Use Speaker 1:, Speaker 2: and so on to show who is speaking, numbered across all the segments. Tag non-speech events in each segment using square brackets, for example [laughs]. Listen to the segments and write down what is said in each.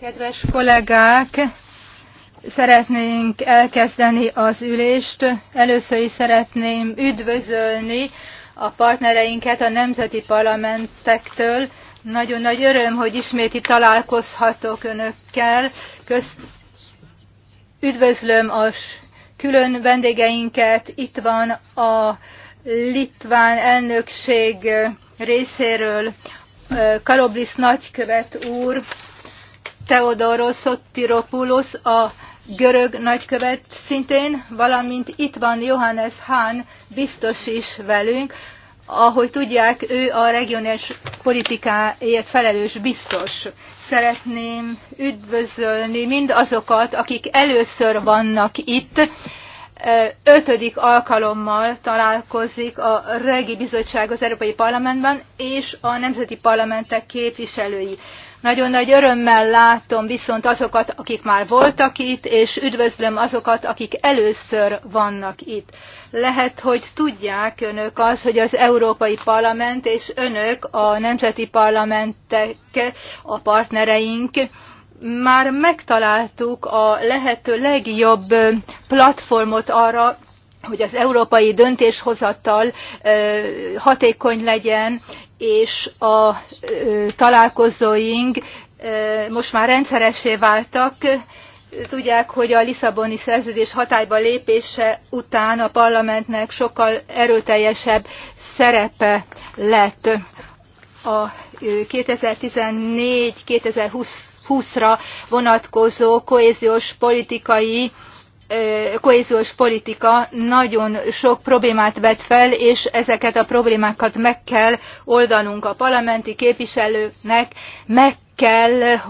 Speaker 1: Kedves kollégák, szeretnénk elkezdeni az ülést. Először is szeretném üdvözölni a partnereinket a nemzeti parlamentektől. Nagyon nagy öröm, hogy ismét itt találkozhatok önökkel. Közt üdvözlöm a külön vendégeinket. Itt van a litván elnökség részéről Karoblis nagykövet úr, Teodoros Szottiropoulos, a görög nagykövet szintén, valamint itt van Johannes Hahn biztos is velünk. Ahogy tudják, ő a regionális politikáért felelős biztos. Szeretném üdvözölni mind azokat, akik először vannak itt, ötödik alkalommal találkozik a Regi Bizottság az Európai Parlamentben és a Nemzeti Parlamentek képviselői. Nagyon nagy örömmel látom viszont azokat, akik már voltak itt, és üdvözlöm azokat, akik először vannak itt. Lehet, hogy tudják önök az, hogy az Európai Parlament és önök a nemzeti parlamentek a partnereink, már megtaláltuk a lehető legjobb platformot arra, hogy az európai döntéshozattal hatékony legyen, és a találkozóink most már rendszeressé váltak. Tudják, hogy a Lisszaboni szerződés hatályba lépése után a parlamentnek sokkal erőteljesebb szerepe lett a 2014-2020 2020-ra vonatkozó kohéziós politikai kohéziós politika nagyon sok problémát vet fel, és ezeket a problémákat meg kell oldanunk a parlamenti képviselőknek, meg kell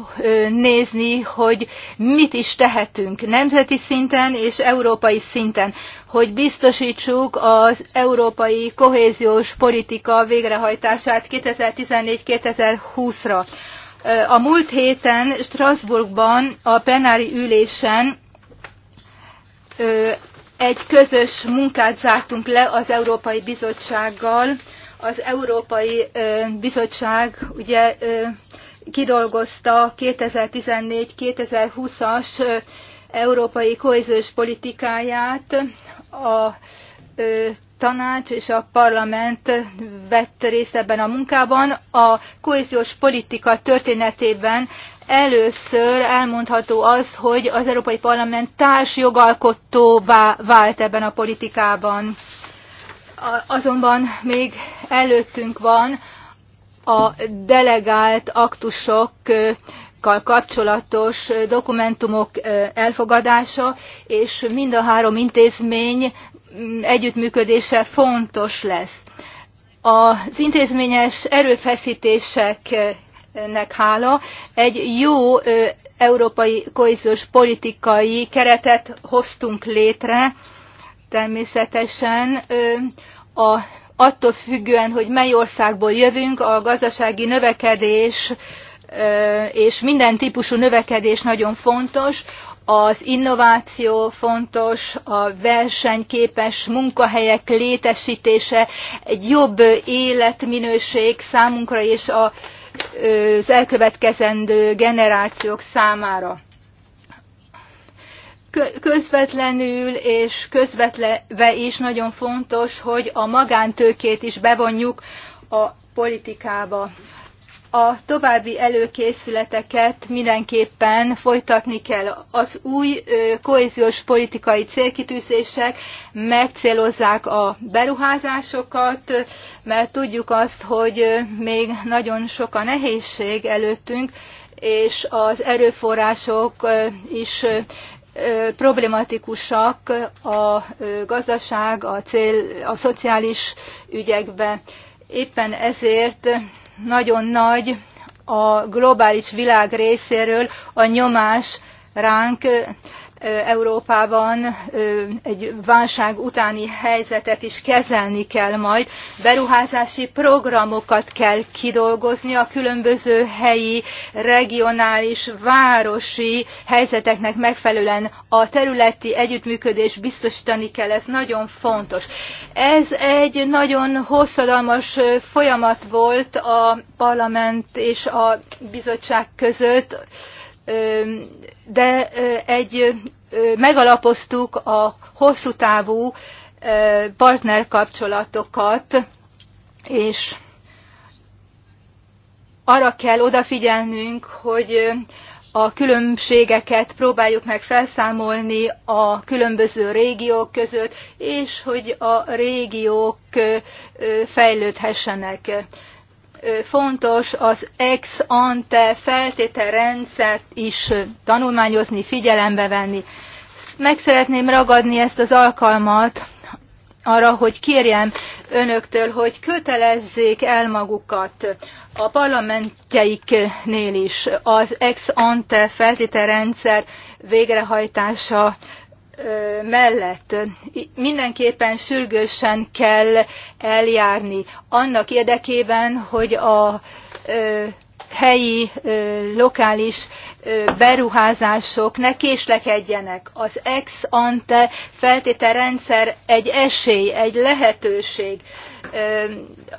Speaker 1: nézni, hogy mit is tehetünk nemzeti szinten és európai szinten, hogy biztosítsuk az európai kohéziós politika végrehajtását 2014-2020-ra. A múlt héten Strasbourgban a plenári ülésen egy közös munkát zártunk le az Európai Bizottsággal. Az Európai Bizottság ugye kidolgozta 2014-2020-as európai kohéziós politikáját. A tanács és a parlament vett részt ebben a munkában. A kohéziós politika történetében először elmondható az, hogy az Európai Parlament társjogalkotóvá vált ebben a politikában. Azonban még előttünk van a delegált aktusokkal kapcsolatos dokumentumok elfogadása, és mind a három intézmény együttműködése fontos lesz. Az intézményes erőfeszítéseknek hála egy jó európai kohéziós politikai keretet hoztunk létre, természetesen a, attól függően, hogy mely országból jövünk, a gazdasági növekedés és minden típusú növekedés nagyon fontos az innováció fontos, a versenyképes munkahelyek létesítése, egy jobb életminőség számunkra és a, az elkövetkezendő generációk számára. Közvetlenül és közvetleve is nagyon fontos, hogy a magántőkét is bevonjuk a politikába a további előkészületeket mindenképpen folytatni kell. Az új kohéziós politikai célkitűzések megcélozzák a beruházásokat, mert tudjuk azt, hogy még nagyon sok a nehézség előttünk, és az erőforrások is problematikusak a gazdaság, a, cél, a szociális ügyekben. Éppen ezért nagyon nagy a globális világ részéről a nyomás ránk, Európában egy válság utáni helyzetet is kezelni kell majd. Beruházási programokat kell kidolgozni a különböző helyi, regionális, városi helyzeteknek megfelelően a területi együttműködés biztosítani kell, ez nagyon fontos. Ez egy nagyon hosszadalmas folyamat volt a parlament és a bizottság között de egy megalapoztuk a hosszú távú partnerkapcsolatokat, és arra kell odafigyelnünk, hogy a különbségeket próbáljuk meg felszámolni a különböző régiók között, és hogy a régiók fejlődhessenek fontos az ex ante feltételrendszert is tanulmányozni, figyelembe venni. Meg szeretném ragadni ezt az alkalmat arra, hogy kérjem önöktől, hogy kötelezzék el magukat a parlamentjeiknél is az ex ante feltételrendszer végrehajtása mellett mindenképpen sürgősen kell eljárni annak érdekében, hogy a helyi, lokális beruházások ne késlekedjenek. Az ex ante feltételrendszer egy esély, egy lehetőség.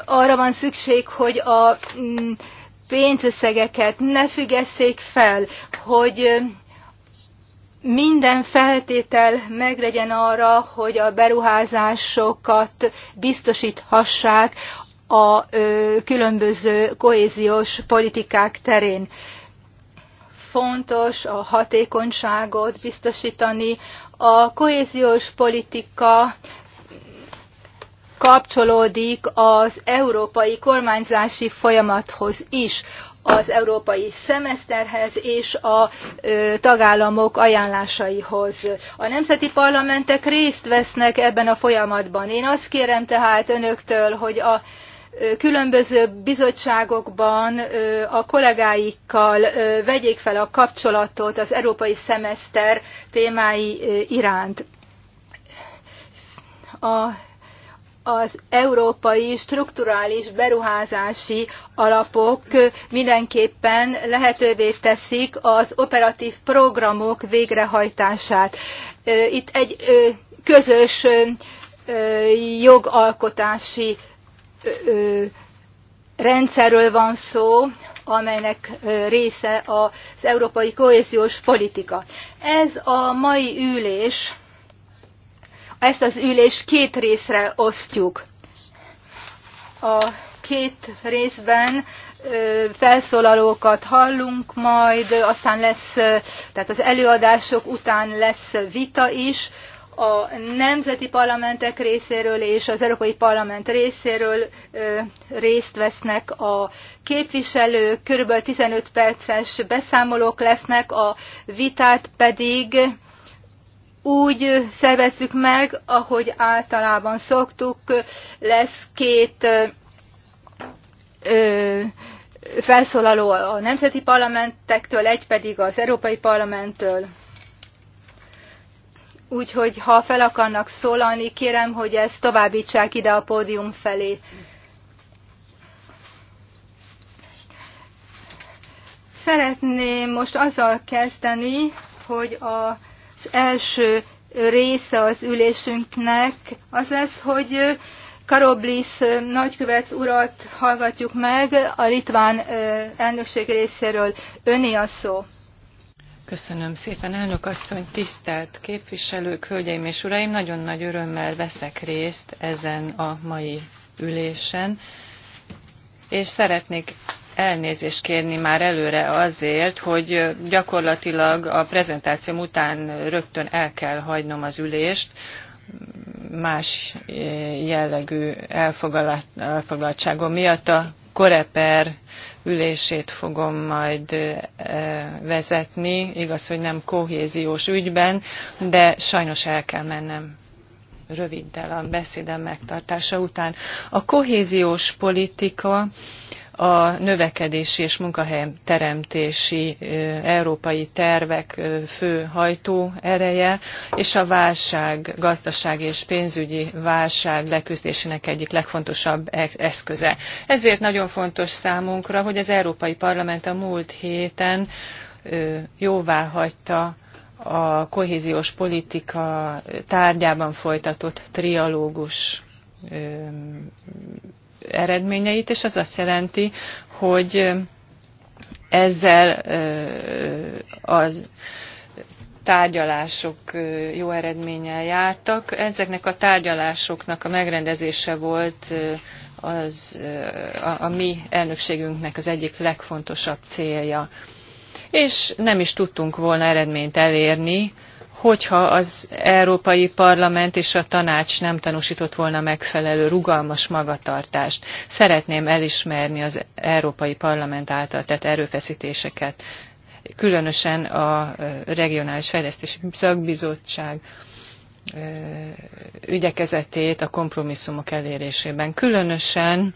Speaker 1: Arra van szükség, hogy a mm, pénzösszegeket ne függesszék fel, hogy minden feltétel meglegyen arra, hogy a beruházásokat biztosíthassák a különböző kohéziós politikák terén. Fontos a hatékonyságot biztosítani. A kohéziós politika kapcsolódik az európai kormányzási folyamathoz is az európai szemeszterhez és a tagállamok ajánlásaihoz. A nemzeti parlamentek részt vesznek ebben a folyamatban. Én azt kérem tehát önöktől, hogy a különböző bizottságokban a kollégáikkal vegyék fel a kapcsolatot az európai szemeszter témái iránt. A az európai strukturális beruházási alapok mindenképpen lehetővé teszik az operatív programok végrehajtását. Itt egy közös jogalkotási rendszerről van szó, amelynek része az európai kohéziós politika. Ez a mai ülés ezt az ülést két részre osztjuk. A két részben felszólalókat hallunk majd, aztán lesz, tehát az előadások után lesz vita is, a nemzeti parlamentek részéről és az Európai Parlament részéről részt vesznek a képviselők, kb. 15 perces beszámolók lesznek, a vitát pedig úgy szervezzük meg, ahogy általában szoktuk, lesz két ö, felszólaló a nemzeti parlamentektől, egy pedig az Európai Parlamenttől. Úgyhogy ha fel akarnak szólalni, kérem, hogy ezt továbbítsák ide a pódium felé. Szeretném most azzal kezdeni, hogy a az első része az ülésünknek az ez, hogy Karoblis nagykövet urat hallgatjuk meg a litván elnökség részéről. Öné a szó.
Speaker 2: Köszönöm szépen, elnök asszony, tisztelt képviselők, hölgyeim és uraim, nagyon nagy örömmel veszek részt ezen a mai ülésen, és szeretnék elnézést kérni már előre azért, hogy gyakorlatilag a prezentációm után rögtön el kell hagynom az ülést, más jellegű elfoglaltságom miatt a Koreper ülését fogom majd e, vezetni, igaz, hogy nem kohéziós ügyben, de sajnos el kell mennem röviddel a beszédem megtartása után. A kohéziós politika a növekedési és munkahelyteremtési európai tervek fő hajtó ereje, és a válság, gazdasági és pénzügyi válság leküzdésének egyik legfontosabb e- eszköze. Ezért nagyon fontos számunkra, hogy az Európai Parlament a múlt héten jóvá hagyta a kohéziós politika tárgyában folytatott trialógus eredményeit, és az azt jelenti, hogy ezzel az tárgyalások jó eredménnyel jártak. Ezeknek a tárgyalásoknak a megrendezése volt az, a, a mi elnökségünknek az egyik legfontosabb célja. És nem is tudtunk volna eredményt elérni, hogyha az Európai Parlament és a tanács nem tanúsított volna megfelelő rugalmas magatartást. Szeretném elismerni az Európai Parlament által tett erőfeszítéseket, különösen a Regionális Fejlesztési Szakbizottság ügyekezetét a kompromisszumok elérésében. Különösen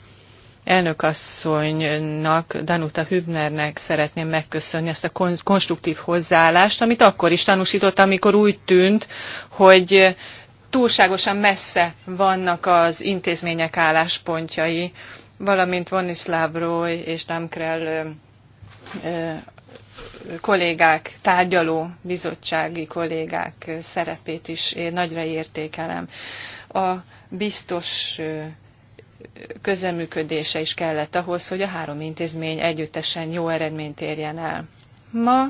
Speaker 2: elnökasszonynak, Danuta Hübnernek szeretném megköszönni ezt a konstruktív hozzáállást, amit akkor is tanúsított, amikor úgy tűnt, hogy túlságosan messze vannak az intézmények álláspontjai, valamint Vonislav Roy és Damkrell kollégák, tárgyaló bizottsági kollégák szerepét is én nagyra értékelem. A biztos közeműködése is kellett ahhoz, hogy a három intézmény együttesen jó eredményt érjen el. Ma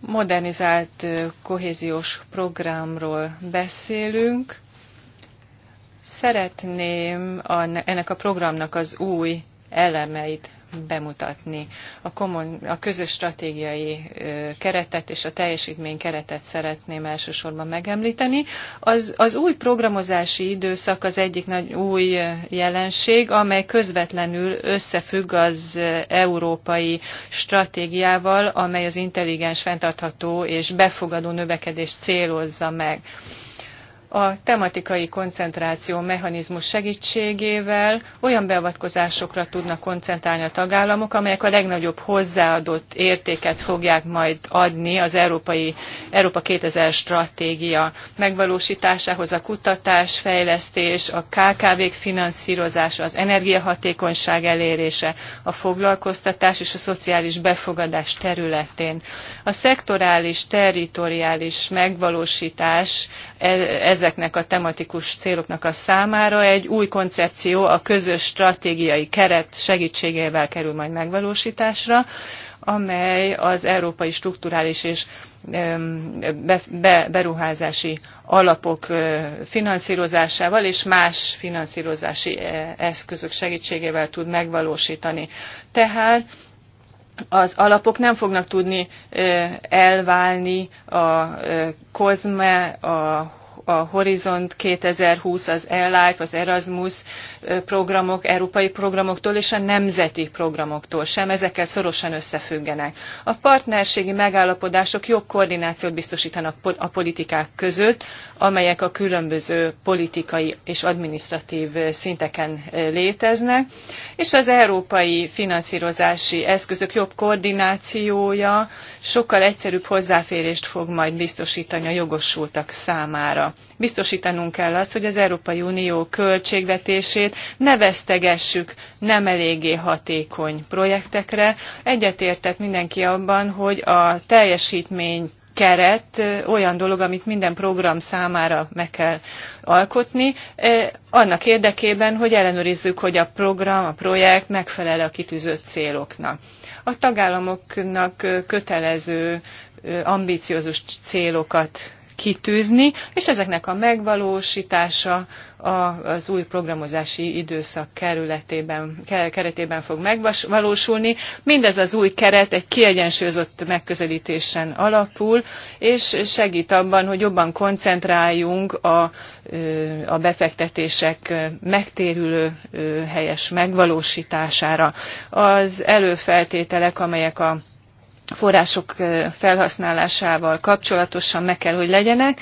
Speaker 2: modernizált kohéziós programról beszélünk. Szeretném ennek a programnak az új elemeit bemutatni. A, common, a közös stratégiai keretet és a teljesítmény keretet szeretném elsősorban megemlíteni. Az, az új programozási időszak az egyik nagy új jelenség, amely közvetlenül összefügg az európai stratégiával, amely az intelligens, fenntartható és befogadó növekedést célozza meg a tematikai koncentráció mechanizmus segítségével olyan beavatkozásokra tudnak koncentrálni a tagállamok, amelyek a legnagyobb hozzáadott értéket fogják majd adni az Európai, Európa 2000 stratégia megvalósításához, a kutatás, fejlesztés, a KKV-k finanszírozása, az energiahatékonyság elérése, a foglalkoztatás és a szociális befogadás területén. A szektorális, territoriális megvalósítás ez ezeknek a tematikus céloknak a számára egy új koncepció a közös stratégiai keret segítségével kerül majd megvalósításra, amely az európai strukturális és beruházási alapok finanszírozásával és más finanszírozási e, eszközök segítségével tud megvalósítani. Tehát az alapok nem fognak tudni elválni a COSME, a a Horizont 2020, az ELIFE, az Erasmus programok, európai programoktól és a nemzeti programoktól sem, ezekkel szorosan összefüggenek. A partnerségi megállapodások jobb koordinációt biztosítanak a politikák között, amelyek a különböző politikai és adminisztratív szinteken léteznek, és az európai finanszírozási eszközök jobb koordinációja, sokkal egyszerűbb hozzáférést fog majd biztosítani a jogosultak számára. Biztosítanunk kell azt, hogy az Európai Unió költségvetését ne vesztegessük nem eléggé hatékony projektekre. Egyetértett mindenki abban, hogy a teljesítmény keret olyan dolog, amit minden program számára meg kell alkotni, annak érdekében, hogy ellenőrizzük, hogy a program, a projekt megfelel a kitűzött céloknak a tagállamoknak kötelező ambiciózus célokat kitűzni, és ezeknek a megvalósítása az új programozási időszak kerületében, keretében fog megvalósulni. Mindez az új keret egy kiegyensúlyozott megközelítésen alapul, és segít abban, hogy jobban koncentráljunk a, a befektetések megtérülő helyes megvalósítására. Az előfeltételek, amelyek a források felhasználásával kapcsolatosan meg kell, hogy legyenek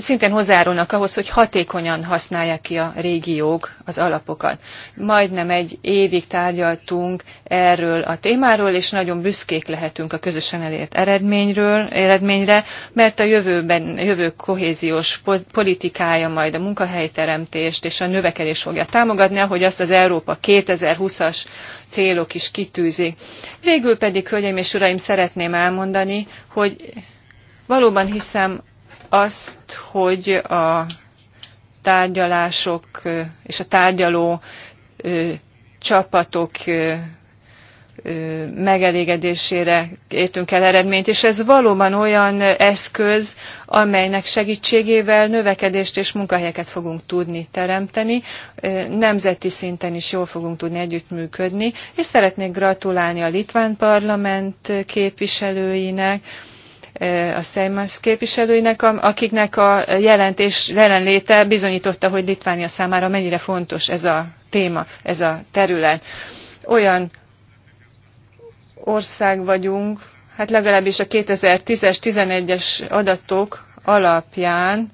Speaker 2: szintén hozzájárulnak ahhoz, hogy hatékonyan használják ki a régiók az alapokat. Majdnem egy évig tárgyaltunk erről a témáról, és nagyon büszkék lehetünk a közösen elért eredményről, eredményre, mert a jövőben, jövő kohéziós politikája majd a munkahelyteremtést és a növekedés fogja támogatni, ahogy azt az Európa 2020-as célok is kitűzi. Végül pedig, hölgyeim és uraim, szeretném elmondani, hogy valóban hiszem azt, hogy a tárgyalások és a tárgyaló csapatok megelégedésére értünk el eredményt, és ez valóban olyan eszköz, amelynek segítségével növekedést és munkahelyeket fogunk tudni teremteni, nemzeti szinten is jól fogunk tudni együttműködni, és szeretnék gratulálni a Litván Parlament képviselőinek, a Seimas képviselőinek, akiknek a jelentés jelenléte bizonyította, hogy Litvánia számára mennyire fontos ez a téma, ez a terület. Olyan ország vagyunk, hát legalábbis a 2010-es, 11-es adatok alapján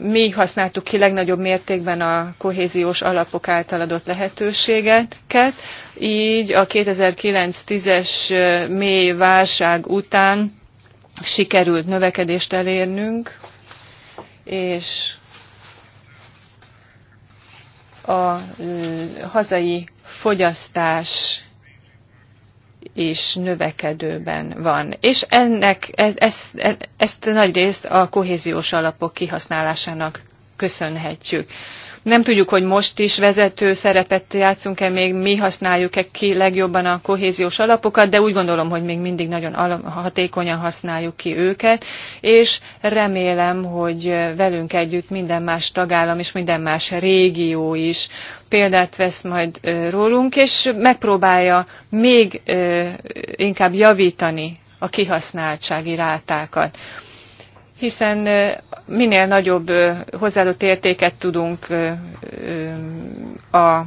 Speaker 2: mi használtuk ki legnagyobb mértékben a kohéziós alapok által adott lehetőségeket, így a 2009-10-es mély válság után sikerült növekedést elérnünk, és a hazai fogyasztás is növekedőben van. És ennek, ez, ez, e, ezt részt a kohéziós alapok kihasználásának köszönhetjük. Nem tudjuk, hogy most is vezető szerepet játszunk-e még, mi használjuk-e ki legjobban a kohéziós alapokat, de úgy gondolom, hogy még mindig nagyon hatékonyan használjuk ki őket, és remélem, hogy velünk együtt minden más tagállam és minden más régió is példát vesz majd rólunk, és megpróbálja még inkább javítani a kihasználtsági rátákat hiszen minél nagyobb hozzáadott értéket tudunk a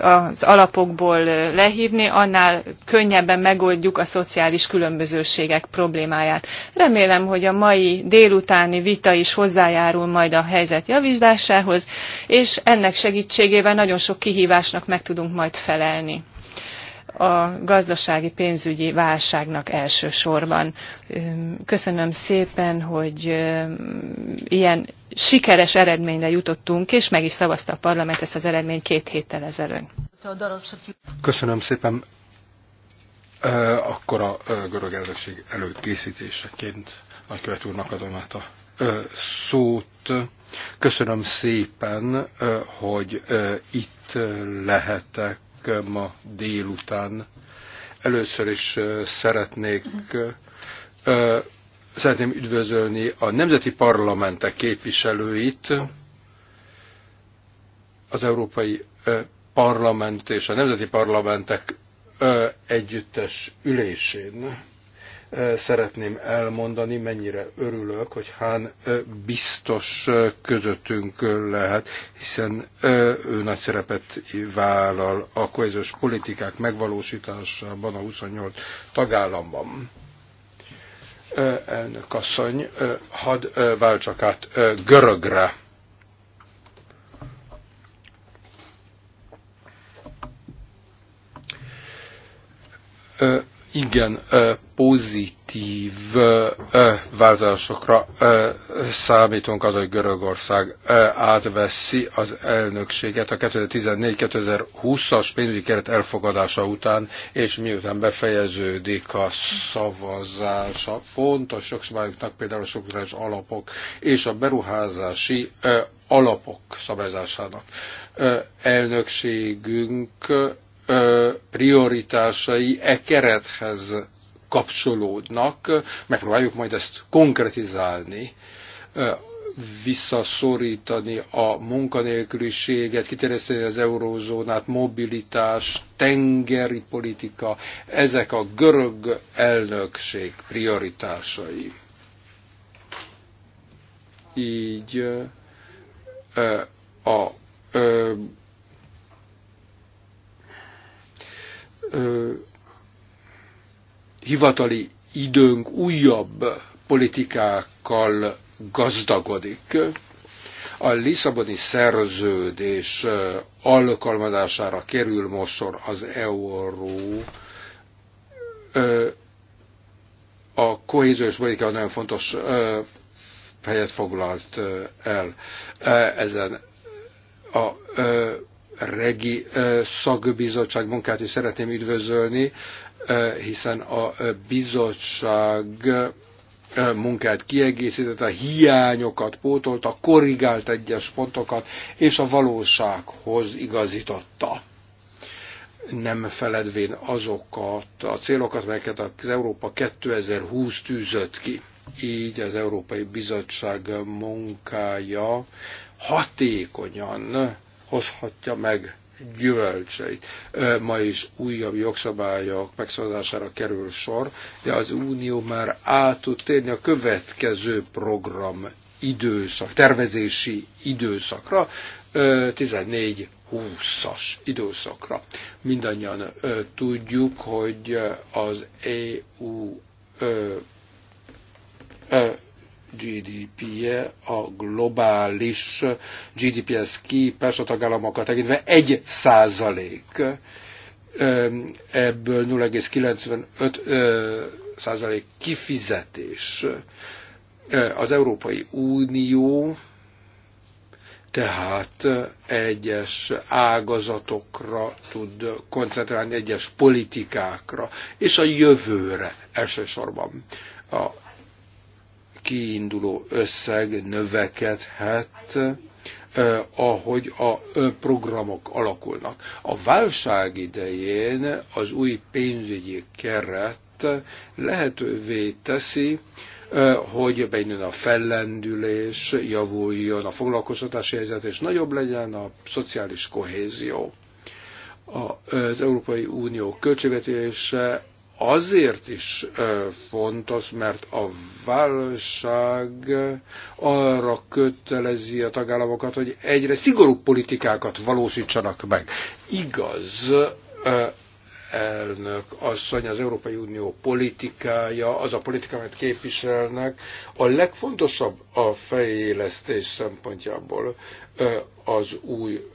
Speaker 2: az alapokból lehívni, annál könnyebben megoldjuk a szociális különbözőségek problémáját. Remélem, hogy a mai délutáni vita is hozzájárul majd a helyzet javításához, és ennek segítségével nagyon sok kihívásnak meg tudunk majd felelni a gazdasági pénzügyi válságnak elsősorban. Köszönöm szépen, hogy ilyen sikeres eredményre jutottunk, és meg is szavazta a parlament ezt az eredményt két héttel ezelőtt.
Speaker 3: Köszönöm szépen. Akkor a görög elnökség előtt készítéseként nagykövet úrnak adom át a szót. Köszönöm szépen, hogy itt lehetek ma délután. Először is szeretnék szeretném üdvözölni a nemzeti parlamentek képviselőit, az Európai Parlament és a nemzeti parlamentek együttes ülésén szeretném elmondani, mennyire örülök, hogy Hán biztos közöttünk lehet, hiszen ő nagy szerepet vállal a kohéziós politikák megvalósításában a 28 tagállamban. Elnök asszony, hadd váltsak át görögre. Ö, igen pozitív változásokra számítunk az, hogy Görögország átveszi az elnökséget a 2014-2020-as pénzügyi keret elfogadása után, és miután befejeződik a szavazása, fontos sokszabályoknak például a sokszabályos alapok és a beruházási alapok szabályzásának elnökségünk prioritásai e kerethez kapcsolódnak. Megpróbáljuk majd ezt konkretizálni visszaszorítani a munkanélküliséget, kiterjeszteni az eurózónát, mobilitás, tengeri politika, ezek a görög elnökség prioritásai. Így a, a, a ö, hivatali időnk újabb politikákkal gazdagodik. A Lisszaboni szerződés alkalmazására kerül most sor az euró. a kohéziós politika nagyon fontos helyet foglalt el ezen a regi szakbizottság munkát is szeretném üdvözölni, hiszen a bizottság munkát kiegészített, a hiányokat pótolta, korrigált egyes pontokat, és a valósághoz igazította. Nem feledvén azokat a célokat, melyeket az Európa 2020 tűzött ki. Így az Európai Bizottság munkája hatékonyan hozhatja meg gyümölcseit. Ma is újabb jogszabályok megszavazására kerül sor, de az Unió már át tud térni a következő program időszak, tervezési időszakra, 14-20-as időszakra. Mindannyian tudjuk, hogy az EU GDP-je a globális GDP-hez képest a tagállamokat tekintve 1 százalék, ebből 0,95 százalék kifizetés. Az Európai Unió tehát egyes ágazatokra tud koncentrálni, egyes politikákra, és a jövőre elsősorban a kiinduló összeg növekedhet, ahogy a programok alakulnak. A válság idején az új pénzügyi keret lehetővé teszi, hogy bennön a fellendülés, javuljon a foglalkoztatási helyzet, és nagyobb legyen a szociális kohézió. Az Európai Unió költségvetése azért is fontos, mert a válság arra kötelezi a tagállamokat, hogy egyre szigorúbb politikákat valósítsanak meg. Igaz, elnök asszony, az Európai Unió politikája, az a politika, amit képviselnek, a legfontosabb a fejlesztés szempontjából az új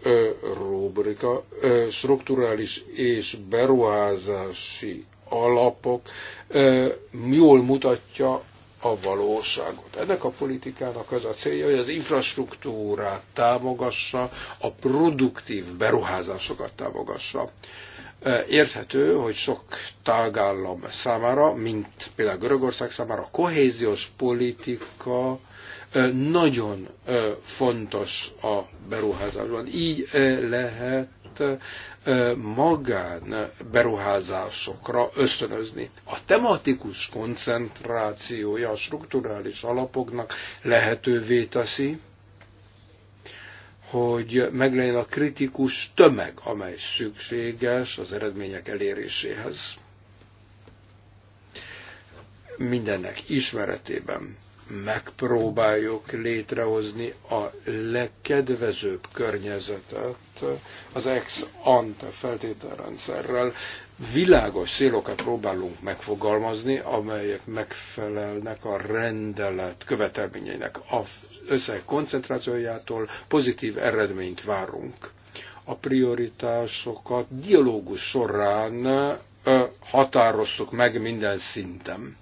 Speaker 3: rubrika, strukturális és beruházási alapok jól mutatja a valóságot. Ennek a politikának az a célja, hogy az infrastruktúrát támogassa, a produktív beruházásokat támogassa. Érthető, hogy sok tagállam számára, mint például Görögország számára, a kohéziós politika nagyon fontos a beruházásban. Így lehet magán beruházásokra ösztönözni. A tematikus koncentrációja a strukturális alapoknak lehetővé teszi, hogy meglegyen a kritikus tömeg, amely szükséges az eredmények eléréséhez. Mindennek ismeretében megpróbáljuk létrehozni a legkedvezőbb környezetet az ex ante feltételrendszerrel. Világos célokat próbálunk megfogalmazni, amelyek megfelelnek a rendelet követelményeinek. Az összeg koncentrációjától pozitív eredményt várunk. A prioritásokat dialógus során határoztuk meg minden szinten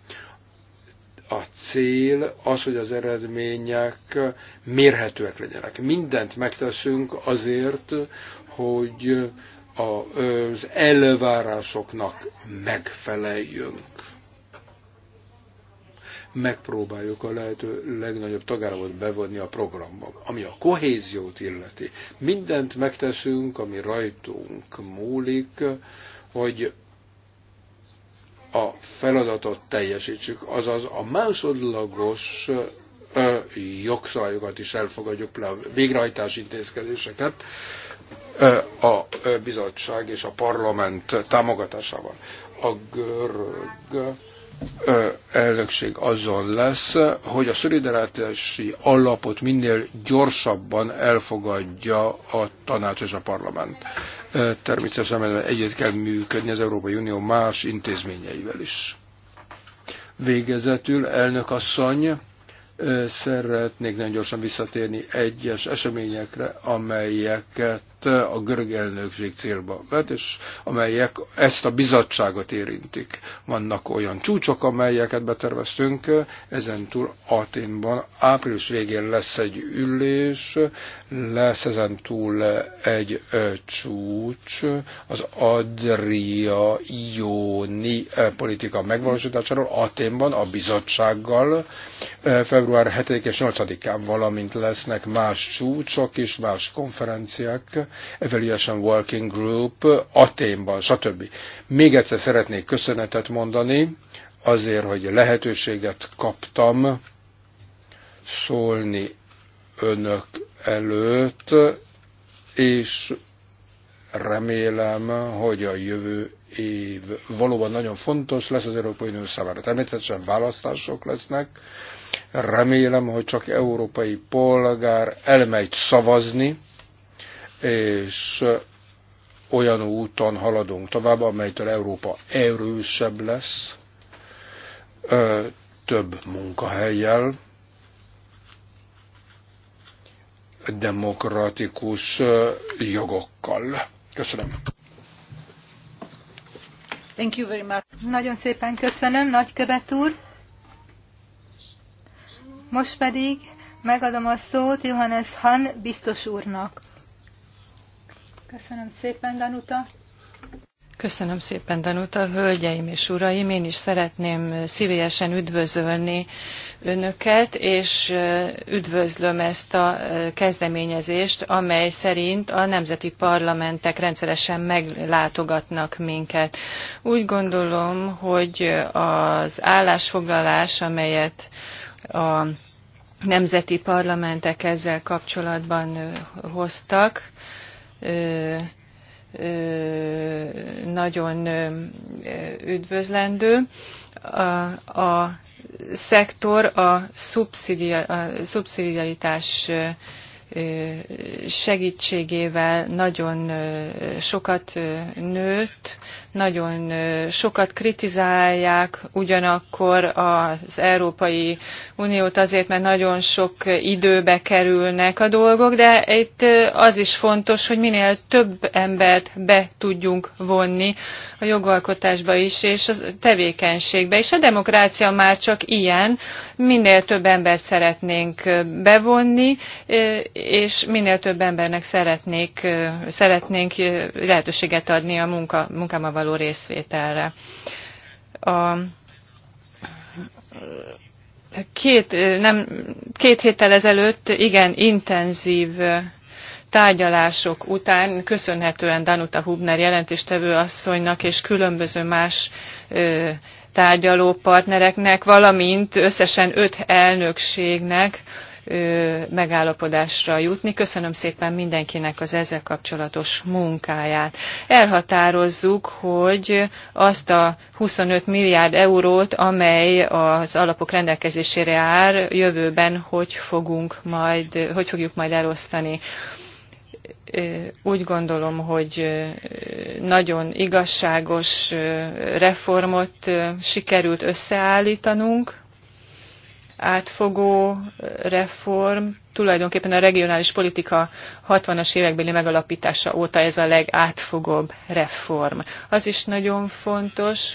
Speaker 3: a cél az, hogy az eredmények mérhetőek legyenek. Mindent megteszünk azért, hogy az elvárásoknak megfeleljünk. Megpróbáljuk a lehető legnagyobb tagállamot bevonni a programba, ami a kohéziót illeti. Mindent megteszünk, ami rajtunk múlik, hogy a feladatot teljesítsük, azaz a másodlagos jogszabályokat is elfogadjuk, le a végrehajtási intézkedéseket a bizottság és a parlament támogatásával. A görög elnökség azon lesz, hogy a szolidaritási alapot minél gyorsabban elfogadja a tanács és a parlament. Természetesen együtt kell működni az Európai Unió más intézményeivel is. Végezetül elnök asszony, szeretnék nagyon gyorsan visszatérni egyes eseményekre, amelyeket Eh, a görög elnökség célba vet, és amelyek ezt a bizottságot érintik. Vannak olyan csúcsok, amelyeket beterveztünk, eh, ezentúl Aténban április végén lesz egy ülés, lesz ezentúl egy eh, csúcs az adria Jóni politika megvalósításáról Aténban a bizottsággal február 7 és 8-án, valamint lesznek más csúcsok és más konferenciák, Evaluation Working Group, Aténban, stb. Még egyszer szeretnék köszönetet mondani azért, hogy lehetőséget kaptam szólni önök előtt, és remélem, hogy a jövő év valóban nagyon fontos lesz az Európai Unió számára. Természetesen választások lesznek. Remélem, hogy csak európai polgár elmegy szavazni, és olyan úton haladunk tovább, amelytől Európa erősebb lesz, több munkahelyjel, demokratikus jogokkal. Köszönöm.
Speaker 1: Thank you very much. Nagyon szépen köszönöm, nagykövet úr. Most pedig megadom a szót Johannes Han biztos úrnak. Köszönöm szépen, Danuta.
Speaker 2: Köszönöm szépen, Danuta. Hölgyeim és uraim, én is szeretném szívélyesen üdvözölni önöket, és üdvözlöm ezt a kezdeményezést, amely szerint a nemzeti parlamentek rendszeresen meglátogatnak minket. Úgy gondolom, hogy az állásfoglalás, amelyet a nemzeti parlamentek ezzel kapcsolatban hoztak, nagyon üdvözlendő. A, a szektor a szubszidiaritás segítségével nagyon sokat nőtt nagyon sokat kritizálják ugyanakkor az Európai Uniót azért, mert nagyon sok időbe kerülnek a dolgok, de itt az is fontos, hogy minél több embert be tudjunk vonni a jogalkotásba is, és a tevékenységbe. És a demokrácia már csak ilyen, minél több embert szeretnénk bevonni, és minél több embernek szeretnék, szeretnénk lehetőséget adni a munka, munkával való részvételre. A két, nem, két héttel ezelőtt igen intenzív tárgyalások után köszönhetően Danuta Hubner jelentéstevő asszonynak és különböző más tárgyaló partnereknek, valamint összesen öt elnökségnek megállapodásra jutni. Köszönöm szépen mindenkinek az ezzel kapcsolatos munkáját. Elhatározzuk, hogy azt a 25 milliárd eurót, amely az alapok rendelkezésére áll, jövőben hogy, fogunk majd, hogy fogjuk majd elosztani úgy gondolom, hogy nagyon igazságos reformot sikerült összeállítanunk, átfogó reform, tulajdonképpen a regionális politika 60-as évekbeli megalapítása óta ez a legátfogóbb reform. Az is nagyon fontos,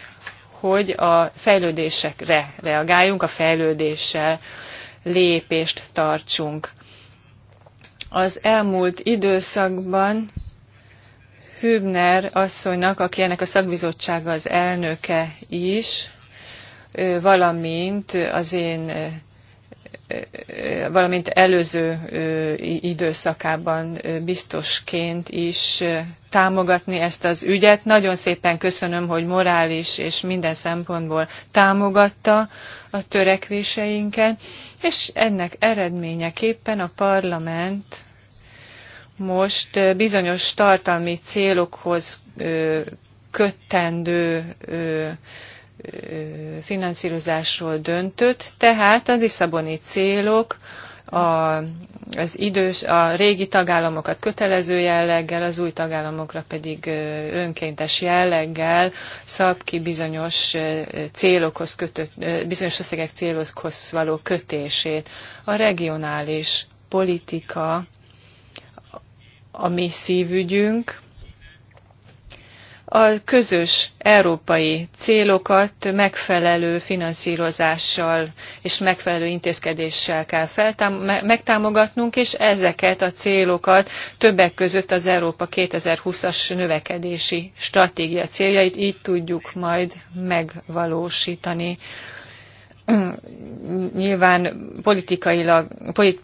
Speaker 2: hogy a fejlődésekre reagáljunk, a fejlődéssel lépést tartsunk. Az elmúlt időszakban Hübner asszonynak, aki ennek a szakbizottsága az elnöke is, valamint az én valamint előző időszakában biztosként is támogatni ezt az ügyet. Nagyon szépen köszönöm, hogy morális és minden szempontból támogatta a törekvéseinket, és ennek eredményeképpen a parlament most bizonyos tartalmi célokhoz köttendő finanszírozásról döntött, tehát a Lisszaboni célok a, az idős, a régi tagállamokat kötelező jelleggel, az új tagállamokra pedig önkéntes jelleggel szab ki bizonyos célokhoz kötött, bizonyos összegek célokhoz való kötését. A regionális politika a mi szívügyünk, a közös európai célokat megfelelő finanszírozással és megfelelő intézkedéssel kell megtámogatnunk, és ezeket a célokat többek között az Európa 2020-as növekedési stratégia céljait így tudjuk majd megvalósítani. [clears throat] nyilván politikailag,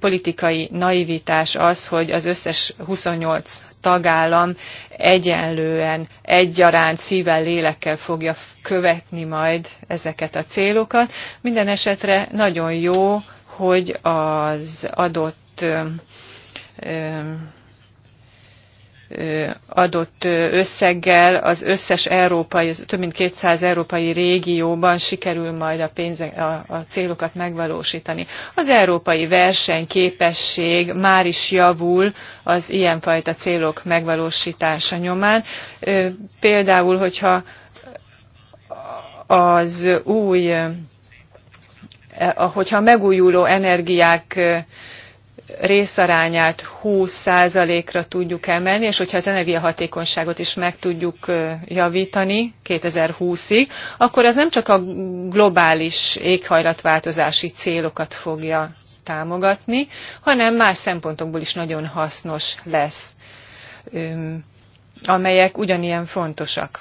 Speaker 2: politikai naivitás az, hogy az összes 28 tagállam egyenlően, egyaránt szívvel, lélekkel fogja követni majd ezeket a célokat. Minden esetre nagyon jó, hogy az adott adott összeggel az összes európai, az több mint 200 európai régióban sikerül majd a, pénze, a, a célokat megvalósítani. Az európai versenyképesség már is javul az ilyenfajta célok megvalósítása nyomán. Például, hogyha az új, hogyha megújuló energiák részarányát 20%-ra tudjuk emelni, és hogyha az energiahatékonyságot is meg tudjuk javítani 2020-ig, akkor ez nem csak a globális éghajlatváltozási célokat fogja támogatni, hanem más szempontokból is nagyon hasznos lesz, amelyek ugyanilyen fontosak.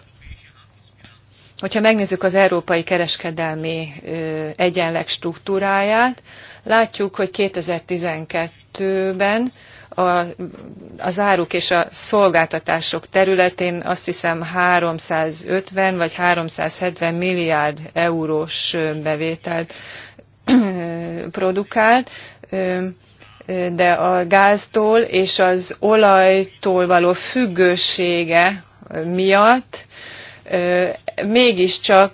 Speaker 2: Hogyha megnézzük az európai kereskedelmi egyenleg struktúráját, látjuk, hogy 2012-ben a, az áruk és a szolgáltatások területén azt hiszem 350 vagy 370 milliárd eurós bevételt produkált, de a gáztól és az olajtól való függősége miatt mégiscsak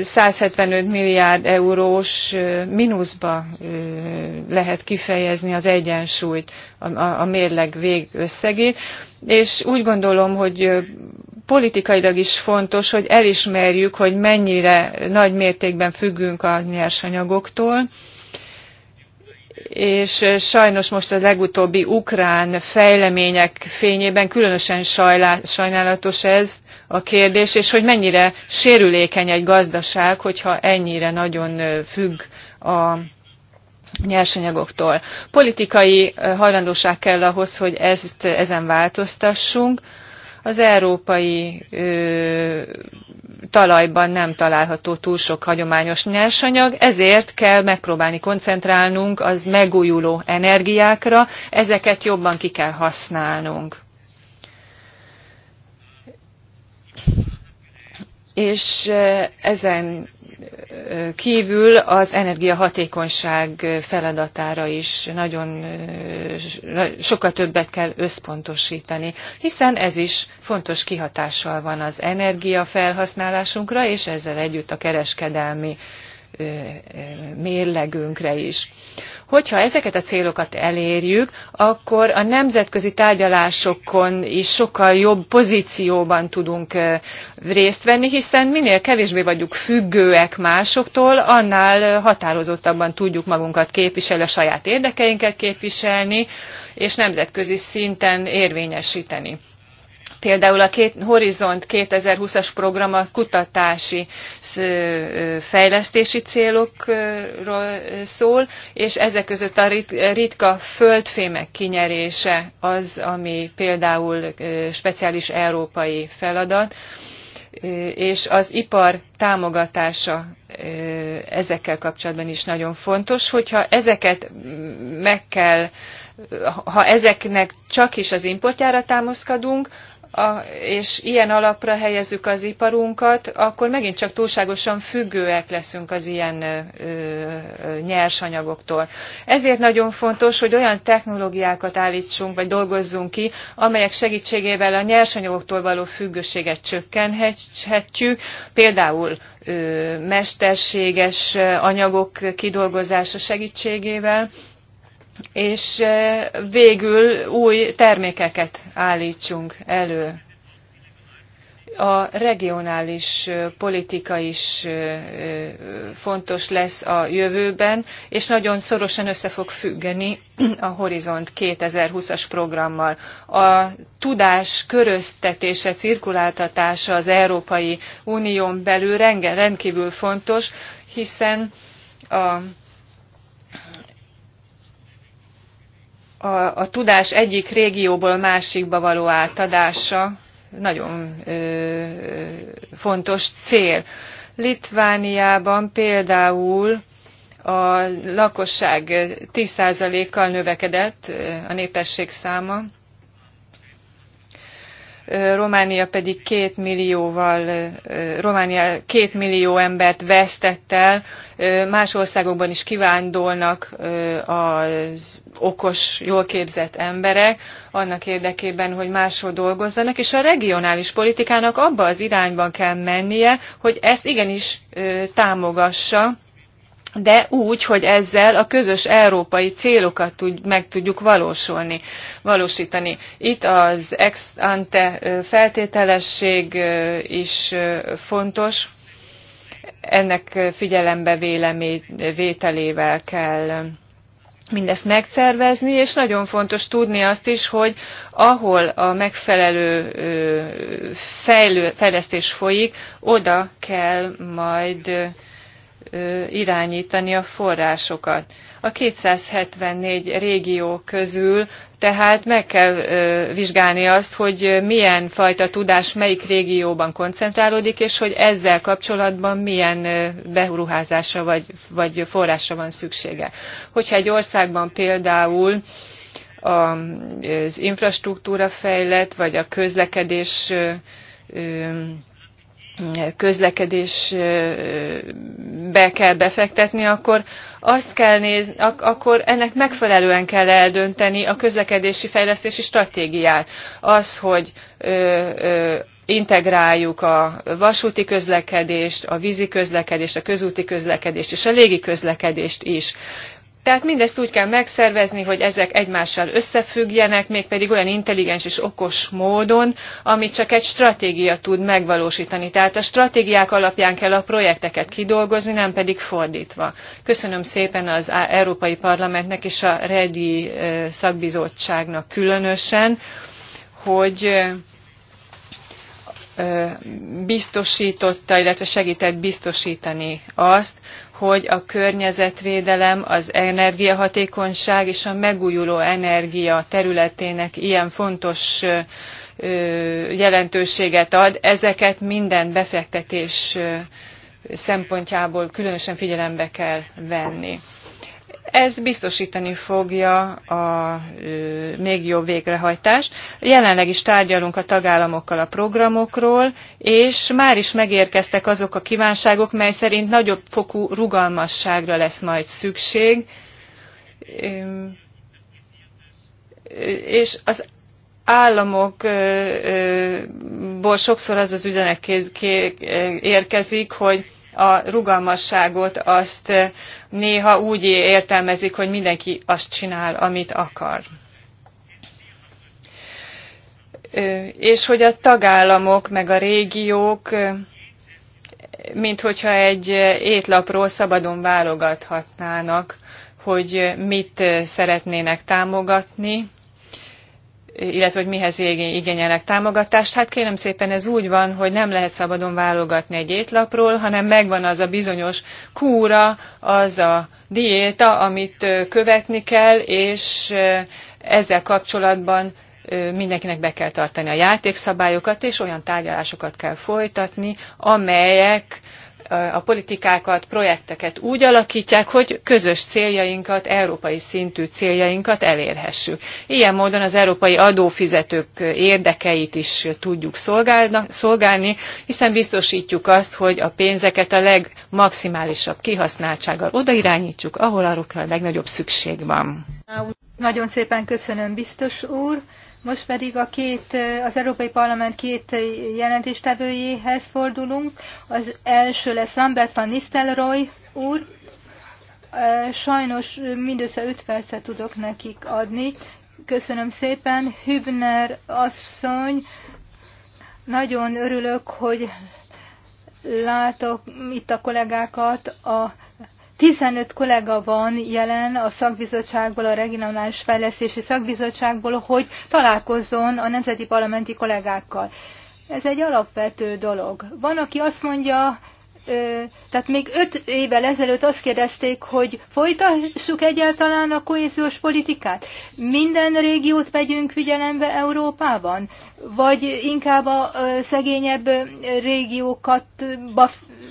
Speaker 2: 175 milliárd eurós mínuszba lehet kifejezni az egyensúlyt, a mérleg végösszegét, és úgy gondolom, hogy politikailag is fontos, hogy elismerjük, hogy mennyire nagy mértékben függünk a nyersanyagoktól, és sajnos most a legutóbbi ukrán fejlemények fényében különösen sajnálatos ez, a kérdés, és hogy mennyire sérülékeny egy gazdaság, hogyha ennyire nagyon függ a nyersanyagoktól. Politikai hajlandóság kell ahhoz, hogy ezt, ezen változtassunk. Az európai ö, talajban nem található túl sok hagyományos nyersanyag, ezért kell megpróbálni koncentrálnunk az megújuló energiákra, ezeket jobban ki kell használnunk. és ezen kívül az energiahatékonyság feladatára is nagyon sokkal többet kell összpontosítani, hiszen ez is fontos kihatással van az energiafelhasználásunkra, és ezzel együtt a kereskedelmi mérlegünkre is. Hogyha ezeket a célokat elérjük, akkor a nemzetközi tárgyalásokon is sokkal jobb pozícióban tudunk részt venni, hiszen minél kevésbé vagyunk függőek másoktól, annál határozottabban tudjuk magunkat képviselni, a saját érdekeinket képviselni, és nemzetközi szinten érvényesíteni. Például a két, Horizont 2020-as program a kutatási fejlesztési célokról szól, és ezek között a ritka földfémek kinyerése az, ami például speciális európai feladat, és az ipar támogatása ezekkel kapcsolatban is nagyon fontos, hogyha ezeket meg kell ha ezeknek csak is az importjára támaszkodunk, és ilyen alapra helyezzük az iparunkat, akkor megint csak túlságosan függőek leszünk az ilyen nyersanyagoktól. Ezért nagyon fontos, hogy olyan technológiákat állítsunk, vagy dolgozzunk ki, amelyek segítségével a nyersanyagoktól való függőséget csökkenhetjük, például mesterséges anyagok kidolgozása segítségével, és végül új termékeket állítsunk elő. A regionális politika is fontos lesz a jövőben, és nagyon szorosan össze fog függeni a Horizont 2020-as programmal. A tudás köröztetése, cirkuláltatása az Európai Unión belül rendkívül fontos, hiszen a a, a tudás egyik régióból másikba való átadása nagyon ö, fontos cél. Litvániában például a lakosság 10%-kal növekedett a népesség száma, Románia pedig két millióval, Románia két millió embert vesztett el, más országokban is kivándolnak az okos, jól képzett emberek annak érdekében, hogy máshol dolgozzanak, és a regionális politikának abba az irányban kell mennie, hogy ezt igenis támogassa, de úgy, hogy ezzel a közös európai célokat tud, meg tudjuk valósulni, valósítani. Itt az ex ante feltételesség is fontos, ennek figyelembe vélemé, vételével kell mindezt megszervezni, és nagyon fontos tudni azt is, hogy ahol a megfelelő fejlő, fejlesztés folyik, oda kell majd irányítani a forrásokat. A 274 régió közül tehát meg kell vizsgálni azt, hogy milyen fajta tudás melyik régióban koncentrálódik, és hogy ezzel kapcsolatban milyen beruházása vagy, vagy forrása van szüksége. Hogyha egy országban például az infrastruktúra fejlett, vagy a közlekedés közlekedésbe kell befektetni, akkor azt kell nézni, ak- akkor ennek megfelelően kell eldönteni a közlekedési fejlesztési stratégiát. Az, hogy ö, ö, integráljuk a vasúti közlekedést, a vízi közlekedést, a közúti közlekedést és a légi közlekedést is. Tehát mindezt úgy kell megszervezni, hogy ezek egymással összefüggjenek, mégpedig olyan intelligens és okos módon, amit csak egy stratégia tud megvalósítani. Tehát a stratégiák alapján kell a projekteket kidolgozni, nem pedig fordítva. Köszönöm szépen az Európai Parlamentnek és a REDI szakbizottságnak különösen, hogy biztosította, illetve segített biztosítani azt, hogy a környezetvédelem, az energiahatékonyság és a megújuló energia területének ilyen fontos jelentőséget ad. Ezeket minden befektetés szempontjából különösen figyelembe kell venni. Ez biztosítani fogja a még jobb végrehajtást. Jelenleg is tárgyalunk a tagállamokkal a programokról, és már is megérkeztek azok a kívánságok, mely szerint nagyobb fokú rugalmasságra lesz majd szükség. És az államokból sokszor az az üzenet érkezik, hogy a rugalmasságot azt eh, néha úgy értelmezik, hogy mindenki azt csinál, amit akar. És hogy a tagállamok meg a régiók, mint hogyha egy étlapról szabadon válogathatnának, hogy mit eh, szeretnének támogatni, illetve hogy mihez igényelnek támogatást. Hát kérem szépen ez úgy van, hogy nem lehet szabadon válogatni egy étlapról, hanem megvan az a bizonyos kúra, az a diéta, amit követni kell, és ezzel kapcsolatban mindenkinek be kell tartani a játékszabályokat, és olyan tárgyalásokat kell folytatni, amelyek a politikákat, projekteket úgy alakítják, hogy közös céljainkat, európai szintű céljainkat elérhessük. Ilyen módon az európai adófizetők érdekeit is tudjuk szolgálni, hiszen biztosítjuk azt, hogy a pénzeket a legmaximálisabb kihasználtsággal odairányítsuk, ahol arra a legnagyobb szükség van.
Speaker 1: Nagyon szépen köszönöm, biztos úr. Most pedig a két, az Európai Parlament két jelentéstevőjéhez fordulunk. Az első lesz Lambert van Nistelrooy úr. Sajnos mindössze 5 percet tudok nekik adni. Köszönöm szépen. Hübner asszony, nagyon örülök, hogy látok itt a kollégákat a 15 kollega van jelen a szakbizottságból, a regionális fejlesztési szakbizottságból, hogy találkozzon a nemzeti parlamenti kollégákkal. Ez egy alapvető dolog. Van, aki azt mondja, tehát még öt évvel ezelőtt azt kérdezték, hogy folytassuk egyáltalán a kohéziós politikát? Minden régiót vegyünk figyelembe Európában? Vagy inkább a szegényebb régiókat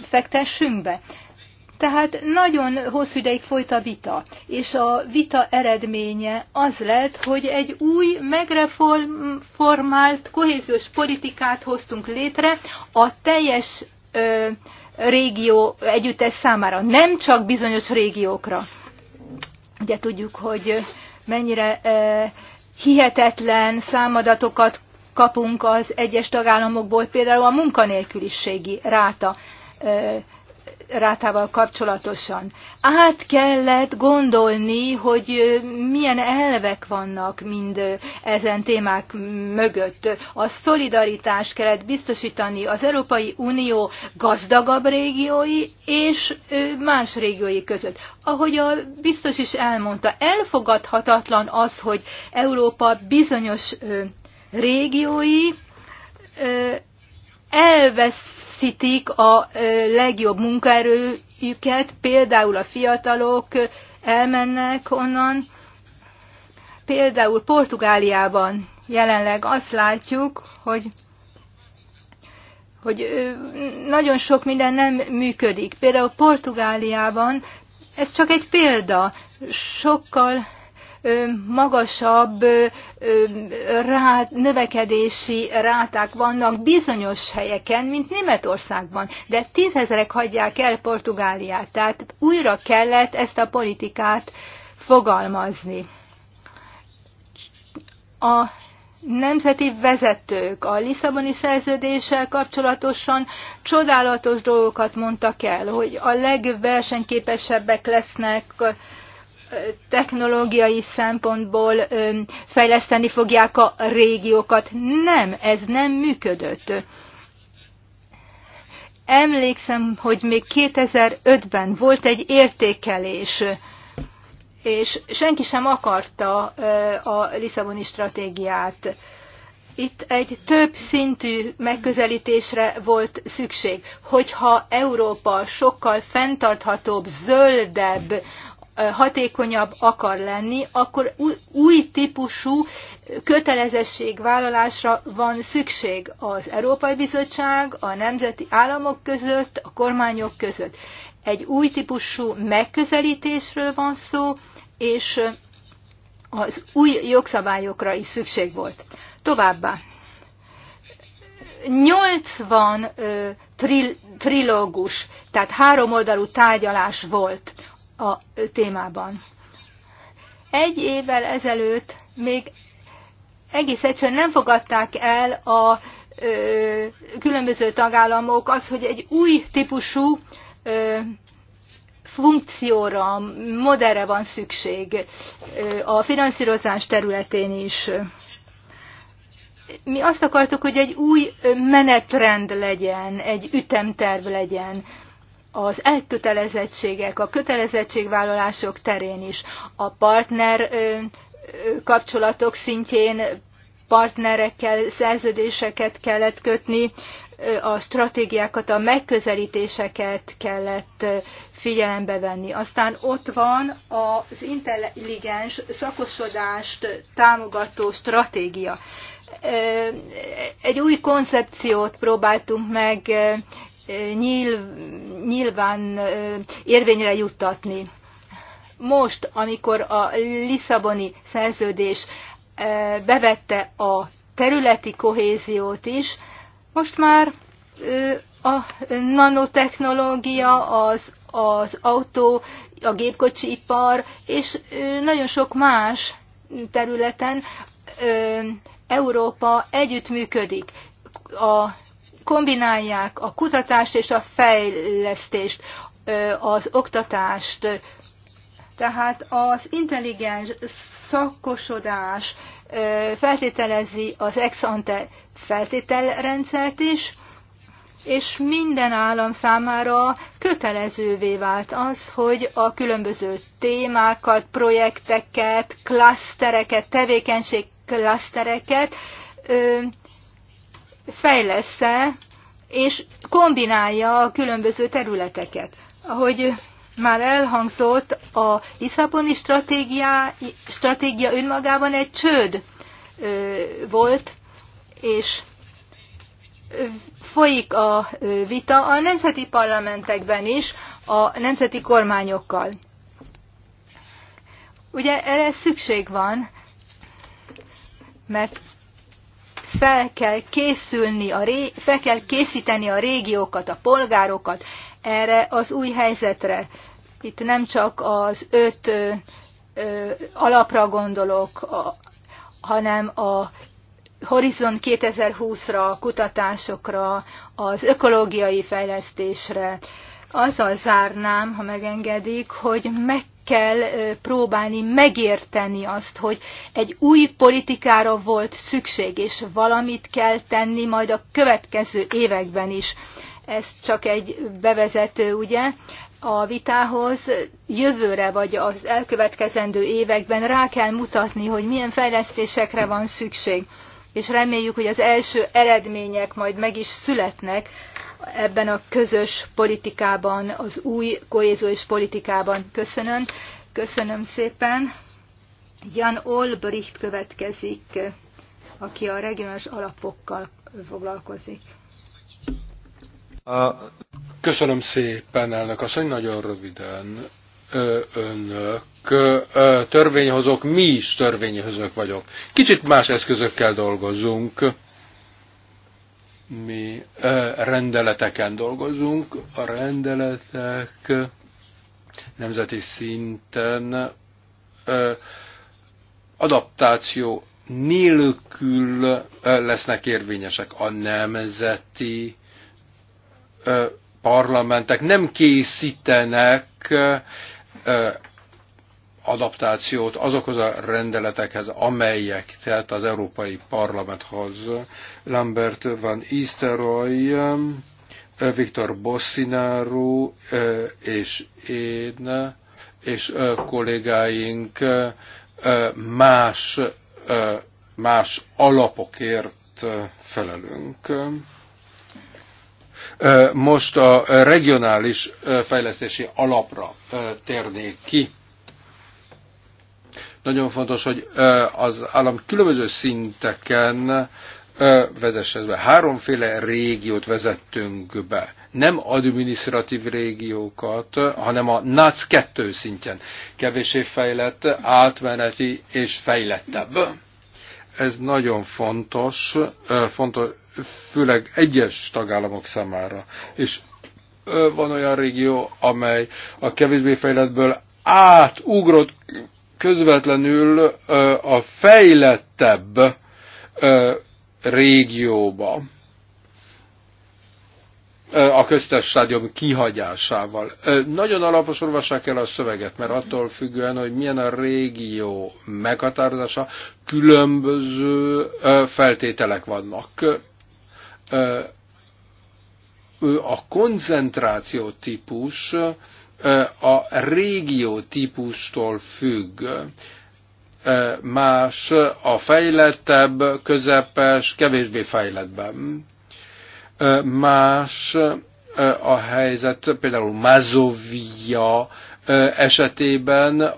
Speaker 1: fektessünk be? Tehát nagyon hosszú ideig folyt a vita, és a vita eredménye az lett, hogy egy új, megreformált kohéziós politikát hoztunk létre a teljes ö, régió együttes számára, nem csak bizonyos régiókra. Ugye tudjuk, hogy mennyire ö, hihetetlen számadatokat kapunk az egyes tagállamokból, például a munkanélküliségi ráta rátával kapcsolatosan. Át kellett gondolni, hogy milyen elvek vannak mind ezen témák mögött. A szolidaritást kellett biztosítani az Európai Unió gazdagabb régiói és más régiói között. Ahogy a biztos is elmondta, elfogadhatatlan az, hogy Európa bizonyos régiói elvesz veszítik a legjobb munkaerőjüket, például a fiatalok elmennek onnan. Például Portugáliában jelenleg azt látjuk, hogy hogy nagyon sok minden nem működik. Például Portugáliában, ez csak egy példa, sokkal magasabb rát, növekedési ráták vannak bizonyos helyeken, mint Németországban, de tízezerek hagyják el Portugáliát, tehát újra kellett ezt a politikát fogalmazni. A nemzeti vezetők a Lisszaboni szerződéssel kapcsolatosan csodálatos dolgokat mondtak el, hogy a legversenyképesebbek lesznek technológiai szempontból fejleszteni fogják a régiókat. Nem, ez nem működött. Emlékszem, hogy még 2005-ben volt egy értékelés, és senki sem akarta a Lisszaboni stratégiát. Itt egy több szintű megközelítésre volt szükség, hogyha Európa sokkal fenntarthatóbb, zöldebb hatékonyabb akar lenni, akkor új típusú kötelezettségvállalásra van szükség az Európai Bizottság, a nemzeti államok között, a kormányok között. Egy új típusú megközelítésről van szó, és az új jogszabályokra is szükség volt. Továbbá, 80 trilógus, tehát háromoldalú tárgyalás volt a témában. Egy évvel ezelőtt még egész egyszerűen nem fogadták el a ö, különböző tagállamok az, hogy egy új típusú ö, funkcióra, modellre van szükség a finanszírozás területén is. Mi azt akartuk, hogy egy új menetrend legyen, egy ütemterv legyen az elkötelezettségek, a kötelezettségvállalások terén is, a partner kapcsolatok szintjén partnerekkel szerződéseket kellett kötni, a stratégiákat, a megközelítéseket kellett figyelembe venni. Aztán ott van az intelligens szakosodást támogató stratégia. Egy új koncepciót próbáltunk meg nyíl, nyilván érvényre juttatni. Most, amikor a Lisszaboni szerződés bevette a területi kohéziót is, most már a nanotechnológia, az, az autó, a gépkocsipar és nagyon sok más területen Európa együttműködik. A kombinálják a kutatást és a fejlesztést, az oktatást. Tehát az intelligens szakosodás feltételezi az ex ante feltételrendszert is, és minden állam számára kötelezővé vált az, hogy a különböző témákat, projekteket, klasztereket, tevékenység klasztereket fejlesz-e, és kombinálja a különböző területeket. Ahogy már elhangzott, a Lisszaboni stratégia, stratégia önmagában egy csőd volt, és folyik a vita a nemzeti parlamentekben is, a nemzeti kormányokkal. Ugye erre szükség van, mert fel kell készülni, a ré, fel kell készíteni a régiókat, a polgárokat erre az új helyzetre. Itt nem csak az öt ö, ö, alapra gondolok, a, hanem a Horizon 2020-ra, kutatásokra, az ökológiai fejlesztésre. Azzal zárnám, ha megengedik, hogy meg kell próbálni megérteni azt, hogy egy új politikára volt szükség, és valamit kell tenni majd a következő években is. Ez csak egy bevezető, ugye? A vitához jövőre vagy az elkövetkezendő években rá kell mutatni, hogy milyen fejlesztésekre van szükség és reméljük, hogy az első eredmények majd meg is születnek ebben a közös politikában, az új kohéziós politikában. Köszönöm. Köszönöm szépen. Jan Olbricht következik, aki a regionális alapokkal foglalkozik.
Speaker 3: Köszönöm szépen, elnök asszony, nagyon röviden önök törvényhozók, mi is törvényhozók vagyok. Kicsit más eszközökkel dolgozunk mi rendeleteken dolgozunk. A rendeletek nemzeti szinten adaptáció nélkül lesznek érvényesek a nemzeti parlamentek, nem készítenek adaptációt azokhoz a rendeletekhez, amelyek tehát az Európai Parlamenthoz. Lambert van Easteroy, Viktor Bossinárú és én és kollégáink más, más alapokért felelünk. Most a regionális fejlesztési alapra térnék ki nagyon fontos, hogy az állam különböző szinteken vezessen be. Háromféle régiót vezettünk be. Nem adminisztratív régiókat, hanem a NAC 2 szintjen. Kevésé fejlett, átmeneti és fejlettebb. Ez nagyon fontos, fontos főleg egyes tagállamok számára. És van olyan régió, amely a kevésbé fejlettből átugrott közvetlenül a fejlettebb régióba a köztes stádium kihagyásával. Nagyon alapos olvassák el a szöveget, mert attól függően, hogy milyen a régió meghatározása, különböző feltételek vannak. A koncentráció típus a régió típustól függ. Más a fejlettebb, közepes, kevésbé fejlettben. Más a helyzet például Mazovia esetében,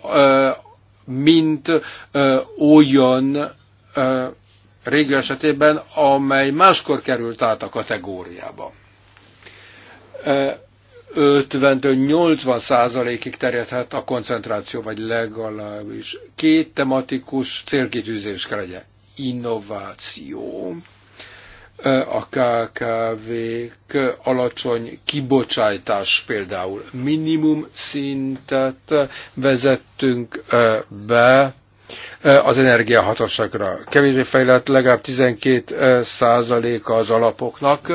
Speaker 3: mint olyan régió esetében, amely máskor került át a kategóriába 50-80 százalékig terjedhet a koncentráció, vagy legalábbis két tematikus célkitűzés kell legyen. Innováció, a KKV-k alacsony kibocsátás például minimum szintet vezettünk be az energiahatosakra. Kevésbé fejlett legalább 12 százaléka az alapoknak,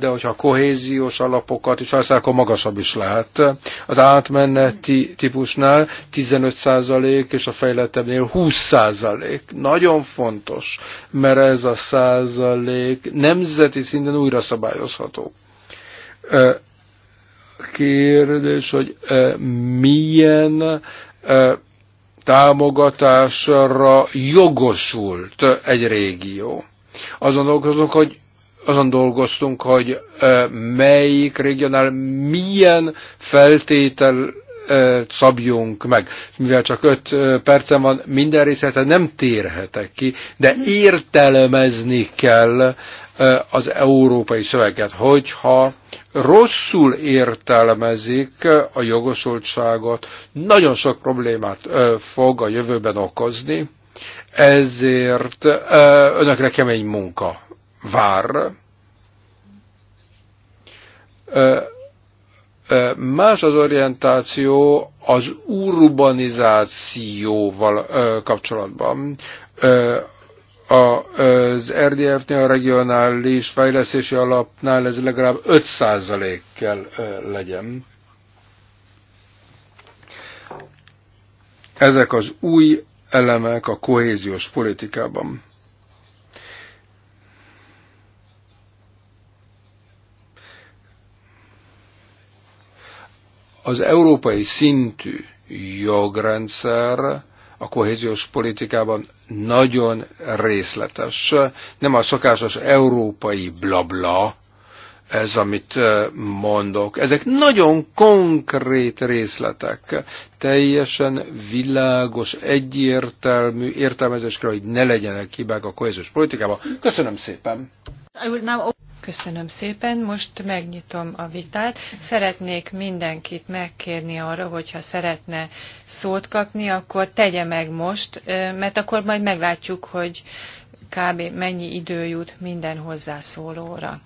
Speaker 3: de hogyha a kohéziós alapokat is használják, akkor magasabb is lehet. Az átmeneti típusnál 15 százalék, és a fejlettebbnél 20 százalék. Nagyon fontos, mert ez a százalék nemzeti szinten újra szabályozható kérdés, hogy milyen támogatásra jogosult egy régió. Azon dolgozunk, hogy azon dolgoztunk, hogy melyik regionál milyen feltétel szabjunk meg. Mivel csak öt percem van, minden részletet nem térhetek ki, de értelmezni kell az európai szöveget, hogyha rosszul értelmezik a jogosultságot, nagyon sok problémát fog a jövőben okozni, ezért önökre kemény munka vár. Más az orientáció az urbanizációval kapcsolatban az RDF-nél, a regionális fejlesztési alapnál ez legalább 5% kell legyen. Ezek az új elemek a kohéziós politikában. Az európai szintű jogrendszer a kohéziós politikában nagyon részletes. Nem a szokásos európai blabla, ez, amit mondok. Ezek nagyon konkrét részletek, teljesen világos, egyértelmű értelmezésre, hogy ne legyenek hibák a kohéziós politikában. Köszönöm szépen!
Speaker 2: Köszönöm szépen. Most megnyitom a vitát. Szeretnék mindenkit megkérni arra, hogyha szeretne szót kapni, akkor tegye meg most, mert akkor majd meglátjuk, hogy kb. mennyi idő jut minden hozzászólóra.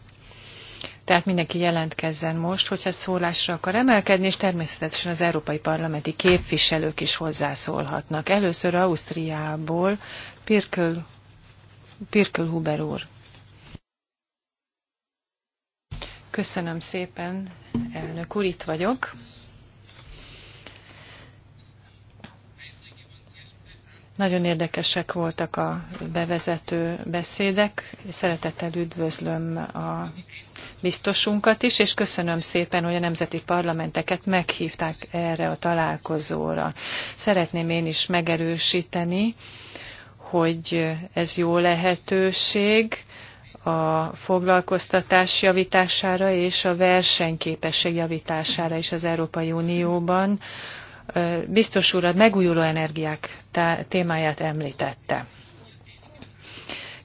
Speaker 2: Tehát mindenki jelentkezzen most, hogyha szólásra akar emelkedni, és természetesen az európai parlamenti képviselők is hozzászólhatnak. Először Ausztriából Pirkel, Pirkel Huber úr. Köszönöm szépen, elnök úr, itt vagyok. Nagyon érdekesek voltak a bevezető beszédek. Szeretettel üdvözlöm a biztosunkat is, és köszönöm szépen, hogy a nemzeti parlamenteket meghívták erre a találkozóra. Szeretném én is megerősíteni, hogy ez jó lehetőség, a foglalkoztatás javítására és a versenyképesség javítására is az Európai Unióban. Biztos úr a megújuló energiák témáját említette.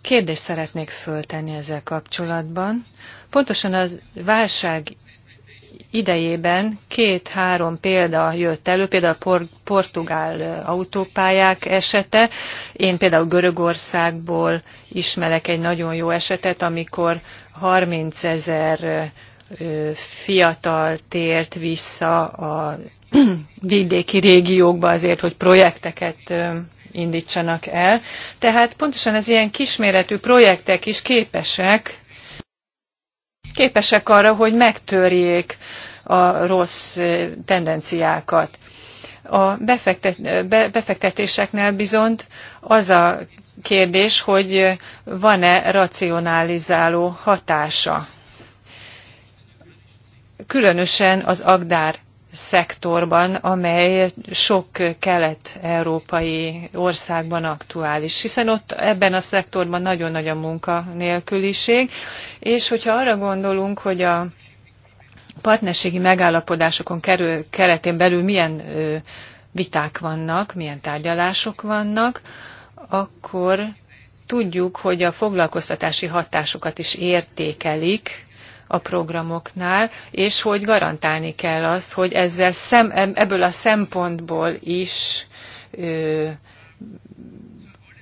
Speaker 2: Kérdést szeretnék föltenni ezzel kapcsolatban. Pontosan az válság idejében két-három példa jött elő, például por portugál autópályák esete. Én például Görögországból ismerek egy nagyon jó esetet, amikor 30 ezer fiatal tért vissza a [clears throat] vidéki régiókba azért, hogy projekteket indítsanak el. Tehát pontosan az ilyen kisméretű projektek is képesek képesek arra, hogy megtörjék a rossz tendenciákat. A befektetéseknél bizont az a kérdés, hogy van-e racionalizáló hatása. Különösen az Agdár szektorban, amely sok kelet-európai országban aktuális, hiszen ott ebben a szektorban nagyon nagy a munkanélküliség, és hogyha arra gondolunk, hogy a partnerségi megállapodásokon kerül, keretén belül milyen viták vannak, milyen tárgyalások vannak, akkor tudjuk, hogy a foglalkoztatási hatásokat is értékelik a programoknál, és hogy garantálni kell azt, hogy ezzel szem, ebből a szempontból is ö,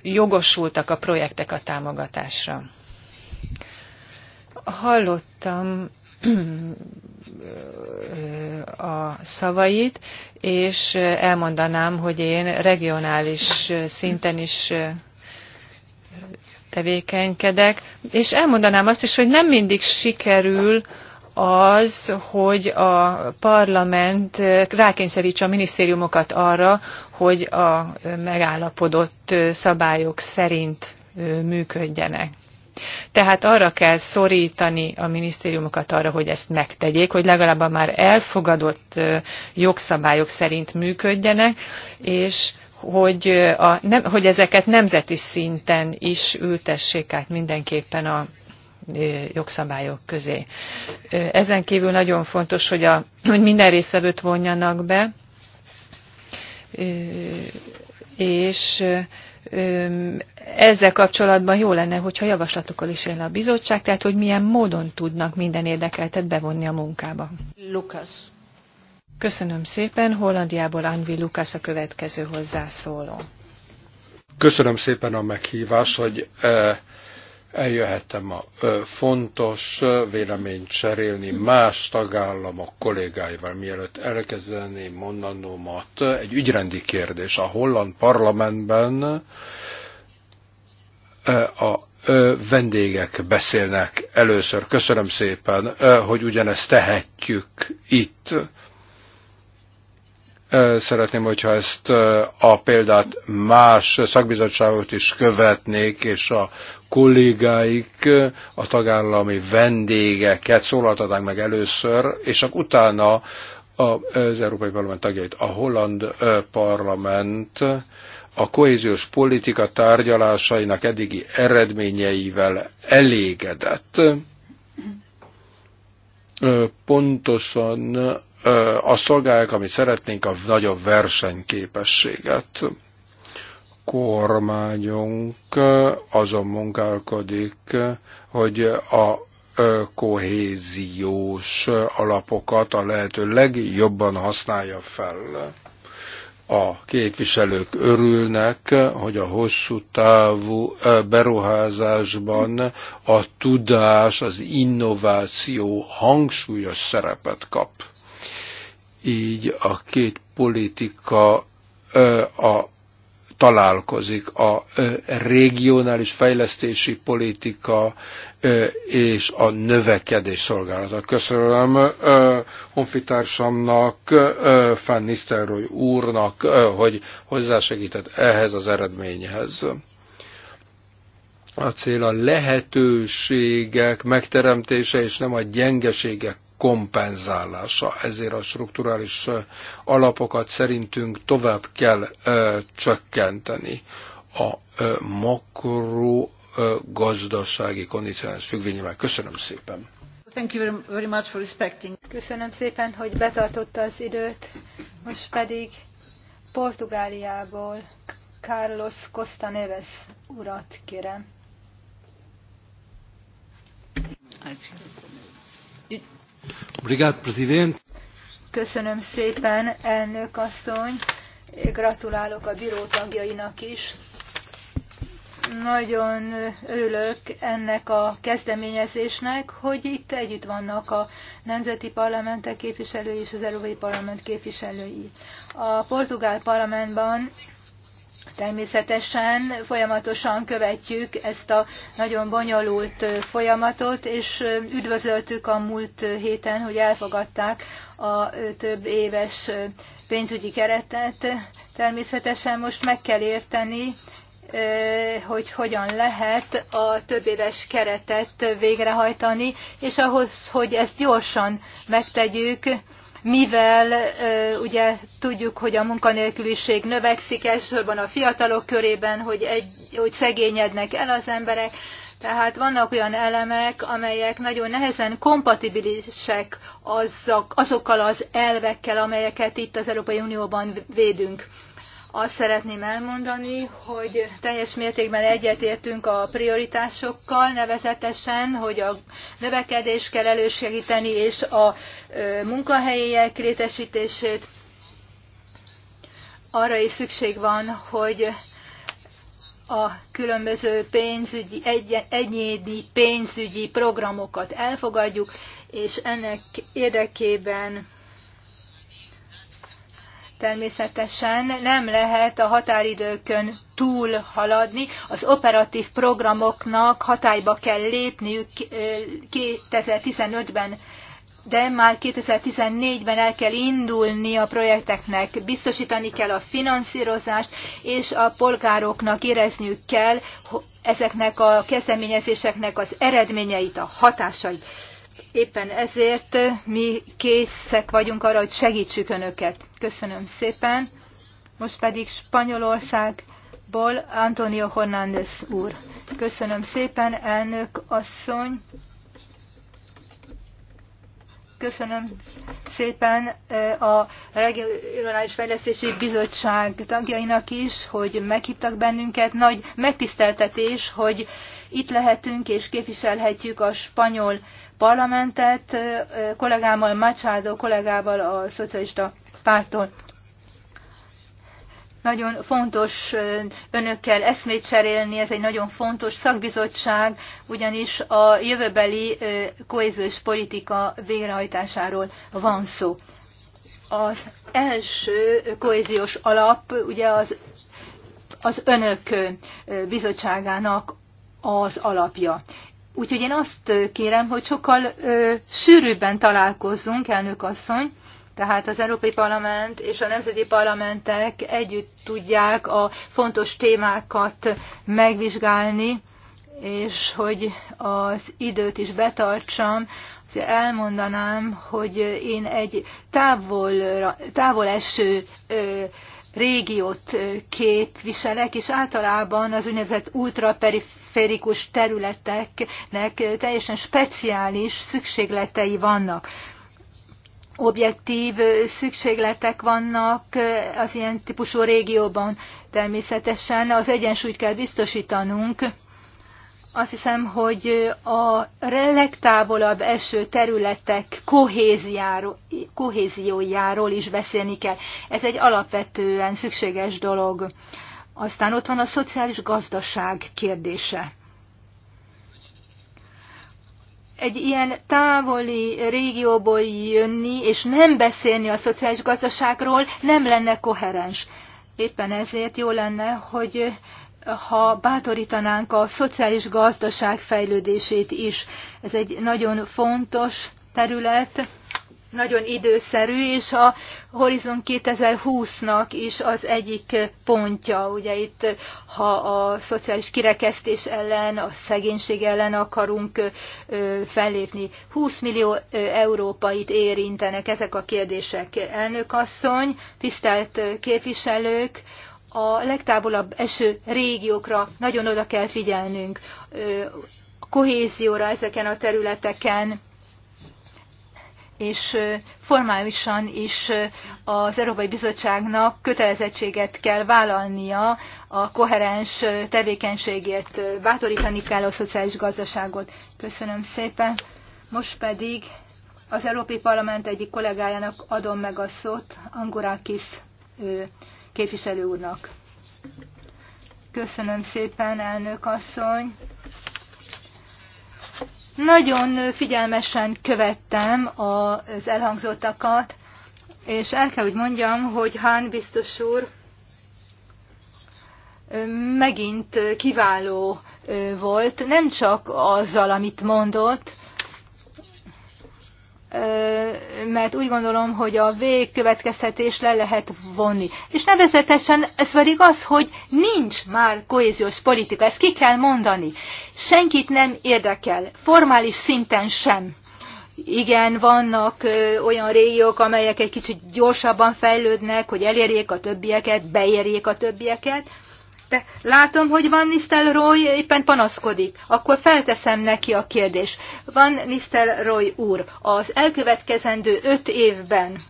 Speaker 2: jogosultak a projektek a támogatásra. Hallottam a szavait, és elmondanám, hogy én regionális szinten is tevékenykedek, és elmondanám azt is, hogy nem mindig sikerül az, hogy a parlament rákényszerítse a minisztériumokat arra, hogy a megállapodott szabályok szerint működjenek. Tehát arra kell szorítani a minisztériumokat arra, hogy ezt megtegyék, hogy legalább a már elfogadott jogszabályok szerint működjenek, és hogy, a, nem, hogy ezeket nemzeti szinten is ültessék át mindenképpen a jogszabályok közé. Ezen kívül nagyon fontos, hogy, a, hogy minden részvevőt vonjanak be, és ezzel kapcsolatban jó lenne, hogyha javaslatokkal is élne a bizottság, tehát hogy milyen módon tudnak minden érdekeltet bevonni a munkába. Lukasz. Köszönöm szépen. Hollandiából Anvi Lukasz a következő hozzászóló.
Speaker 3: Köszönöm szépen a meghívást, hogy eh, eljöhettem a eh, Fontos eh, véleményt cserélni más tagállamok kollégáival, mielőtt elkezdeném mondanomat. Egy ügyrendi kérdés. A holland parlamentben a vendégek beszélnek először. Köszönöm szépen, hogy ugyanezt tehetjük itt Szeretném, hogyha ezt a példát más szakbizottságot is követnék, és a kollégáik, a tagállami vendégeket szólaltatnánk meg először, és akkor utána az Európai Parlament tagjait. A holland parlament a kohéziós politika tárgyalásainak eddigi eredményeivel elégedett. Pontosan azt szolgálják, amit szeretnénk, a nagyobb versenyképességet. Kormányunk azon munkálkodik, hogy a kohéziós alapokat a lehető legjobban használja fel. A képviselők örülnek, hogy a hosszú távú beruházásban a tudás, az innováció hangsúlyos szerepet kap így a két politika a találkozik a regionális fejlesztési politika és a növekedés szolgálata. Köszönöm honfitársamnak, Fan Nisztelrooy úrnak, hogy hozzásegített ehhez az eredményhez. A cél a lehetőségek megteremtése és nem a gyengeségek kompenzálása. Ezért a strukturális alapokat szerintünk tovább kell ö, csökkenteni. A ö, makro ö, gazdasági kondicionális függvényével. Köszönöm szépen!
Speaker 1: Thank you very much for respecting. Köszönöm szépen, hogy betartotta az időt. Most pedig Portugáliából Carlos Costa Neves urat kérem. Köszönöm szépen, elnök asszony. Gratulálok a bíró tagjainak is. Nagyon örülök ennek a kezdeményezésnek, hogy itt együtt vannak a nemzeti parlamentek képviselői és az Európai Parlament képviselői. A portugál parlamentben. Természetesen folyamatosan követjük ezt a nagyon bonyolult folyamatot, és üdvözöltük a múlt héten, hogy elfogadták a több éves pénzügyi keretet. Természetesen most meg kell érteni, hogy hogyan lehet a több éves keretet végrehajtani, és ahhoz, hogy ezt gyorsan megtegyük, mivel ugye tudjuk, hogy a munkanélküliség növekszik, elsősorban a fiatalok körében, hogy, egy, hogy szegényednek el az emberek, tehát vannak olyan elemek, amelyek nagyon nehezen kompatibilisek azok, azokkal az elvekkel, amelyeket itt az Európai Unióban védünk. Azt szeretném elmondani, hogy teljes mértékben egyetértünk a prioritásokkal, nevezetesen, hogy a növekedés kell elősegíteni, és a munkahelyek létesítését. Arra is szükség van, hogy a különböző pénzügyi, egy, egyéni pénzügyi programokat elfogadjuk, és ennek érdekében Természetesen nem lehet a határidőkön túl haladni, az operatív programoknak hatályba kell lépniük 2015-ben, de már 2014-ben el kell indulni a projekteknek, biztosítani kell a finanszírozást, és a polgároknak érezniük kell ezeknek a kezdeményezéseknek az eredményeit, a hatásait. Éppen ezért mi készek vagyunk arra, hogy segítsük Önöket. Köszönöm szépen. Most pedig Spanyolországból Antonio Hernández úr. Köszönöm szépen, elnök asszony. Köszönöm szépen eh, a Regionális Fejlesztési Bizottság tagjainak is, hogy meghívtak bennünket. Nagy megtiszteltetés, hogy itt lehetünk és képviselhetjük a spanyol parlamentet eh, kollégámmal, Machado kollégával a szocialista pártól. Nagyon fontos önökkel eszmét cserélni, ez egy nagyon fontos szakbizottság, ugyanis a jövőbeli kohéziós politika végrehajtásáról van szó. Az első kohéziós alap ugye az, az önök bizottságának az alapja. Úgyhogy én azt kérem, hogy sokkal ö, sűrűbben találkozzunk, elnök asszony, tehát az Európai Parlament és a nemzeti parlamentek együtt tudják a fontos témákat megvizsgálni, és hogy az időt is betartsam, elmondanám, hogy én egy távol, távol eső régiót képviselek, és általában az úgynevezett ultraperiférikus területeknek teljesen speciális szükségletei vannak objektív szükségletek vannak az ilyen típusú régióban. Természetesen az egyensúlyt kell biztosítanunk. Azt hiszem, hogy a legtávolabb eső területek kohéziójáról is beszélni kell. Ez egy alapvetően szükséges dolog. Aztán ott van a szociális gazdaság kérdése egy ilyen távoli régióból jönni, és nem beszélni a szociális gazdaságról, nem lenne koherens. Éppen ezért jó lenne, hogy eh, ha bátorítanánk a szociális gazdaság fejlődését is. Ez egy nagyon fontos terület, nagyon időszerű, és a Horizon 2020-nak is az egyik pontja. Ugye itt, ha a szociális kirekesztés ellen, a szegénység ellen akarunk fellépni, 20 millió európait érintenek ezek a kérdések. Elnök asszony, tisztelt képviselők, a legtávolabb eső régiókra nagyon oda kell figyelnünk. A kohézióra ezeken a területeken és formálisan is az Európai Bizottságnak kötelezettséget kell vállalnia a koherens tevékenységért, bátorítani kell a szociális gazdaságot. Köszönöm szépen. Most pedig az Európai Parlament egyik kollégájának adom meg a szót, Angorakis képviselő úrnak. Köszönöm szépen, elnök asszony. Nagyon figyelmesen követtem az elhangzottakat, és el kell, hogy mondjam, hogy Hán biztos úr megint kiváló volt, nem csak azzal, amit mondott, mert úgy gondolom, hogy a végkövetkeztetés le lehet vonni. És nevezetesen ez pedig az, hogy nincs már kohéziós politika, ezt ki kell mondani. Senkit nem érdekel, formális szinten sem. Igen, vannak ö, olyan régiók, amelyek egy kicsit gyorsabban fejlődnek, hogy elérjék a többieket, beérjék a többieket, de látom, hogy Van Roy éppen panaszkodik. Akkor felteszem neki a kérdést. Van Roy úr, az elkövetkezendő öt évben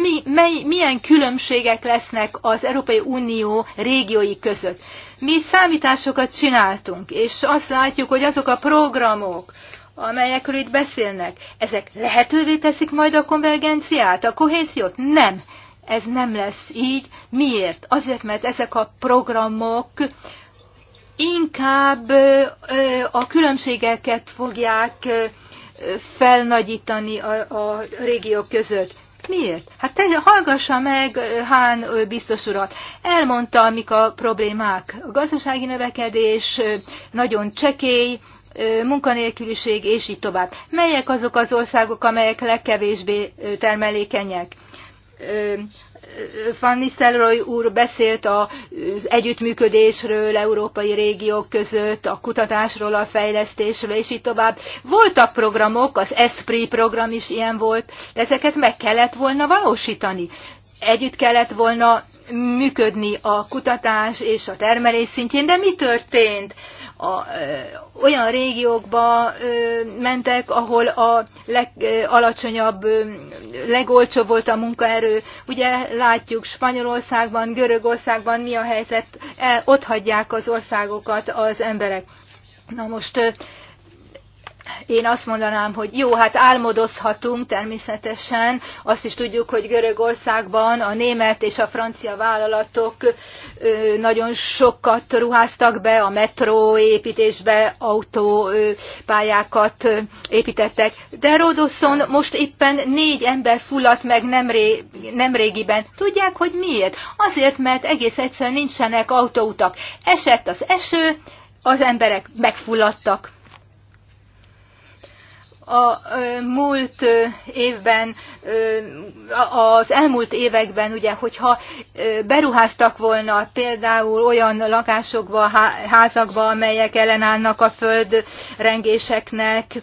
Speaker 1: mi, mely, milyen különbségek lesznek az Európai Unió régiói között. Mi számításokat csináltunk, és azt látjuk, hogy azok a programok, amelyekről itt beszélnek, ezek lehetővé teszik majd a konvergenciát, a kohéziót? Nem ez nem lesz így. Miért? Azért, mert ezek a programok inkább a különbségeket fogják felnagyítani a, a régiók között. Miért? Hát te hallgassa meg Hán biztos urat. Elmondta, mik a problémák. A gazdasági növekedés nagyon csekély, munkanélküliség, és így tovább. Melyek azok az országok, amelyek legkevésbé termelékenyek? Van Nistelrooy úr beszélt az együttműködésről, európai régiók között, a kutatásról, a fejlesztésről, és így tovább. Voltak programok, az ESPRI program is ilyen volt, de ezeket meg kellett volna valósítani. Együtt kellett volna működni a kutatás és a termelés szintjén, de mi történt? a, olyan régiókba mentek, ahol a legalacsonyabb, legolcsóbb volt a munkaerő. Ugye látjuk Spanyolországban, Görögországban mi a helyzet, ott hagyják az országokat az emberek. Na most én azt mondanám, hogy jó, hát álmodozhatunk természetesen. Azt is tudjuk, hogy Görögországban a német és a francia vállalatok nagyon sokat ruháztak be a metró építésbe, autópályákat építettek. De Rodoszon most éppen négy ember fulladt meg nemré, nemrégiben. Tudják, hogy miért? Azért, mert egész egyszerűen nincsenek autóutak. Esett az eső, az emberek megfulladtak a múlt évben, az elmúlt években, ugye, hogyha beruháztak volna például olyan lakásokba, házakba, amelyek ellenállnak a földrengéseknek,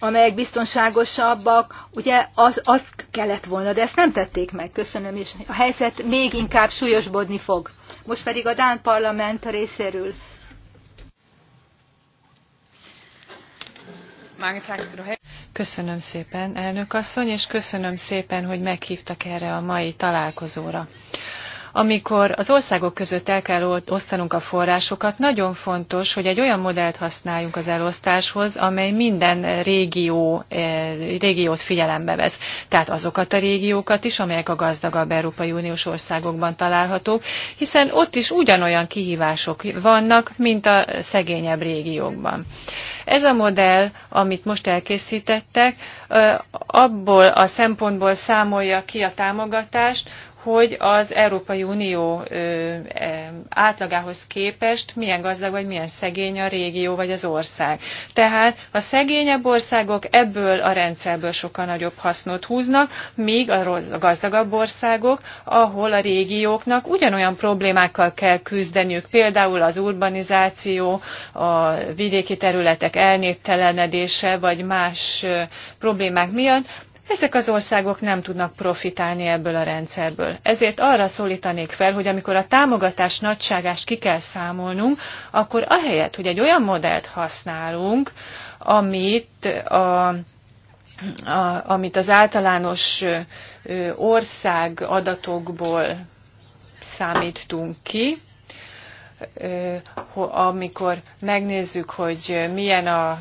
Speaker 1: amelyek biztonságosabbak, ugye az, az kellett volna, de ezt nem tették meg, köszönöm, és a helyzet még inkább súlyosbodni fog. Most pedig a Dán parlament részéről
Speaker 2: Köszönöm szépen, elnök asszony, és köszönöm szépen, hogy meghívtak erre a mai találkozóra. Amikor az országok között el kell osztanunk a forrásokat, nagyon fontos, hogy egy olyan modellt használjunk az elosztáshoz, amely minden régió, eh, régiót figyelembe vesz. Tehát azokat a régiókat is, amelyek a gazdagabb Európai Uniós országokban találhatók, hiszen ott is ugyanolyan kihívások vannak, mint a szegényebb régiókban. Ez a modell, amit most elkészítettek, abból a szempontból számolja ki a támogatást, hogy az Európai Unió átlagához képest milyen gazdag vagy milyen szegény a régió vagy az ország. Tehát a szegényebb országok ebből a rendszerből sokkal nagyobb hasznot húznak, míg a gazdagabb országok, ahol a régióknak ugyanolyan problémákkal kell küzdeniük, például az urbanizáció, a vidéki területek elnéptelenedése vagy más problémák miatt, ezek az országok nem tudnak profitálni ebből a rendszerből. Ezért arra szólítanék fel, hogy amikor a támogatás nagyságást ki kell számolnunk, akkor ahelyett, hogy egy olyan modellt használunk, amit a a, amit az általános ország adatokból számítunk ki, amikor megnézzük, hogy milyen a,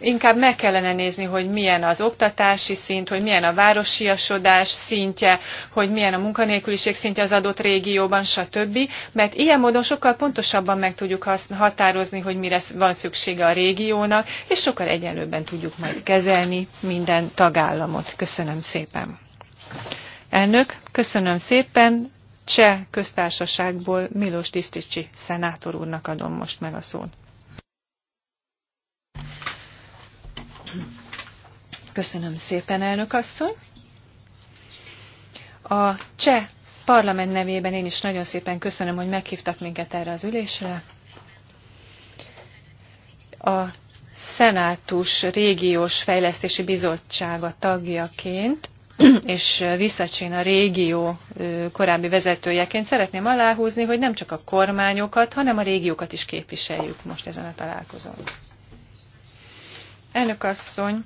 Speaker 2: inkább meg kellene nézni, hogy milyen az oktatási szint, hogy milyen a városiasodás szintje, hogy milyen a munkanélküliség szintje az adott régióban, stb. Mert ilyen módon sokkal pontosabban meg tudjuk határozni, hogy mire van szüksége a régiónak, és sokkal egyenlőbben tudjuk majd kezelni minden tagállamot. Köszönöm szépen. Elnök, köszönöm szépen. Cseh köztársaságból Milos Tisztici szenátor úrnak adom most meg a szót. Köszönöm szépen, elnök asszony. A cseh parlament nevében én is nagyon szépen köszönöm, hogy meghívtak minket erre az ülésre. A Szenátus Régiós Fejlesztési Bizottsága tagjaként [clears throat] és Visszacsin a régió korábbi vezetőjeként szeretném aláhúzni, hogy nem csak a kormányokat, hanem a régiókat is képviseljük most ezen a találkozón. Elnök asszony,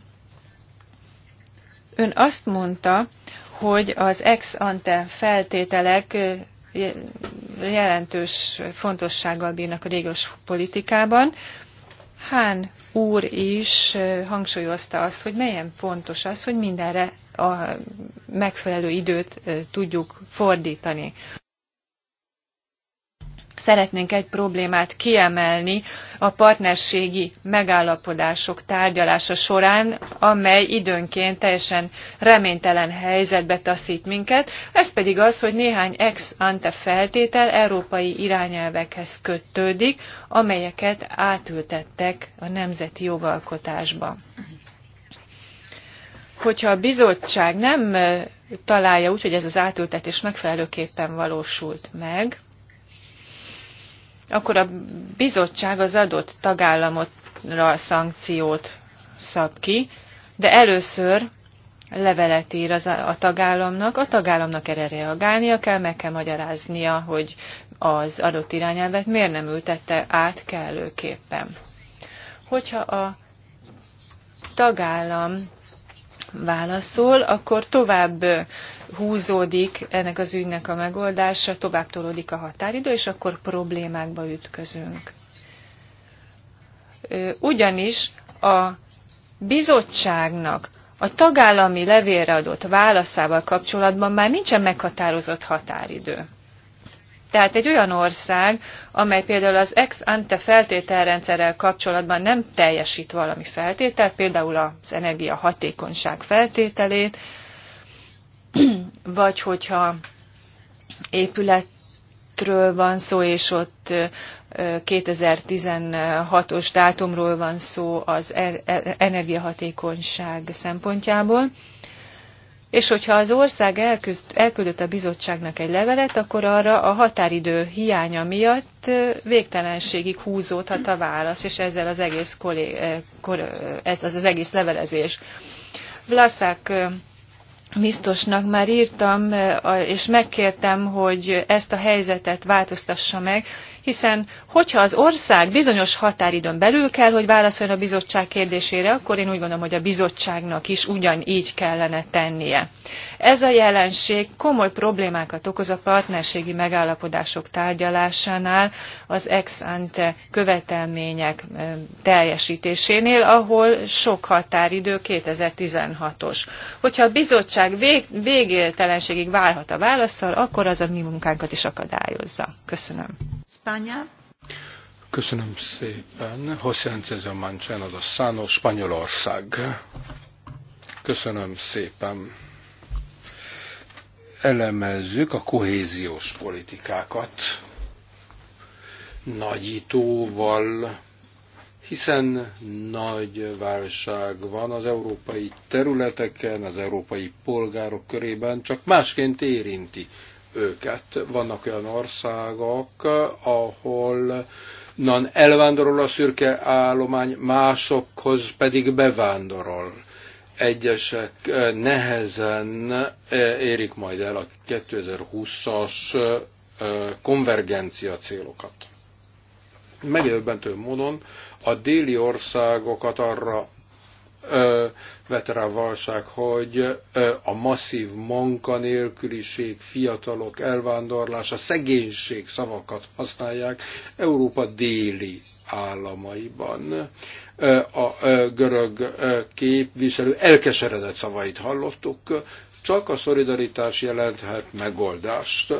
Speaker 2: ön azt mondta, hogy az ex-ante feltételek jelentős fontossággal bírnak a régiós politikában. Hán úr is hangsúlyozta azt, hogy milyen fontos az, hogy mindenre a megfelelő időt tudjuk fordítani. Szeretnénk egy problémát kiemelni a partnerségi megállapodások tárgyalása során, amely időnként teljesen reménytelen helyzetbe taszít minket, ez pedig az, hogy néhány ex ante feltétel európai irányelvekhez kötődik, amelyeket átültettek a nemzeti jogalkotásba hogyha a bizottság nem találja úgy, hogy ez az átültetés megfelelőképpen valósult meg, akkor a bizottság az adott tagállamotra szankciót szab ki, de először levelet ír az a tagállamnak, a tagállamnak erre reagálnia kell, meg kell magyaráznia, hogy az adott irányelvet miért nem ültette át kellőképpen. Hogyha a tagállam válaszol, akkor tovább húzódik ennek az ügynek a megoldása, tovább tolódik a határidő, és akkor problémákba ütközünk. Ugyanis a bizottságnak a tagállami levélre adott válaszával kapcsolatban már nincsen meghatározott határidő. Tehát egy olyan ország, amely például az ex ante feltételrendszerrel kapcsolatban nem teljesít valami feltételt, például az energia hatékonyság feltételét, [clears throat] vagy hogyha épületről van szó, és ott 2016-os dátumról van szó az er-, er-, energiahatékonyság szempontjából. És hogyha az ország elküld, elküldött a bizottságnak egy levelet, akkor arra a határidő hiánya miatt végtelenségig húzódhat a válasz, és ezzel az egész, kollé, ez az, az egész levelezés. Vlaszák biztosnak már írtam, és megkértem, hogy ezt a helyzetet változtassa meg, hiszen hogyha az ország bizonyos határidőn belül kell, hogy válaszoljon a bizottság kérdésére, akkor én úgy gondolom, hogy a bizottságnak is ugyanígy kellene tennie. Ez a jelenség komoly problémákat okoz a partnerségi megállapodások tárgyalásánál, az ex ante követelmények teljesítésénél, ahol sok határidő 2016-os. Hogyha a bizottság vég, végéltelenségig várhat a válaszsal, akkor az a mi munkánkat is akadályozza. Köszönöm. España.
Speaker 3: Köszönöm szépen. José Antes de az a Szánó, Spanyolország. Köszönöm szépen. Elemezzük a kohéziós politikákat nagyítóval, hiszen nagy válság van az európai területeken, az európai polgárok körében, csak másként érinti őket. Vannak olyan országok, ahol nan elvándorol a szürke állomány, másokhoz pedig bevándorol. Egyesek eh, nehezen eh, érik majd el a 2020-as eh, konvergencia célokat. Megdöbbentő módon a déli országokat arra vette a hogy a masszív munkanélküliség, fiatalok elvándorlása, szegénység szavakat használják Európa déli államaiban. A görög képviselő elkeseredett szavait hallottuk, csak a szolidaritás jelenthet megoldást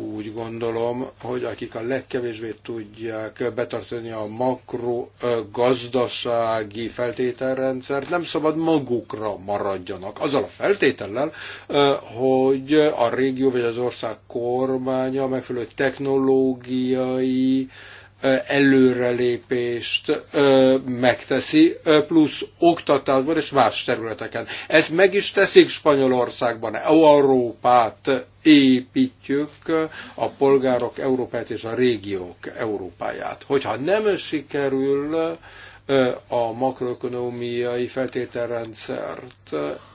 Speaker 3: úgy gondolom, hogy akik a legkevésbé tudják betartani a makrogazdasági feltételrendszert, nem szabad magukra maradjanak. Azzal a feltétellel, hogy a régió vagy az ország kormánya megfelelő technológiai előrelépést megteszi, plusz oktatásban és más területeken. Ezt meg is teszik Spanyolországban, Európát építjük, a polgárok Európát és a régiók Európáját. Hogyha nem sikerül a makroökonomiai feltételrendszert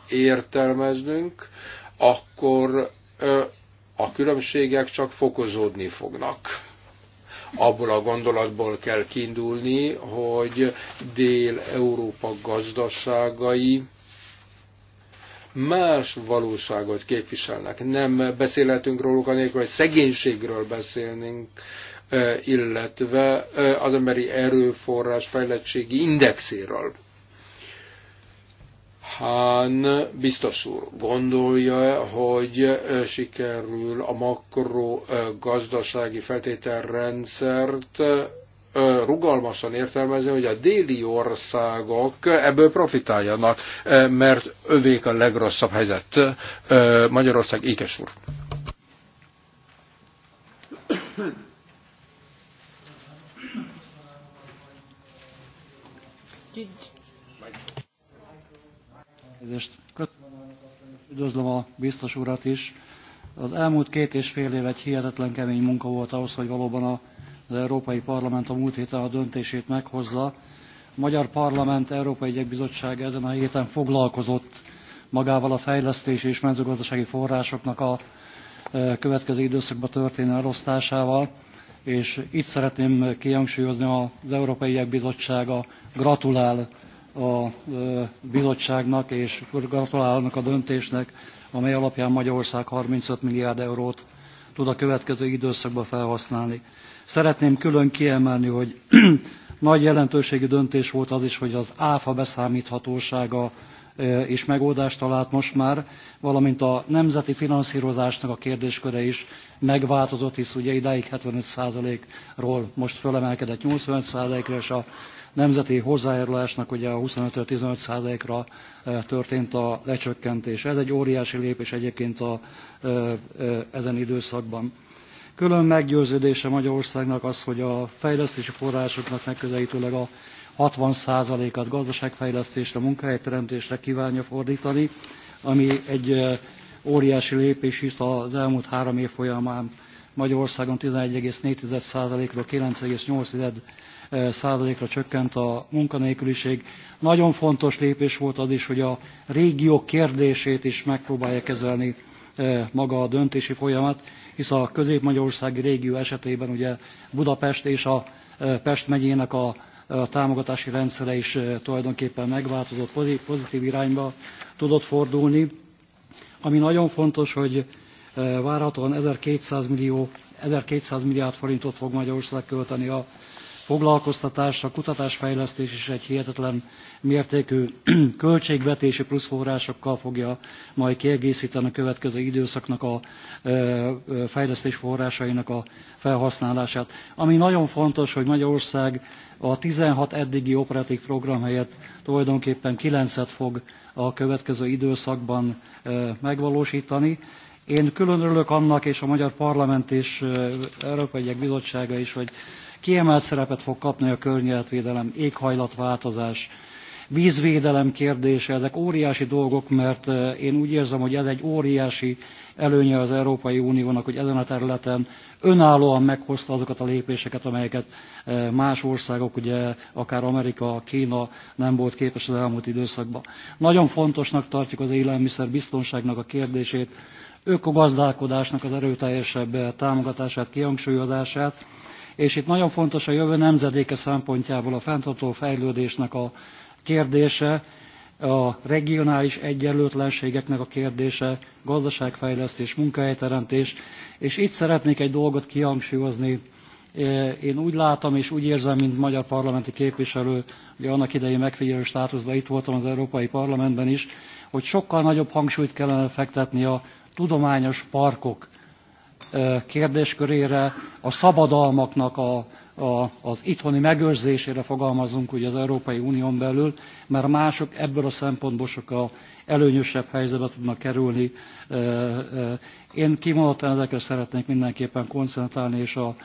Speaker 3: értelmeznünk, akkor a különbségek csak fokozódni fognak abból a gondolatból kell kiindulni, hogy Dél-Európa gazdaságai más valóságot képviselnek. Nem beszélhetünk róluk anélkül, hogy szegénységről beszélnénk, eh, illetve eh, az emberi erőforrás fejlettségi indexéről. Hán biztos úr gondolja, hogy sikerül a makro gazdasági feltételrendszert rugalmasan értelmezni, hogy a déli országok ebből profitáljanak, mert övék a legrosszabb helyzet. Magyarország ékes úr.
Speaker 4: Elnézést. Köszönöm, üdvözlöm a biztos urat is. Az elmúlt két és fél év egy hihetetlen kemény munka volt ahhoz, hogy valóban az Európai Parlament a múlt héten a döntését meghozza. A Magyar Parlament Európai Egyek Bizottsága ezen a héten foglalkozott magával a fejlesztési és mezőgazdasági forrásoknak a e, következő időszakban történő elosztásával, és itt szeretném kihangsúlyozni az Európai Ügyek Bizottsága gratulál a bizottságnak, és gratulálnak a döntésnek, amely alapján Magyarország 35 milliárd eurót tud a következő időszakban felhasználni. Szeretném külön kiemelni, hogy [clears throat] nagy jelentőségű döntés volt az is, hogy az áfa beszámíthatósága is megoldást talált most már, valamint a nemzeti finanszírozásnak a kérdésköre is megváltozott, hisz ugye idáig 75%-ról most fölemelkedett 85%-ra, és a nemzeti hozzájárulásnak ugye a 25-15%-ra e, történt a lecsökkentés. Ez egy óriási lépés egyébként a, e, e, ezen időszakban. Külön meggyőződése Magyarországnak az, hogy a fejlesztési forrásoknak megközelítőleg a 60%-at gazdaságfejlesztésre, munkahelyteremtésre kívánja fordítani, ami egy óriási lépés, is az elmúlt három év folyamán Magyarországon 11,4%-ról 9,8 százalékra csökkent a munkanélküliség. Nagyon fontos lépés volt az is, hogy a régió kérdését is megpróbálja kezelni eh, maga a döntési folyamat, hisz a közép-magyarországi régió esetében ugye Budapest és a eh, Pest megyének a támogatási rendszere is eh, tulajdonképpen megváltozott, pozitív irányba tudott fordulni. Ami nagyon fontos, hogy várhatóan 1200 millió 1200 milliárd forintot fog Magyarország költeni a foglalkoztatás, a kutatásfejlesztés is egy hihetetlen mértékű [clears throat] költségvetési forrásokkal fogja majd kiegészíteni a következő időszaknak a fejlesztés forrásainak a felhasználását. Ami nagyon fontos, hogy Magyarország a 16 eddigi operatív program helyett tulajdonképpen 9-et fog a következő időszakban megvalósítani. Én külön örülök annak, és a Magyar Parlament és Európai Bizottsága is, hogy kiemelt szerepet fog kapni a környezetvédelem, éghajlatváltozás, vízvédelem kérdése, ezek óriási dolgok, mert eh, én úgy érzem, hogy ez egy óriási előnye az Európai Uniónak, hogy ezen a területen önállóan meghozta azokat a lépéseket, amelyeket eh, más országok, ugye akár Amerika, Kína nem volt képes az elmúlt időszakban. Nagyon fontosnak tartjuk az élelmiszer biztonságnak a kérdését, ökogazdálkodásnak az erőteljesebb eh, támogatását, kihangsúlyozását, és itt nagyon fontos a jövő nemzedéke szempontjából a fenntartó fejlődésnek a kérdése, a regionális egyenlőtlenségeknek a kérdése, gazdaságfejlesztés, munkahelyteremtés, és itt szeretnék egy dolgot kihangsúlyozni. Én úgy látom és úgy érzem, mint magyar parlamenti képviselő, ugye annak idején megfigyelő státuszban itt voltam az Európai Parlamentben is, hogy sokkal nagyobb hangsúlyt kellene fektetni a tudományos parkok kérdéskörére, a szabadalmaknak a, a, az itthoni megőrzésére fogalmazunk ugye az Európai Unión belül, mert mások ebből a szempontból sokkal előnyösebb helyzetbe tudnak kerülni. Én kimondottan ezekre szeretnék mindenképpen koncentrálni, és a,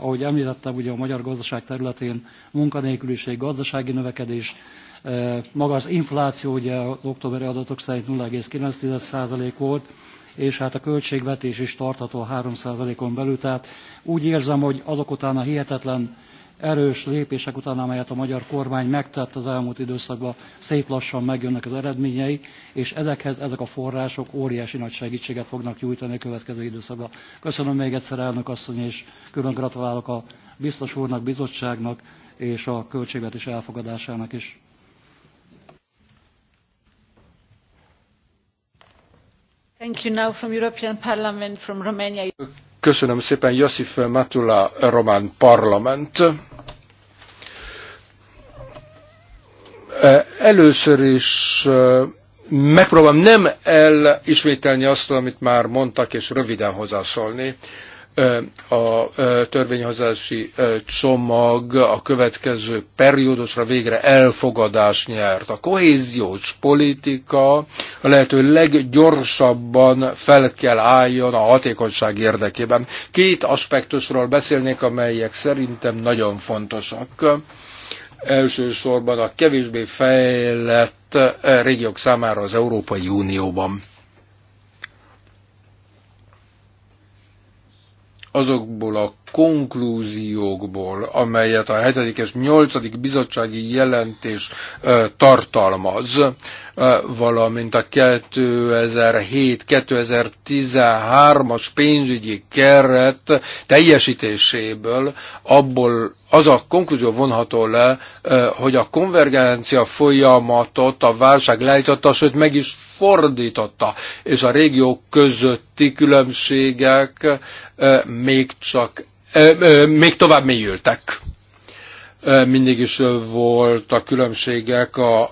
Speaker 4: ahogy említettem, ugye a magyar gazdaság területén munkanélküliség, gazdasági növekedés, maga az infláció, ugye az októberi adatok szerint 0,9% volt, és hát a költségvetés is tartható a 3%-on belül. Tehát úgy érzem, hogy azok után a hihetetlen erős lépések után, amelyet a magyar kormány megtett az elmúlt időszakban, szép lassan megjönnek az eredményei, és ezekhez ezek a források óriási nagy segítséget fognak nyújtani a következő időszakban. Köszönöm még egyszer elnök asszony, és külön gratulálok a biztos úrnak, bizottságnak és a költségvetés elfogadásának is.
Speaker 3: Köszönöm szépen Josif Matula, román parlament. E, először is e, megpróbálom nem elismételni azt, amit már mondtak, és röviden hozzászólni a törvényhozási csomag a következő periódusra végre elfogadás nyert. A kohéziós politika a lehető leggyorsabban fel kell álljon a hatékonyság érdekében. Két aspektusról beszélnék, amelyek szerintem nagyon fontosak. Elsősorban a kevésbé fejlett régiók számára az Európai Unióban azokból a konklúziókból, amelyet a 7. és 8. bizottsági jelentés tartalmaz, valamint a 2007-2013-as pénzügyi keret teljesítéséből abból az a konklúzió vonható le, hogy a konvergencia folyamatot a válság leállította, sőt meg is fordította, és a régiók közötti különbségek még csak még tovább mélyültek mindig is voltak különbségek a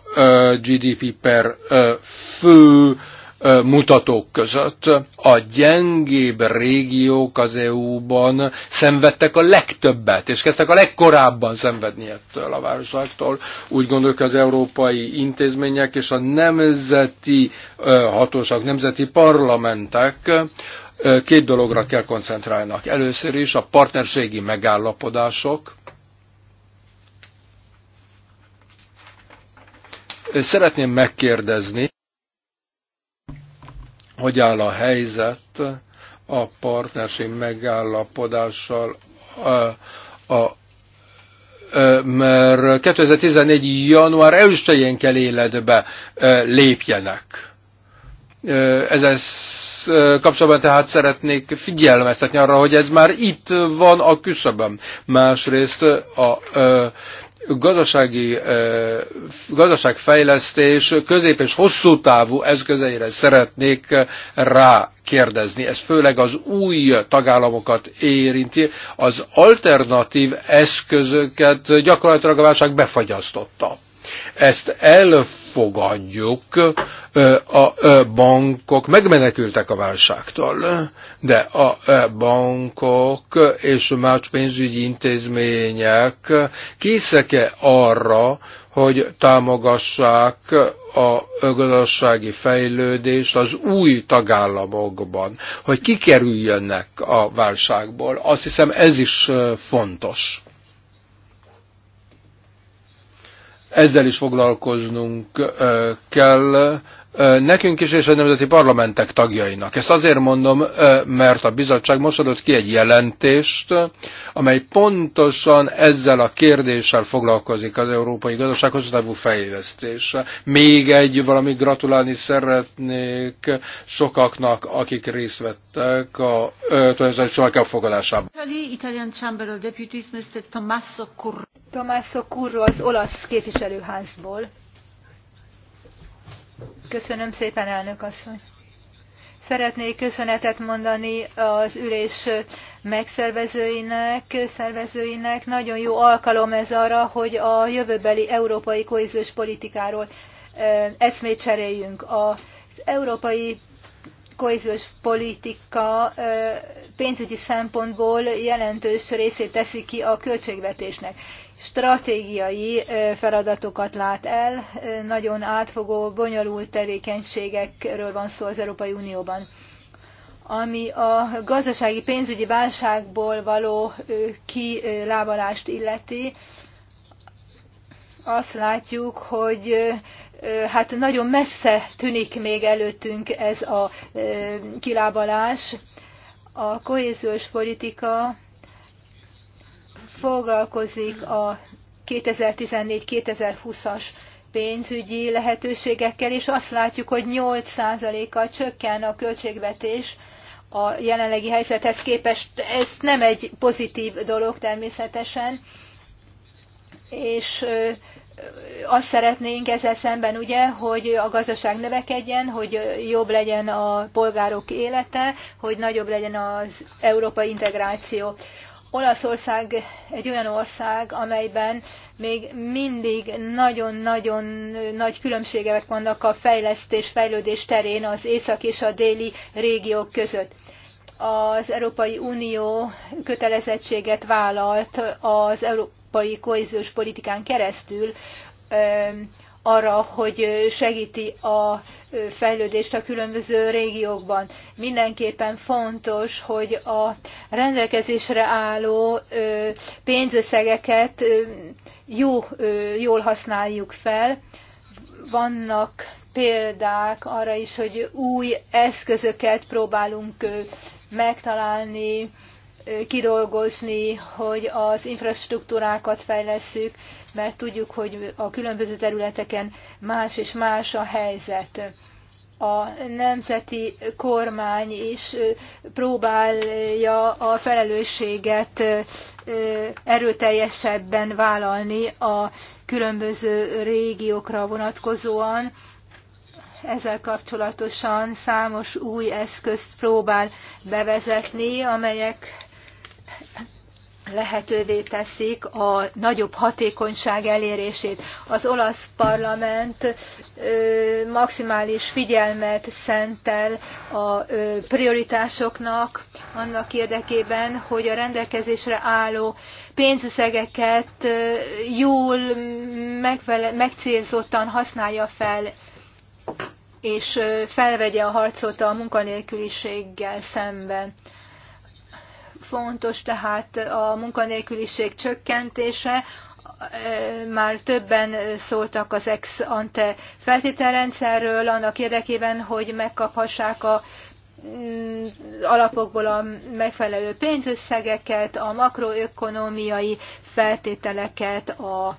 Speaker 3: GDP per fő mutatók között. A gyengébb régiók az EU-ban szenvedtek a legtöbbet, és kezdtek a legkorábban szenvedni ettől a válságtól. Úgy gondolok az európai intézmények és a nemzeti hatóság, nemzeti parlamentek két dologra kell koncentrálnak. Először is a partnerségi megállapodások, Szeretném megkérdezni, hogy áll a helyzet a partnerség megállapodással, a, a, mert 2014. január 1-én kell életbe lépjenek. Ezzel kapcsolatban tehát szeretnék figyelmeztetni arra, hogy ez már itt van a küszöbön. Másrészt a, a gazdasági, eh, gazdaságfejlesztés közép és hosszú távú eszközeire szeretnék eh, rákérdezni. Ez főleg az új tagállamokat érinti. Az alternatív eszközöket gyakorlatilag a válság befagyasztotta. Ezt elfogadjuk, a bankok megmenekültek a válságtól, de a bankok és más pénzügyi intézmények készek-e arra, hogy támogassák a gazdasági fejlődést az új tagállamokban, hogy kikerüljenek a válságból. Azt hiszem ez is fontos. Ezzel is foglalkoznunk kell nekünk is és a nemzeti parlamentek tagjainak. Ezt azért mondom, mert a bizottság most adott ki egy jelentést, amely pontosan ezzel a kérdéssel foglalkozik az európai gazdaság hosszú távú fejlesztése. Még egy valami gratulálni szeretnék sokaknak, akik részt vettek a tulajdonképpen soha elfogadásában.
Speaker 5: Italian Chamber of Deputies, Mr. Tommaso
Speaker 1: Correa. Tommaso Curro az olasz képviselőházból. Köszönöm szépen, elnök asszony. Szeretnék köszönetet mondani az ülés megszervezőinek, szervezőinek. Nagyon jó alkalom ez arra, hogy a jövőbeli európai kohéziós politikáról eszmét cseréljünk. Az európai kohéziós politika pénzügyi szempontból jelentős részét teszi ki a költségvetésnek stratégiai feladatokat lát el, nagyon átfogó, bonyolult tevékenységekről van szó az Európai Unióban. Ami a gazdasági pénzügyi válságból való kilábalást illeti, azt látjuk, hogy hát nagyon messze tűnik még előttünk ez a kilábalás. A kohéziós politika foglalkozik a 2014-2020-as pénzügyi lehetőségekkel, és azt látjuk, hogy 8%-kal csökken a költségvetés a jelenlegi helyzethez képest. Ez nem egy pozitív dolog természetesen, és azt szeretnénk ezzel szemben, ugye, hogy a gazdaság növekedjen, hogy jobb legyen a polgárok élete, hogy nagyobb legyen az európai integráció. Olaszország egy olyan ország, amelyben még mindig nagyon-nagyon nagy különbségek vannak a fejlesztés, fejlődés terén az észak és a déli régiók között. Az Európai Unió kötelezettséget vállalt az európai kohéziós politikán keresztül arra, hogy segíti a fejlődést a különböző régiókban. Mindenképpen fontos, hogy a rendelkezésre álló pénzösszegeket jó, jól használjuk fel. Vannak példák arra is, hogy új eszközöket próbálunk megtalálni, kidolgozni, hogy az infrastruktúrákat fejlesszük, mert tudjuk, hogy a különböző területeken más és más a helyzet. A nemzeti kormány is próbálja a felelősséget erőteljesebben vállalni a különböző régiókra vonatkozóan ezzel kapcsolatosan számos új eszközt próbál bevezetni, amelyek lehetővé teszik a nagyobb hatékonyság elérését. Az olasz parlament ö, maximális figyelmet szentel a ö, prioritásoknak annak érdekében, hogy a rendelkezésre álló pénzösszegeket ö, jól, megfele- megcélzottan használja fel és felvegye a harcot a munkanélküliséggel szemben. Fontos tehát a munkanélküliség csökkentése, már többen szóltak az ex ante feltételrendszerről annak érdekében, hogy megkaphassák a mm, alapokból a megfelelő pénzösszegeket, a makroökonomiai feltételeket, a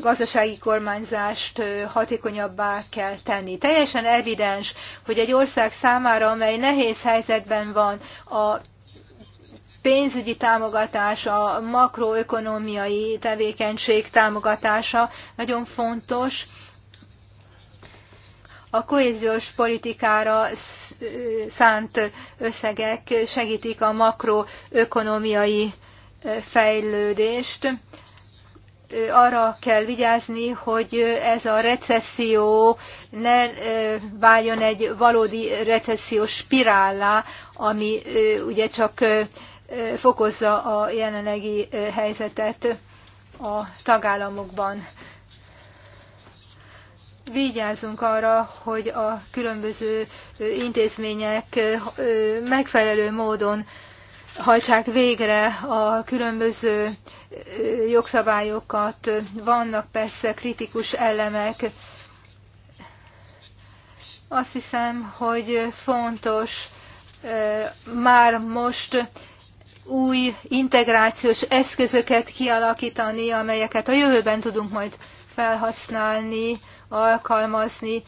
Speaker 1: gazdasági kormányzást hatékonyabbá kell tenni. Teljesen evidens, hogy egy ország számára, amely nehéz helyzetben van a pénzügyi támogatása, a makroökonomiai tevékenység támogatása nagyon fontos. A kohéziós politikára szánt összegek segítik a makroökonomiai fejlődést. Arra kell vigyázni, hogy ez a recesszió ne váljon egy valódi recessziós spirállá, ami ugye csak fokozza a jelenlegi helyzetet a tagállamokban. Vigyázzunk arra, hogy a különböző intézmények megfelelő módon hajtsák végre a különböző jogszabályokat. Vannak persze kritikus elemek. Azt hiszem, hogy fontos már most új integrációs eszközöket kialakítani, amelyeket a jövőben tudunk majd felhasználni, alkalmazni.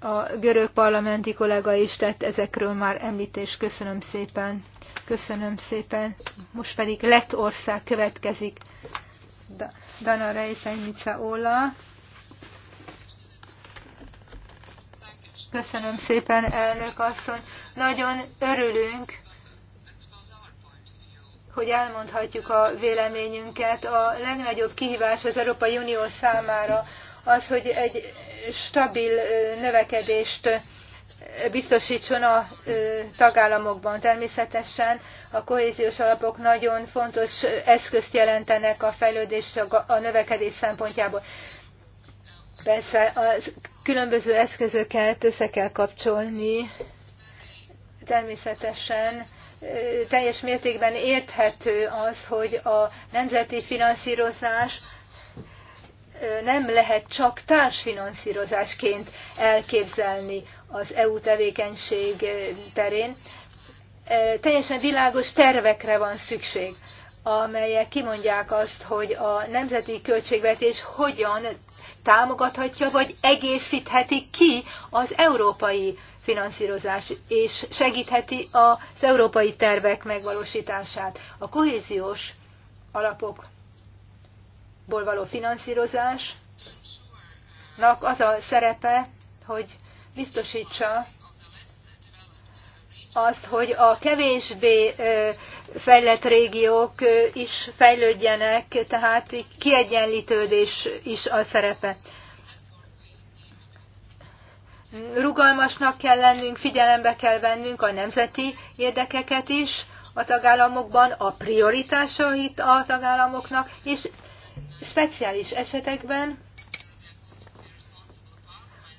Speaker 1: A görög parlamenti kollega is tett ezekről már említést. Köszönöm szépen. Köszönöm szépen. Most pedig lett ország következik. Dana Rejszenynica Ola. Köszönöm szépen, elnök asszony. Nagyon örülünk hogy elmondhatjuk a véleményünket. A legnagyobb kihívás az Európai Unió számára az, hogy egy stabil növekedést biztosítson a tagállamokban. Természetesen a kohéziós alapok nagyon fontos eszközt jelentenek a fejlődés a növekedés szempontjából. Persze a különböző eszközöket össze kell kapcsolni. Természetesen teljes mértékben érthető az, hogy a nemzeti finanszírozás nem lehet csak társfinanszírozásként elképzelni az EU tevékenység terén. Teljesen világos tervekre van szükség, amelyek kimondják azt, hogy a nemzeti költségvetés hogyan támogathatja vagy egészítheti ki az európai finanszírozást, és segítheti az európai tervek megvalósítását. A kohéziós alapokból való finanszírozásnak az a szerepe, hogy biztosítsa azt, hogy a kevésbé fejlett régiók is fejlődjenek, tehát kiegyenlítődés is a szerepe rugalmasnak kell lennünk, figyelembe kell vennünk a nemzeti érdekeket is a tagállamokban, a prioritásait a tagállamoknak, és speciális esetekben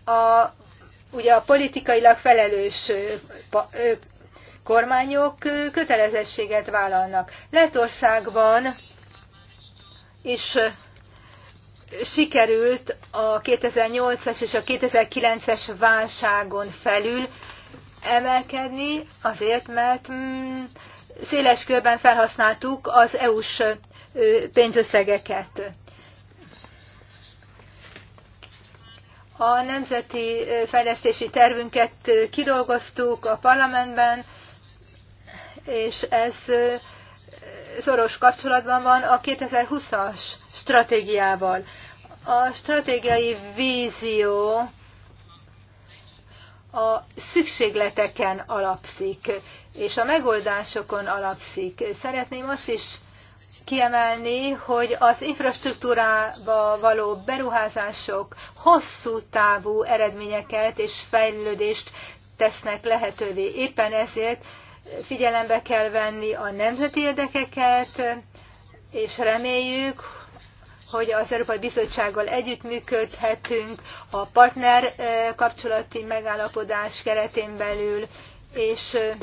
Speaker 1: a, ugye a politikailag felelős kormányok kötelezettséget vállalnak. Lettországban is sikerült a 2008-as és a 2009-es válságon felül emelkedni, azért, mert mm, széles körben felhasználtuk az EU-s pénzösszegeket. A nemzeti fejlesztési tervünket kidolgoztuk a parlamentben, és ez szoros kapcsolatban van a 2020-as stratégiával. A stratégiai vízió a szükségleteken alapszik, és a megoldásokon alapszik. Szeretném azt is kiemelni, hogy az infrastruktúrába való beruházások hosszú távú eredményeket és fejlődést tesznek lehetővé. Éppen ezért figyelembe kell venni a nemzeti érdekeket, és reméljük, hogy az Európai Bizottsággal együttműködhetünk a partner eh, kapcsolati megállapodás keretén belül, és eh,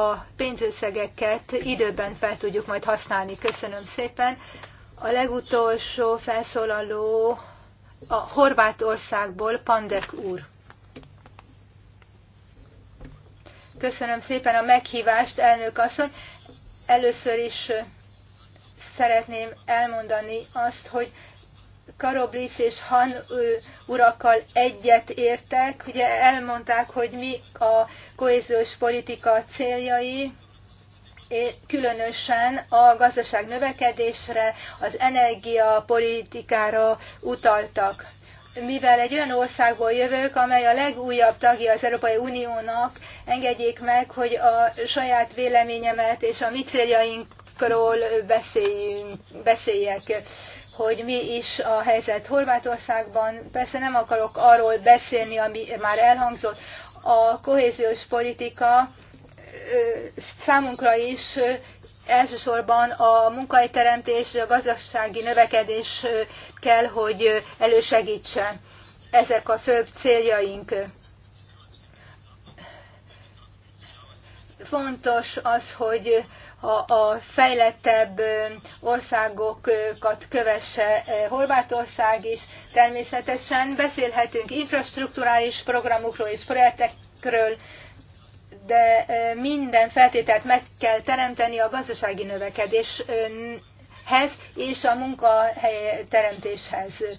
Speaker 1: a pénzösszegeket időben fel tudjuk majd használni. Köszönöm szépen. A legutolsó felszólaló a Horvátországból Pandek úr. Köszönöm szépen a meghívást, elnök asszony. Először is szeretném elmondani azt, hogy Karoblis és Han urakkal egyet értek. Ugye elmondták, hogy mi a kohéziós politika céljai, különösen a gazdaság növekedésre, az energiapolitikára utaltak. Mivel egy olyan országból jövök, amely a legújabb tagja az Európai Uniónak, engedjék meg, hogy a saját véleményemet és a mi céljaink kritériumokról beszéljünk, beszéljek, hogy mi is a helyzet Horvátországban. Persze nem akarok arról beszélni, ami már elhangzott. A kohéziós politika számunkra is elsősorban a munkahelyteremtés, a gazdasági növekedés kell, hogy elősegítse. Ezek a főbb céljaink. Fontos az, hogy a, a fejlettebb országokat kövesse Horvátország is. Természetesen beszélhetünk infrastruktúrális programokról és projektekről, de minden feltételt meg kell teremteni a gazdasági növekedéshez és a munkahely teremtéshez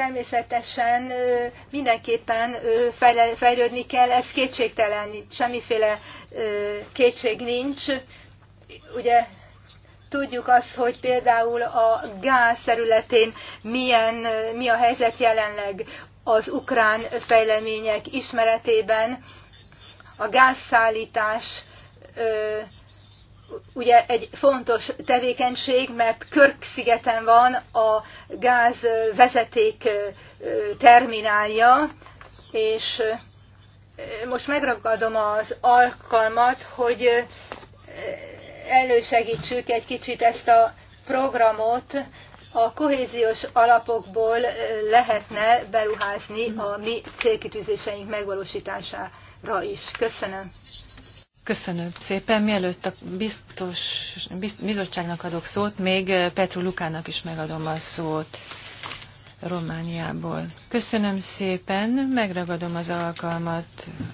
Speaker 1: természetesen mindenképpen fejlődni kell, ez kétségtelen, semmiféle kétség nincs. Ugye tudjuk azt, hogy például a gáz területén milyen, mi a helyzet jelenleg az ukrán fejlemények ismeretében. A gázszállítás ugye egy fontos tevékenység, mert Körk-szigeten van a gázvezeték terminálja, és most megragadom az alkalmat, hogy elősegítsük egy kicsit ezt a programot. A kohéziós alapokból lehetne beruházni a mi célkitűzéseink megvalósítására is. Köszönöm.
Speaker 2: Köszönöm szépen. Mielőtt a biztos, bizt, bizottságnak adok szót, még eh, Petru Lukának is megadom a szót Romániából. Köszönöm szépen, megragadom az alkalmat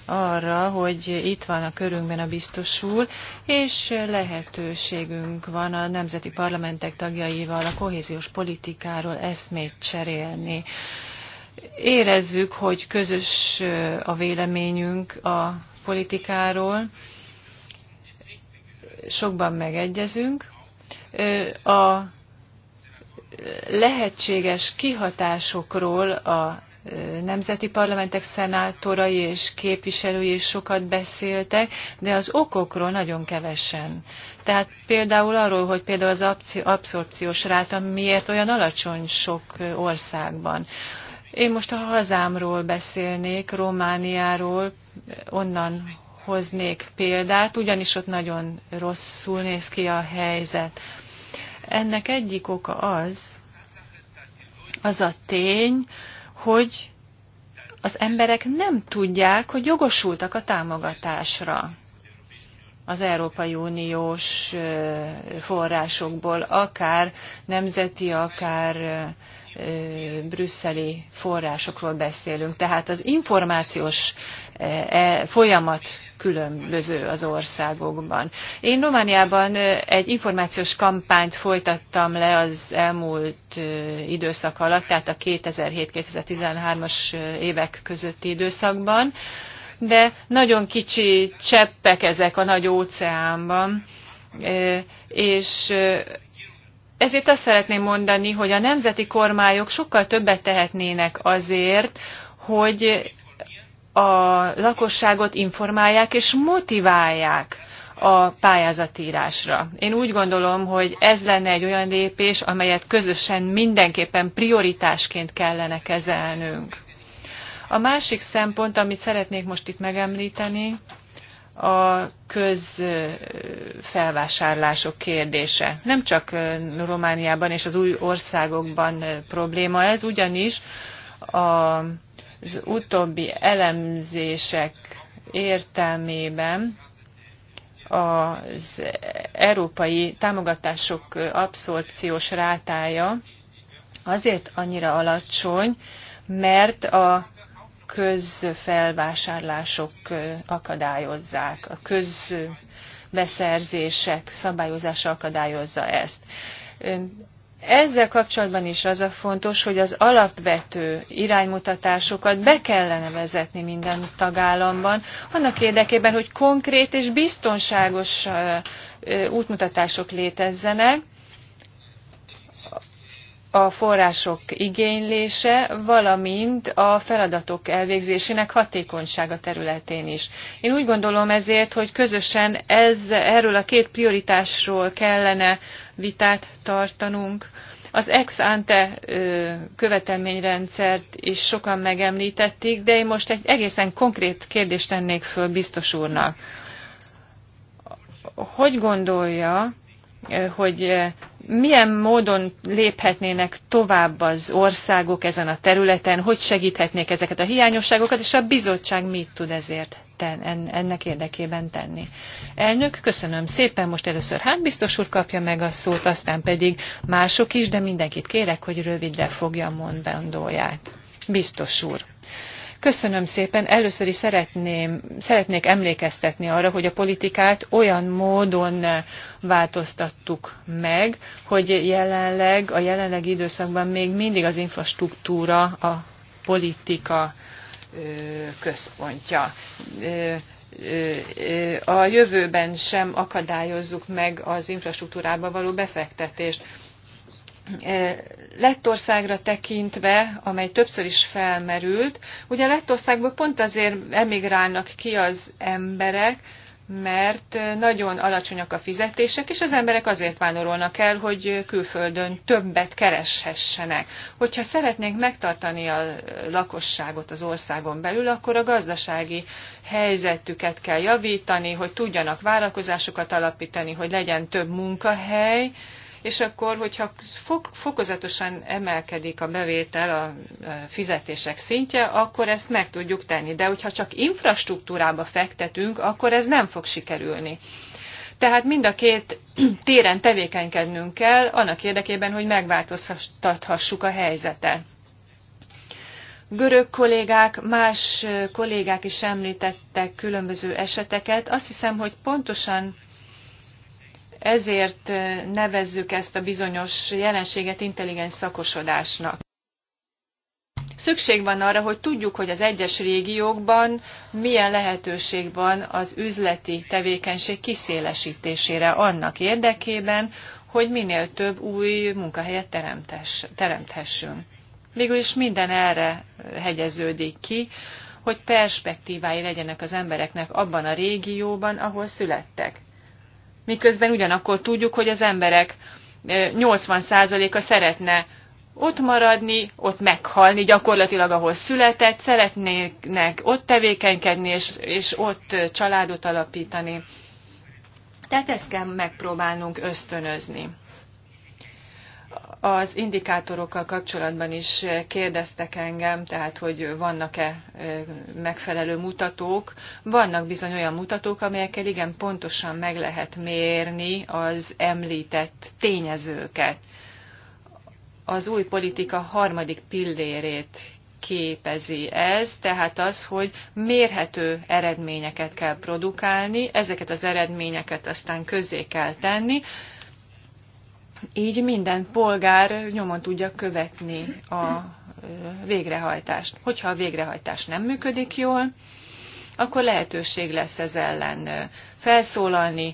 Speaker 2: arra, hogy itt van a körünkben a biztos úr, és lehetőségünk van a nemzeti parlamentek tagjaival a kohéziós politikáról eszmét cserélni. Érezzük, hogy közös eh, a véleményünk a politikáról, sokban megegyezünk. A lehetséges kihatásokról a nemzeti parlamentek szenátorai és képviselői is sokat beszéltek, de az okokról nagyon kevesen. Tehát például arról, hogy például az abszorpciós ráta miért olyan alacsony sok országban. Én most a hazámról beszélnék, Romániáról, onnan hoznék példát, ugyanis ott nagyon rosszul néz ki a helyzet. Ennek egyik oka az, az a tény, hogy az emberek nem tudják, hogy jogosultak a támogatásra az Európai Uniós forrásokból, akár nemzeti, akár brüsszeli forrásokról beszélünk. Tehát az információs e, folyamat különböző az országokban. Én Romániában egy információs kampányt folytattam le az elmúlt időszak alatt, tehát a 2007-2013-as évek közötti időszakban, de nagyon kicsi cseppek ezek a nagy óceánban, és ezért azt szeretném mondani, hogy a nemzeti kormányok sokkal többet tehetnének azért, hogy a lakosságot informálják és motiválják a pályázatírásra. Én úgy gondolom, hogy ez lenne egy olyan lépés, amelyet közösen mindenképpen prioritásként kellene kezelnünk. A másik szempont, amit szeretnék most itt megemlíteni, a közfelvásárlások kérdése. Nem csak Romániában és az új országokban probléma ez, ugyanis a az utóbbi elemzések értelmében az európai támogatások abszorpciós rátája azért annyira alacsony, mert a közfelvásárlások akadályozzák, a közbeszerzések szabályozása akadályozza ezt. Ezzel kapcsolatban is az a fontos, hogy az alapvető iránymutatásokat be kellene vezetni minden tagállamban, annak érdekében, hogy konkrét és biztonságos útmutatások létezzenek, a források igénylése, valamint a feladatok elvégzésének hatékonysága területén is. Én úgy gondolom ezért, hogy közösen ez, erről a két prioritásról kellene vitát tartanunk. Az ex ante követelményrendszert is sokan megemlítették, de én most egy egészen konkrét kérdést tennék föl biztos úrnak. Hogy gondolja, hogy milyen módon léphetnének tovább az országok ezen a területen, hogy segíthetnék ezeket a hiányosságokat, és a bizottság mit tud ezért ten, ennek érdekében tenni. Elnök, köszönöm szépen, most először hát biztos úr kapja meg a szót, aztán pedig mások is, de mindenkit kérek, hogy rövidre fogja a mondandóját. Biztos úr. Köszönöm szépen. Először is szeretném, szeretnék emlékeztetni arra, hogy a politikát olyan módon változtattuk meg, hogy jelenleg, a jelenlegi időszakban még mindig az infrastruktúra a politika központja a jövőben sem akadályozzuk meg az infrastruktúrába való befektetést. Lettországra tekintve, amely többször is felmerült, ugye Lettországból pont azért emigrálnak ki az emberek, mert nagyon alacsonyak a fizetések, és az emberek azért vándorolnak el, hogy külföldön többet kereshessenek. Hogyha szeretnénk megtartani a lakosságot az országon belül, akkor a gazdasági helyzetüket kell javítani, hogy tudjanak vállalkozásokat alapítani, hogy legyen több munkahely, és akkor, hogyha fokozatosan emelkedik a bevétel, a e, fizetések szintje, akkor ezt meg tudjuk tenni. De hogyha csak infrastruktúrába fektetünk, akkor ez nem fog sikerülni. Tehát mind a két [clears throat] téren tevékenykednünk kell, annak érdekében, hogy megváltoztathassuk a helyzetet. Görög kollégák, más kollégák is említettek különböző eseteket. Azt hiszem, hogy pontosan ezért nevezzük ezt a bizonyos jelenséget intelligens szakosodásnak. Szükség van arra, hogy tudjuk, hogy az egyes régiókban milyen lehetőség van az üzleti tevékenység kiszélesítésére annak érdekében, hogy minél több új munkahelyet teremthessünk. Végül is minden erre hegyeződik ki, hogy perspektívái legyenek az embereknek abban a régióban, ahol születtek miközben ugyanakkor tudjuk, hogy az emberek 80%-a szeretne ott maradni, ott meghalni, gyakorlatilag ahol született, szeretnének ott tevékenykedni, és, és ott családot alapítani. Tehát ezt kell megpróbálnunk ösztönözni. Az indikátorokkal kapcsolatban is kérdeztek engem, tehát hogy vannak-e e, megfelelő mutatók. Vannak bizony olyan mutatók, amelyekkel igen pontosan meg lehet mérni az említett tényezőket. Az új politika harmadik pillérét képezi ez, tehát az, hogy mérhető eredményeket kell produkálni, ezeket az eredményeket aztán közzé kell tenni, így minden polgár nyomon tudja követni a végrehajtást. Hogyha a végrehajtás nem működik jól, akkor lehetőség lesz ez ellen felszólalni,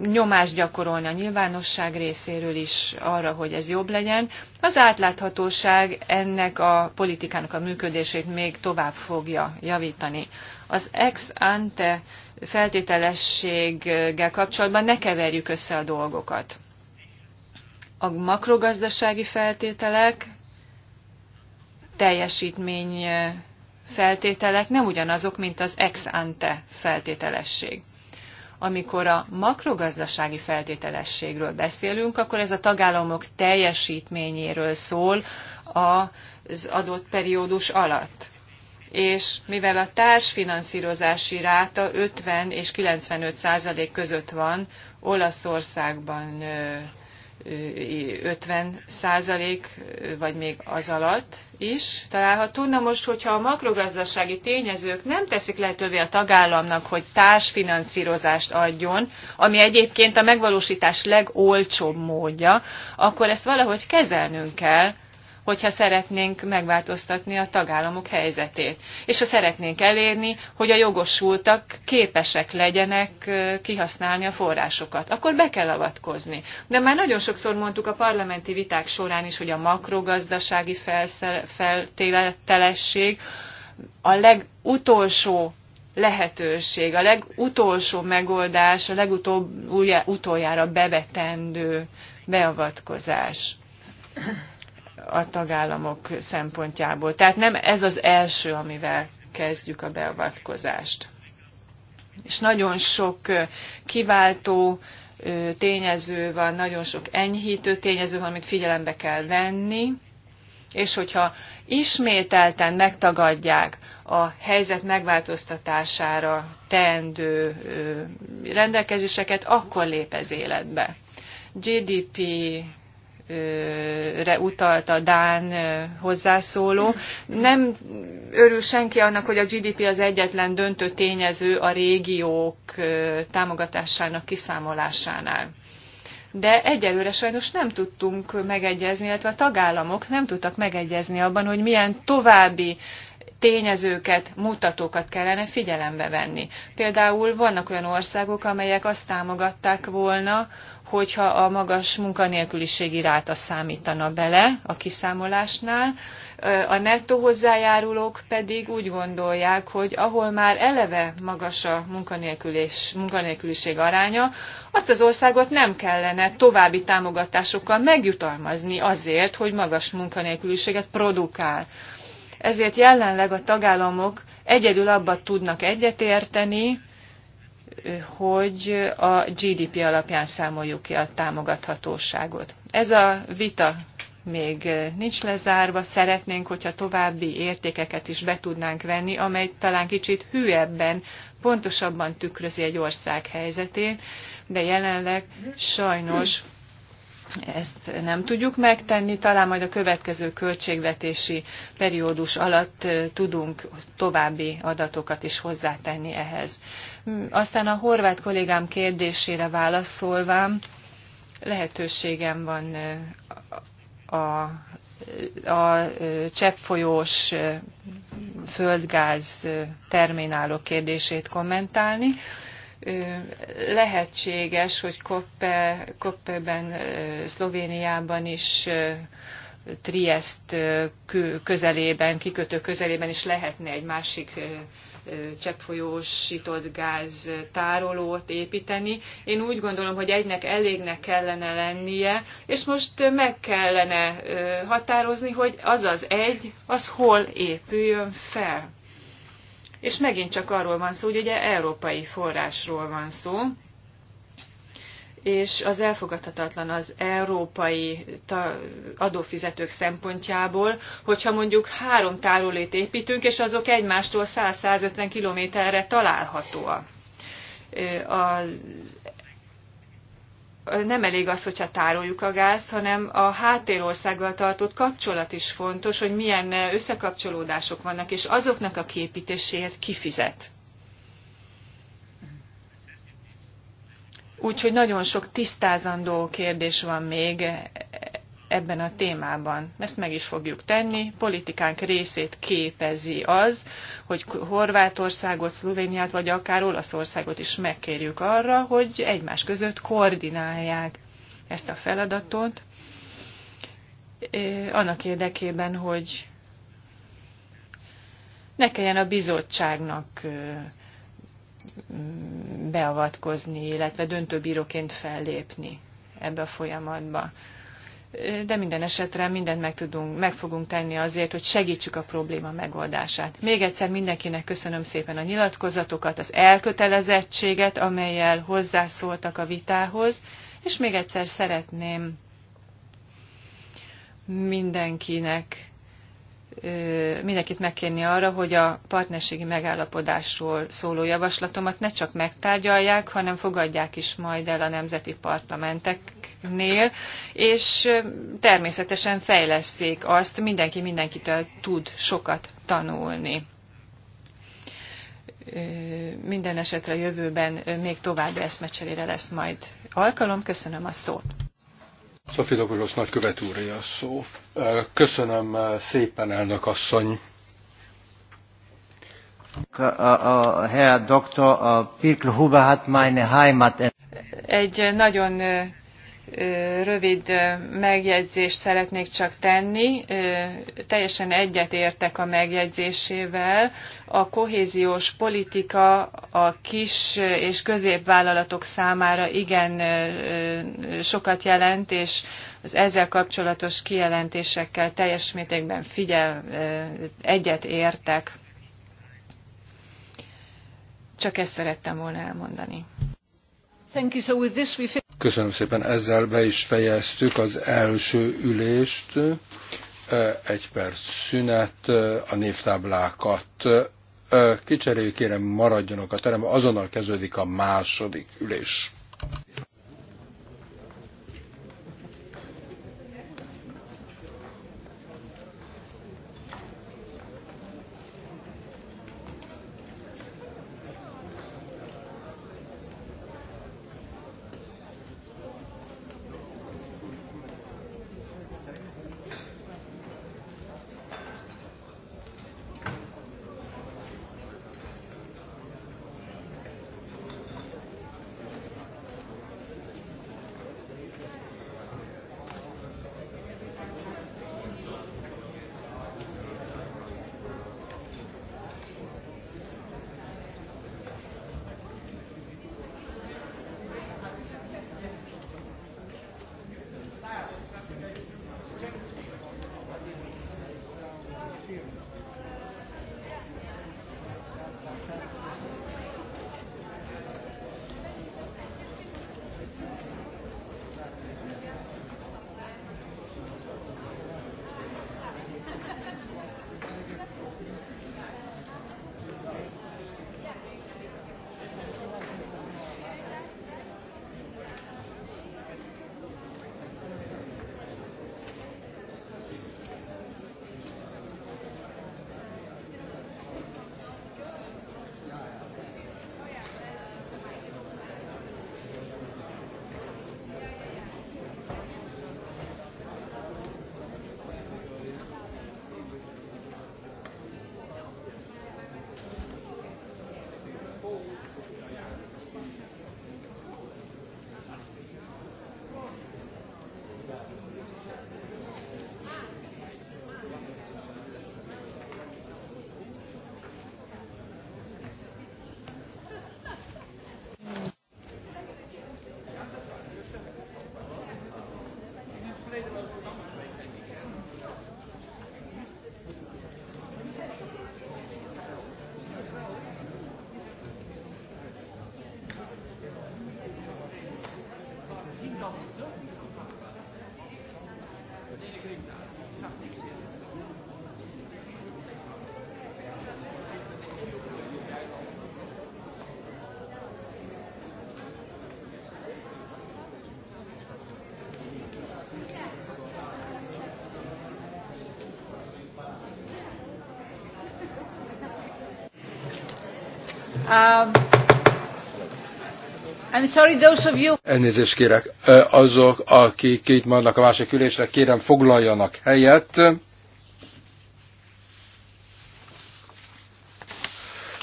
Speaker 2: nyomást gyakorolni a nyilvánosság részéről is arra, hogy ez jobb legyen. Az átláthatóság ennek a politikának a működését még tovább fogja javítani. Az ex ante feltételességgel kapcsolatban ne keverjük össze a dolgokat a makrogazdasági feltételek, teljesítmény feltételek nem ugyanazok, mint az ex ante feltételesség. Amikor a makrogazdasági feltételességről beszélünk, akkor ez a tagállamok teljesítményéről szól az adott periódus alatt és mivel a társfinanszírozási ráta 50 és 95 százalék között van, Olaszországban 50 százalék, vagy még az alatt is található. Na most, hogyha a makrogazdasági tényezők nem teszik lehetővé a tagállamnak, hogy társfinanszírozást adjon, ami egyébként a megvalósítás legolcsóbb módja, akkor ezt valahogy kezelnünk kell, hogyha szeretnénk megváltoztatni a tagállamok helyzetét. És ha szeretnénk elérni, hogy a jogosultak képesek legyenek kihasználni a forrásokat, akkor be kell avatkozni. De már nagyon sokszor mondtuk a parlamenti viták során is, hogy a makrogazdasági feltételesség a legutolsó lehetőség, a legutolsó megoldás, a legutóbb utoljára bevetendő beavatkozás a tagállamok szempontjából. Tehát nem ez az első, amivel kezdjük a beavatkozást. És nagyon sok kiváltó tényező van, nagyon sok enyhítő tényező van, amit figyelembe kell venni, és hogyha ismételten megtagadják a helyzet megváltoztatására teendő rendelkezéseket, akkor lép ez életbe. GDP re utalt a Dán hozzászóló. Nem örül senki annak, hogy a GDP az egyetlen döntő tényező a régiók támogatásának kiszámolásánál. De egyelőre sajnos nem tudtunk megegyezni, illetve a tagállamok nem tudtak megegyezni abban, hogy milyen további tényezőket, mutatókat kellene figyelembe venni. Például vannak olyan országok, amelyek azt támogatták volna, hogyha a magas munkanélküliségi ráta számítana bele a kiszámolásnál, a nettó hozzájárulók pedig úgy gondolják, hogy ahol már eleve magas a munkanélküliség aránya, azt az országot nem kellene további támogatásokkal megjutalmazni azért, hogy magas munkanélküliséget produkál ezért jelenleg a tagállamok egyedül abban tudnak egyetérteni, hogy a GDP alapján számoljuk ki a támogathatóságot. Ez a vita még nincs lezárva, szeretnénk, hogyha további értékeket is be tudnánk venni, amely talán kicsit hűebben, pontosabban tükrözi egy ország helyzetét, de jelenleg sajnos ezt nem tudjuk megtenni, talán majd a következő költségvetési periódus alatt tudunk további adatokat is hozzátenni ehhez. Hm, aztán a horvát kollégám kérdésére válaszolvám, lehetőségem van a a cseppfolyós földgáz terminálok kérdését kommentálni lehetséges, hogy Koppe, Koppeben, Szlovéniában is Triest közelében, kikötő közelében is lehetne egy másik cseppfolyósított gáz tárolót építeni. Én úgy gondolom, hogy egynek elégnek kellene lennie, és most meg kellene határozni, hogy az az egy, az hol épüljön fel. És megint csak arról van szó, hogy ugye európai forrásról van szó, és az elfogadhatatlan az európai adófizetők szempontjából, hogyha mondjuk három tárolét építünk, és azok egymástól 100-150 kilométerre találhatóak. Az nem elég az, hogyha tároljuk a gázt, hanem a háttérországgal tartott kapcsolat is fontos, hogy milyen összekapcsolódások vannak, és azoknak a képítéséért kifizet. Úgyhogy nagyon sok tisztázandó kérdés van még ebben a témában. Ezt meg is fogjuk tenni. Politikánk részét képezi az, hogy Horvátországot, Szlovéniát vagy akár Olaszországot is megkérjük arra, hogy egymás között koordinálják ezt a feladatot, eh, annak érdekében, hogy ne kelljen a bizottságnak eh, beavatkozni, illetve döntőbíróként fellépni ebbe a folyamatba de minden esetre mindent meg, tudunk, meg fogunk tenni azért, hogy segítsük a probléma megoldását. Még egyszer mindenkinek köszönöm szépen a nyilatkozatokat, az elkötelezettséget, amelyel hozzászóltak a vitához, és még egyszer szeretném mindenkinek mindenkit megkérni arra, hogy a partnerségi megállapodásról szóló javaslatomat ne csak megtárgyalják, hanem fogadják is majd el a nemzeti parlamenteknél, és természetesen fejleszték azt, mindenki mindenkitől tud sokat tanulni. Minden esetre a jövőben még további eszmecserére lesz majd alkalom. Köszönöm a szót!
Speaker 3: Szofilopulos nagykövet úr, a szó. Köszönöm eh, szépen, elnök asszony. Herr
Speaker 4: Dr. Pirkel Huber hat meine Heimat.
Speaker 2: Egy nagyon eh, rövid megjegyzést szeretnék csak tenni. Teljesen egyet értek a megjegyzésével. A kohéziós politika a kis és középvállalatok számára igen sokat jelent, és az ezzel kapcsolatos kijelentésekkel teljes mértékben figyel, egyet értek. Csak ezt szerettem volna elmondani. Thank you. So with this we
Speaker 3: Köszönöm szépen, ezzel be is fejeztük az első ülést. Egy perc szünet, a névtáblákat kicseréljük, kérem maradjanak a teremben, azonnal kezdődik a második ülés.
Speaker 5: I'm sorry, those of you...
Speaker 3: Elnézést kérek. Azok, akik itt maradnak a másik ülésre, kérem foglaljanak helyet.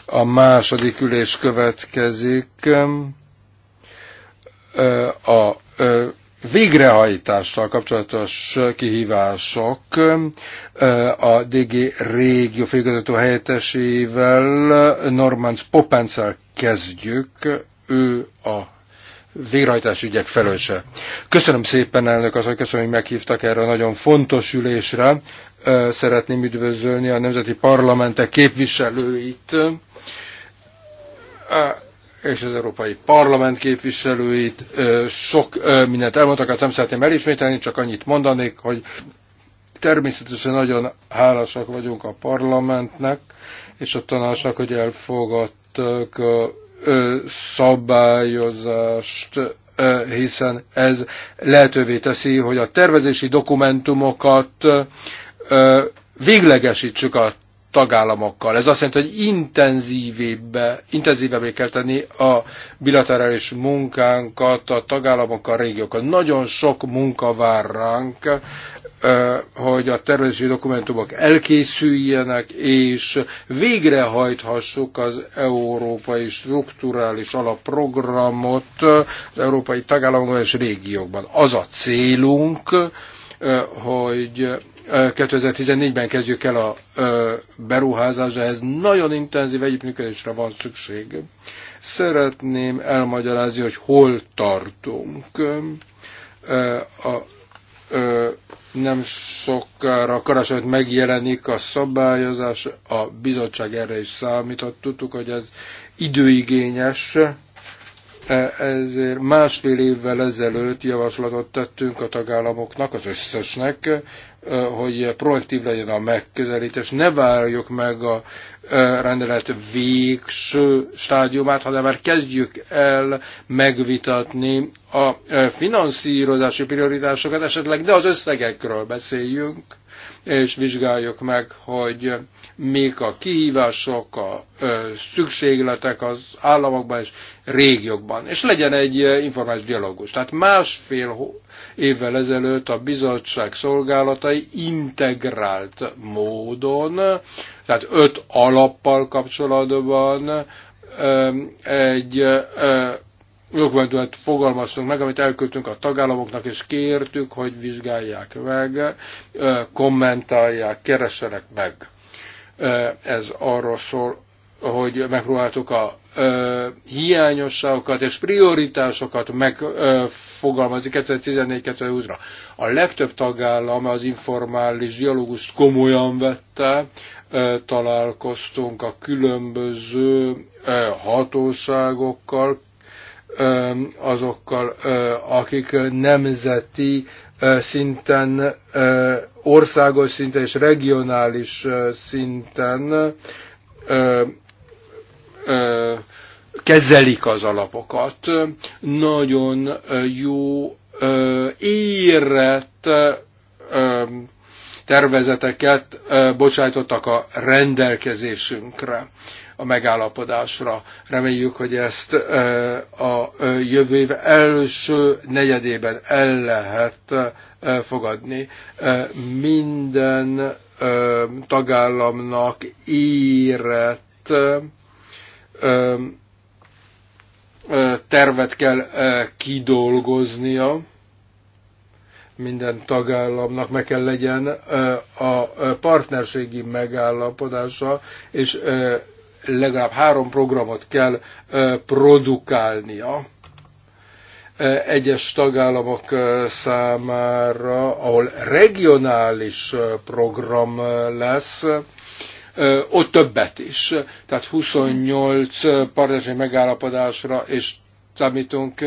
Speaker 3: A második ülés következik. A végrehajtással kapcsolatos kihívások a DG régió főigazgató helyettesével Norman Poppensel kezdjük ő a végrehajtás ügyek felőse. Köszönöm szépen, elnök hogy köszönöm, hogy meghívtak erre a nagyon fontos ülésre. Szeretném üdvözölni a nemzeti parlamentek képviselőit és az Európai Parlament képviselőit. Sok mindent elmondtak, azt hát nem szeretném elismételni, csak annyit mondanék, hogy természetesen nagyon hálásak vagyunk a parlamentnek és a tanácsnak, hogy elfogadtak szabályozást, hiszen ez lehetővé teszi, hogy a tervezési dokumentumokat véglegesítsük a tagállamokkal. Ez azt jelenti, hogy intenzívebbé, intenzívebbé kell tenni a bilaterális munkánkat a tagállamokkal, a régiókkal. Nagyon sok munka vár ránk, hogy a tervezési dokumentumok elkészüljenek, és végrehajthassuk az európai strukturális alapprogramot az európai tagállamokban és régiókban. Az a célunk, hogy 2014-ben kezdjük el a beruházásra, ehhez nagyon intenzív együttműködésre van szükség. Szeretném elmagyarázni, hogy hol tartunk a Ö, nem sokára karácsonyt megjelenik a szabályozás, a bizottság erre is számított, tudtuk, hogy ez időigényes, e, ezért másfél évvel ezelőtt javaslatot tettünk a tagállamoknak, az összesnek, hogy proaktív legyen a megközelítés, ne várjuk meg a rendelet végső stádiumát, hanem már kezdjük el megvitatni a finanszírozási prioritásokat, esetleg ne az összegekről beszéljünk, és vizsgáljuk meg, hogy mik a kihívások, a szükségletek az államokban és régiókban. És legyen egy informális dialógus. Tehát másfél évvel ezelőtt a bizottság szolgálatai integrált módon, tehát öt alappal kapcsolatban egy jogvédőt fogalmaztunk meg, amit elküldtünk a tagállamoknak, és kértük, hogy vizsgálják meg, kommentálják, keresenek meg. Ez arról szól, hogy megpróbáltuk a hiányosságokat és prioritásokat megfogalmazni 2014-2020-ra. A legtöbb tagállam az informális dialógust komolyan vette, találkoztunk a különböző hatóságokkal, azokkal, akik nemzeti szinten, országos szinten és regionális szinten kezelik az alapokat. Nagyon jó érett tervezeteket bocsájtottak a rendelkezésünkre a megállapodásra. Reméljük, hogy ezt a jövő év első negyedében el lehet fogadni. Minden tagállamnak írett tervet kell kidolgoznia, minden tagállamnak meg kell legyen a partnerségi megállapodása, és legalább három programot kell produkálnia egyes tagállamok számára, ahol regionális program lesz, ott többet is. Tehát 28 partnerség megállapodásra és számítunk,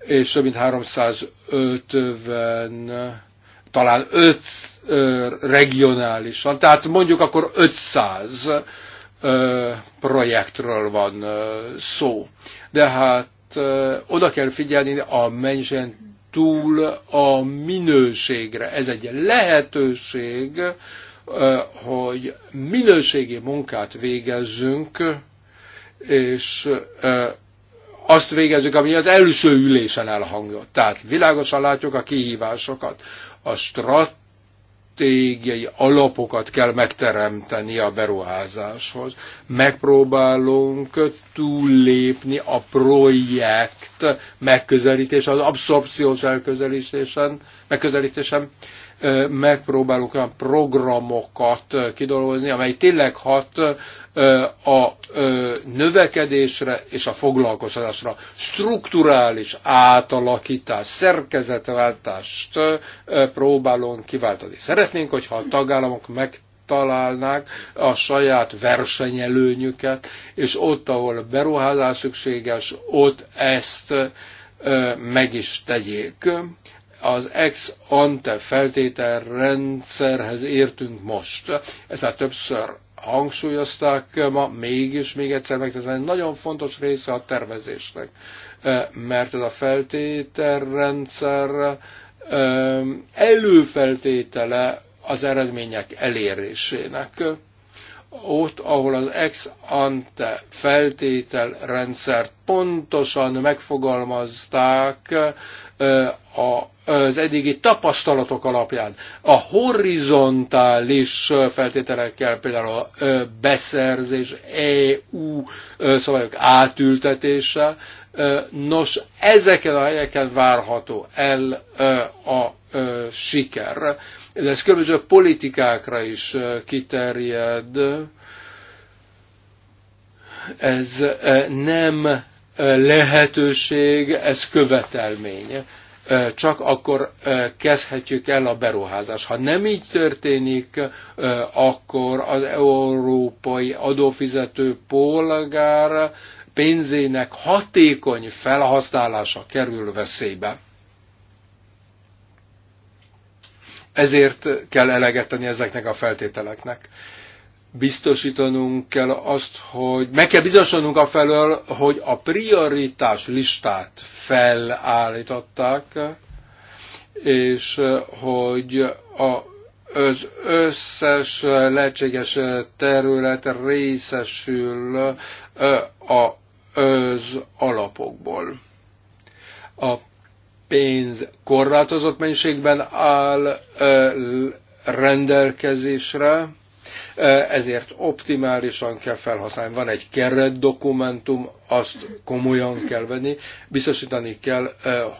Speaker 3: és több mint 350 talán 5 regionálisan, tehát mondjuk akkor 500 projektről van szó. De hát oda kell figyelni a mennyisen túl a minőségre. Ez egy lehetőség, hogy minőségi munkát végezzünk, és azt végezzük, ami az első ülésen elhangzott. Tehát világosan látjuk a kihívásokat. A strat stratégiai alapokat kell megteremteni a beruházáshoz. Megpróbálunk túllépni a projekt megközelítés, az abszorpciós elközelítésen, megközelítésen megpróbálunk olyan programokat kidolgozni, amely tényleg hat a növekedésre és a foglalkoztatásra. Strukturális átalakítás, szerkezetváltást próbálunk kiváltani. Szeretnénk, hogyha a tagállamok meg találnák a saját versenyelőnyüket, és ott, ahol beruházás szükséges, ott ezt meg is tegyék az ex ante feltételrendszerhez értünk most. Ezt már többször hangsúlyozták ma, mégis még egyszer megteszem, nagyon fontos része a tervezésnek, mert ez a feltételrendszer előfeltétele az eredmények elérésének ott, ahol az ex ante feltételrendszert pontosan megfogalmazták az eddigi tapasztalatok alapján. A horizontális feltételekkel például a beszerzés, EU szabályok átültetése, nos, ezeken a helyeken várható el a siker de ez különböző politikákra is kiterjed. Ez nem lehetőség, ez követelmény. Csak akkor kezdhetjük el a beruházást. Ha nem így történik, akkor az európai adófizető polgár pénzének hatékony felhasználása kerül veszélybe. Ezért kell eleget tenni ezeknek a feltételeknek. Biztosítanunk kell azt, hogy meg kell bizonyosodnunk a felől, hogy a prioritás listát felállították, és hogy a az összes lehetséges terület részesül az alapokból. A pénz korlátozott mennyiségben áll rendelkezésre, ezért optimálisan kell felhasználni. Van egy keret dokumentum, azt komolyan kell venni, biztosítani kell,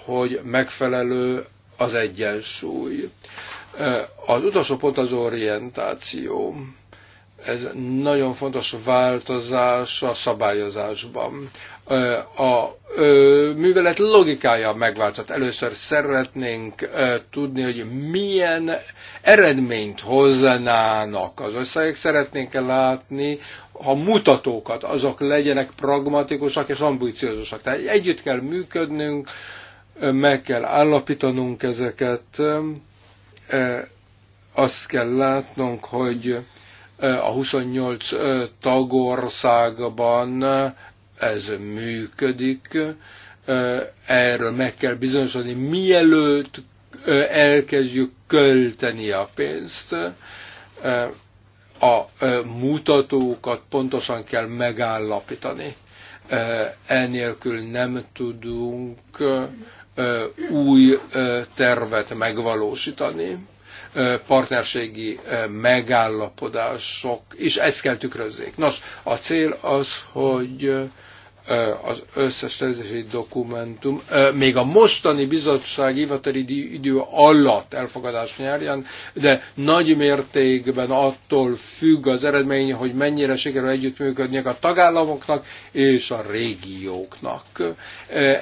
Speaker 3: hogy megfelelő az egyensúly. Az utolsó pont az orientáció. Ez nagyon fontos változás a szabályozásban a művelet logikája megváltozott. Először szeretnénk tudni, hogy milyen eredményt hozzanának az összegek. Szeretnénk látni, ha mutatókat, azok legyenek pragmatikusak és ambiciózusak. Tehát együtt kell működnünk, meg kell állapítanunk ezeket. Azt kell látnunk, hogy a 28 tagországban ez működik, erről meg kell bizonyosodni, mielőtt elkezdjük költeni a pénzt, a mutatókat pontosan kell megállapítani. Enélkül nem tudunk új tervet megvalósítani, partnerségi megállapodások, és ezt kell tükrözzék. Nos, a cél az, hogy az összes tervezési dokumentum még a mostani bizottság hivatali idő alatt elfogadás nyerjen, de nagy mértékben attól függ az eredmény, hogy mennyire sikerül együttműködni a tagállamoknak és a régióknak.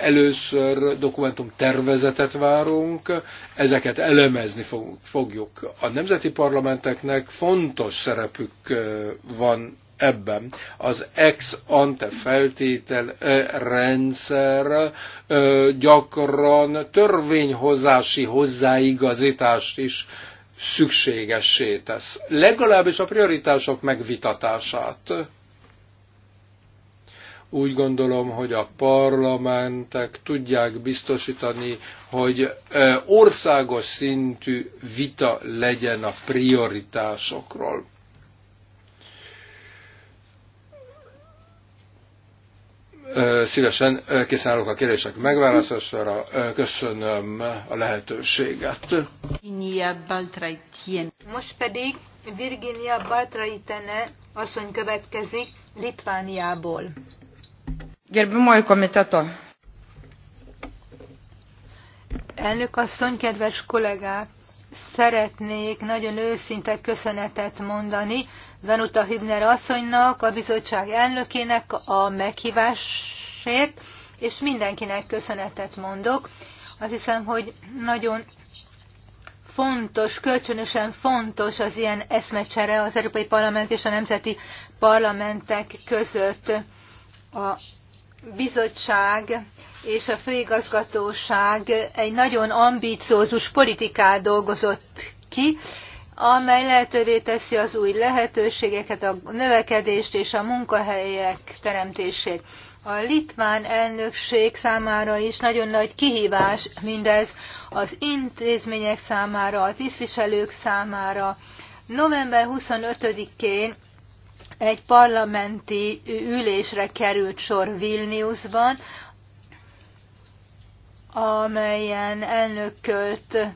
Speaker 3: Először dokumentum tervezetet várunk, ezeket elemezni fogjuk. A nemzeti parlamenteknek fontos szerepük van ebben. Az ex ante feltétel rendszer gyakran törvényhozási hozzáigazítást is szükségessé tesz. Legalábbis a prioritások megvitatását. Úgy gondolom, hogy a parlamentek tudják biztosítani, hogy országos szintű vita legyen a prioritásokról. szívesen készen állok a kérdések megválaszolására. Köszönöm a lehetőséget.
Speaker 1: Most pedig Virginia Baltraitene asszony következik Litvániából. Gerbimoly komiteto. Elnök asszony, kedves kollégák! Szeretnék nagyon őszinte köszönetet mondani Danuta Hübner asszonynak, a bizottság elnökének a meghívásért, és mindenkinek köszönetet mondok. Azt hiszem, hogy nagyon fontos, kölcsönösen fontos az ilyen eszmecsere az Európai Parlament és a nemzeti parlamentek között. A bizottság és a főigazgatóság egy nagyon ambíciózus politikát dolgozott ki, amely lehetővé teszi az új lehetőségeket, a növekedést és a munkahelyek teremtését. A litván elnökség számára is nagyon nagy kihívás mindez az intézmények számára, a tisztviselők számára. November 25-én egy parlamenti ülésre került sor Vilniusban, amelyen elnököt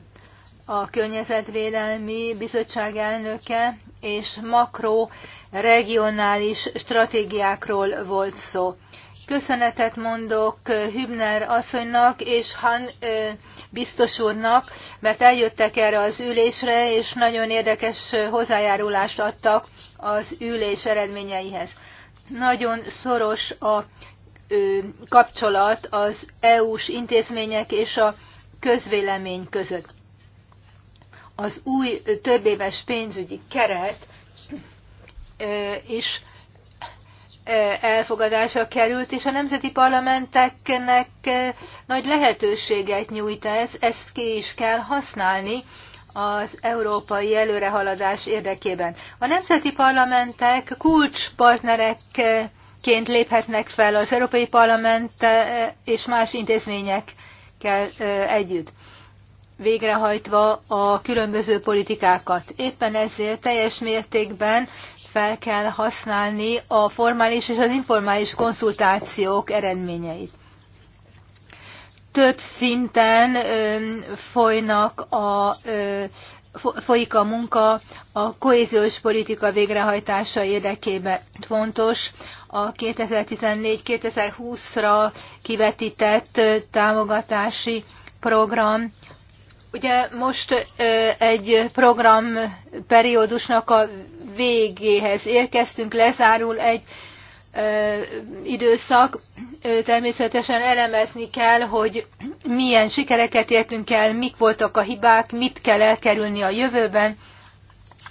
Speaker 1: a Környezetvédelmi Bizottság elnöke, és makroregionális stratégiákról volt szó. Köszönetet mondok Hübner asszonynak és Han biztos úrnak, mert eljöttek erre az ülésre, és nagyon érdekes hozzájárulást adtak az ülés eredményeihez. Nagyon szoros a kapcsolat az EU-s intézmények és a közvélemény között az új többéves pénzügyi keret is elfogadása került, és a nemzeti parlamenteknek nagy lehetőséget nyújt ez, ezt ki is kell használni az európai előrehaladás érdekében. A nemzeti parlamentek kulcspartnerekként léphetnek fel az Európai Parlament és más intézményekkel együtt végrehajtva a különböző politikákat. Éppen ezért teljes mértékben fel kell használni a formális és az informális konzultációk eredményeit. Több szinten ö, folynak a, ö, folyik a munka a kohéziós politika végrehajtása érdekében. Fontos a 2014-2020-ra kivetített támogatási program Ugye most egy program periódusnak a végéhez érkeztünk, lezárul egy időszak. Természetesen elemezni kell, hogy milyen sikereket értünk el, mik voltak a hibák, mit kell elkerülni a jövőben.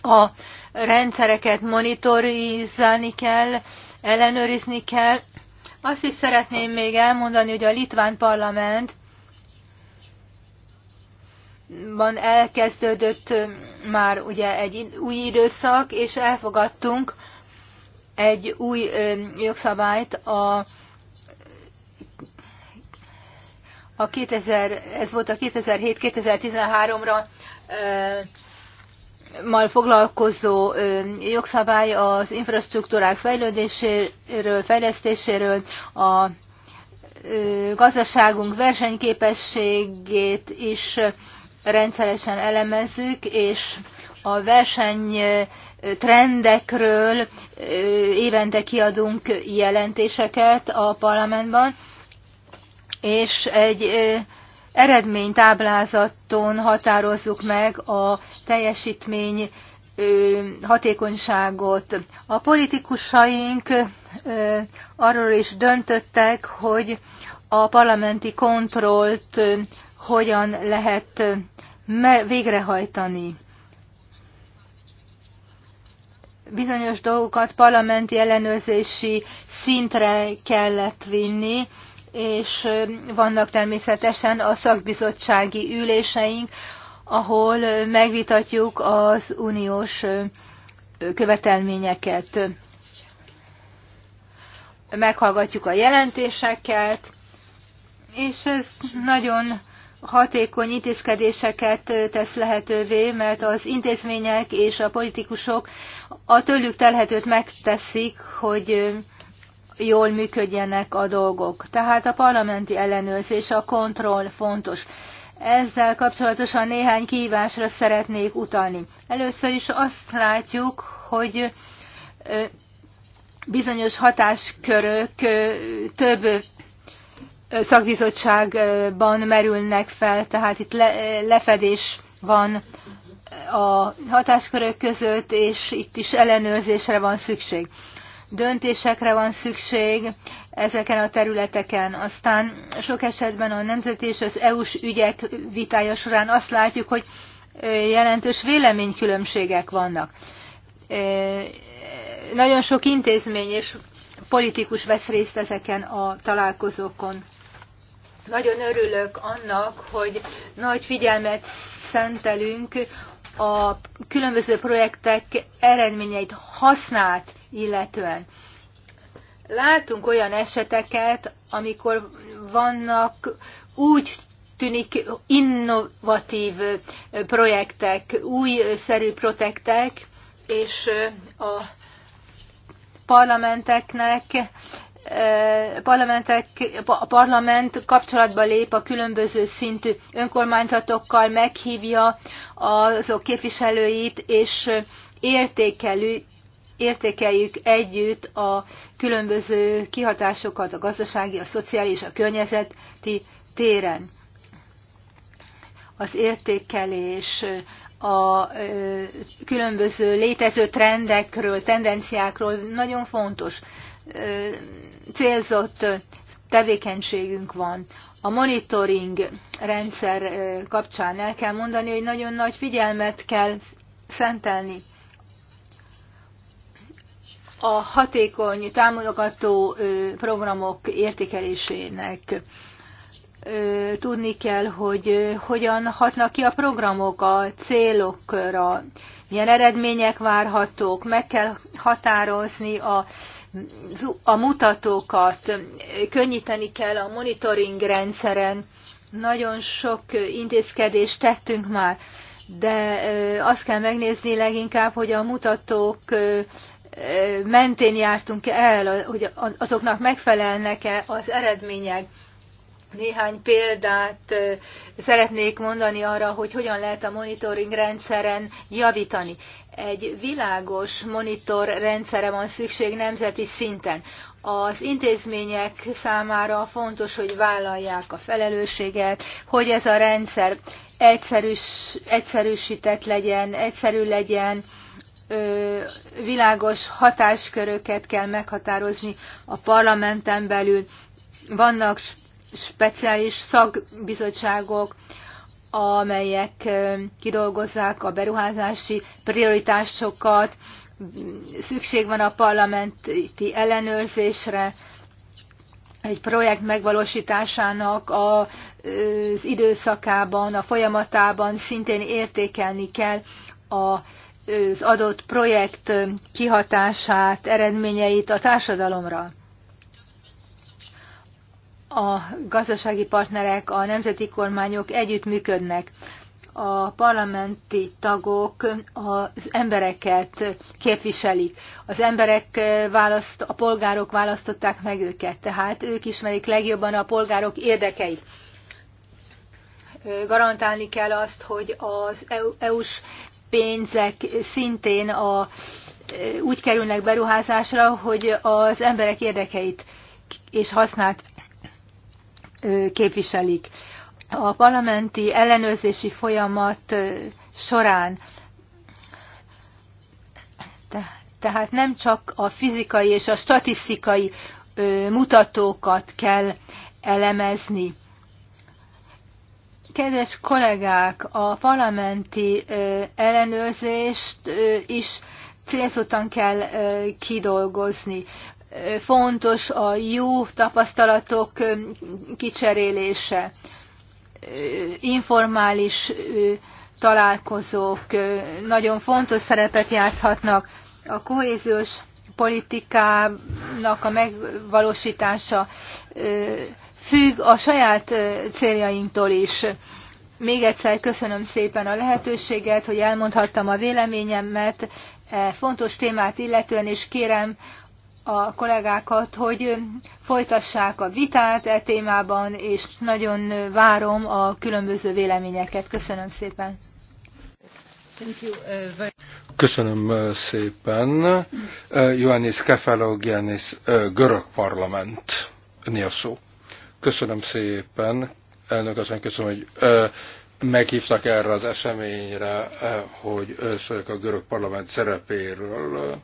Speaker 1: A rendszereket monitorizálni kell, ellenőrizni kell. Azt is szeretném még elmondani, hogy a litván parlament ban elkezdődött már ugye egy új időszak, és elfogadtunk egy új jogszabályt a a 2000, ez volt a 2007-2013-ra mal foglalkozó jogszabály az infrastruktúrák fejlődéséről, fejlesztéséről, a gazdaságunk versenyképességét is rendszeresen elemezzük, és a verseny trendekről évente kiadunk jelentéseket a parlamentban, és egy eredménytáblázaton határozzuk meg a teljesítmény hatékonyságot. A politikusaink arról is döntöttek, hogy a parlamenti kontrollt hogyan lehet végrehajtani. Bizonyos dolgokat parlamenti ellenőrzési szintre kellett vinni, és vannak természetesen a szakbizottsági üléseink, ahol megvitatjuk az uniós követelményeket. Meghallgatjuk a jelentéseket, és ez nagyon hatékony intézkedéseket tesz lehetővé, mert az intézmények és a politikusok a tőlük telhetőt megteszik, hogy jól működjenek a dolgok. Tehát a parlamenti ellenőrzés, a kontroll fontos. Ezzel kapcsolatosan néhány kívásra szeretnék utalni. Először is azt látjuk, hogy bizonyos hatáskörök több szakbizottságban merülnek fel, tehát itt le, lefedés van a hatáskörök között, és itt is ellenőrzésre van szükség. Döntésekre van szükség ezeken a területeken. Aztán sok esetben a nemzeti és az EU-s ügyek vitája során azt látjuk, hogy jelentős véleménykülönbségek vannak. Nagyon sok intézmény és politikus vesz részt ezeken a találkozókon. Nagyon örülök annak, hogy nagy figyelmet szentelünk a különböző projektek eredményeit használt illetően. Látunk olyan eseteket, amikor vannak úgy tűnik innovatív projektek, újszerű projektek, és a parlamenteknek parlamentek, a parlament kapcsolatba lép a különböző szintű önkormányzatokkal, meghívja azok képviselőit, és értékelő, értékeljük együtt a különböző kihatásokat a gazdasági, a szociális, a környezeti téren. Az értékelés a különböző létező trendekről, tendenciákról nagyon fontos célzott tevékenységünk van. A monitoring rendszer kapcsán el kell mondani, hogy nagyon nagy figyelmet kell szentelni a hatékony támogató programok értékelésének. Tudni kell, hogy hogyan hatnak ki a programok a célokra, milyen eredmények várhatók, meg kell határozni a a mutatókat, könnyíteni kell a monitoring rendszeren. Nagyon sok intézkedést tettünk már, de azt kell megnézni leginkább, hogy a mutatók mentén jártunk el, hogy azoknak megfelelnek-e az eredmények. Néhány példát szeretnék mondani arra, hogy hogyan lehet a monitoring rendszeren javítani egy világos monitor rendszere van szükség nemzeti szinten. Az intézmények számára fontos, hogy vállalják a felelősséget, hogy ez a rendszer egyszerűs, egyszerűsített legyen, egyszerű legyen, ö, világos hatásköröket kell meghatározni a parlamenten belül. Vannak speciális szakbizottságok, amelyek kidolgozzák a beruházási prioritásokat, szükség van a parlamenti ellenőrzésre, egy projekt megvalósításának az időszakában, a folyamatában szintén értékelni kell az adott projekt kihatását, eredményeit a társadalomra a gazdasági partnerek, a nemzeti kormányok együttműködnek. A parlamenti tagok az embereket képviselik. Az emberek választ, a polgárok választották meg őket, tehát ők ismerik legjobban a polgárok érdekeit garantálni kell azt, hogy az EU-s e pénzek szintén a, úgy kerülnek beruházásra, hogy az emberek érdekeit és hasznát képviselik. A parlamenti ellenőrzési folyamat során tehát nem csak a fizikai és a statisztikai mutatókat kell elemezni. Kedves kollégák, a parlamenti ellenőrzést is célzottan kell kidolgozni fontos a jó tapasztalatok kicserélése, informális találkozók nagyon fontos szerepet játszhatnak a kohéziós politikának a megvalósítása függ a saját céljainktól is. Még egyszer köszönöm szépen a lehetőséget, hogy elmondhattam a véleményemet e fontos témát illetően, és kérem, a kollégákat, hogy folytassák a vitát e témában, és nagyon várom a különböző véleményeket. Köszönöm szépen.
Speaker 4: Uh,
Speaker 3: köszönöm uh, szépen. Uh, Ioannis Kefalogianis, görög parlament. Niaszó. Köszönöm szépen. Elnök azt köszönöm, hogy meghívtak erre az eseményre, hogy szóljak a görög parlament szerepéről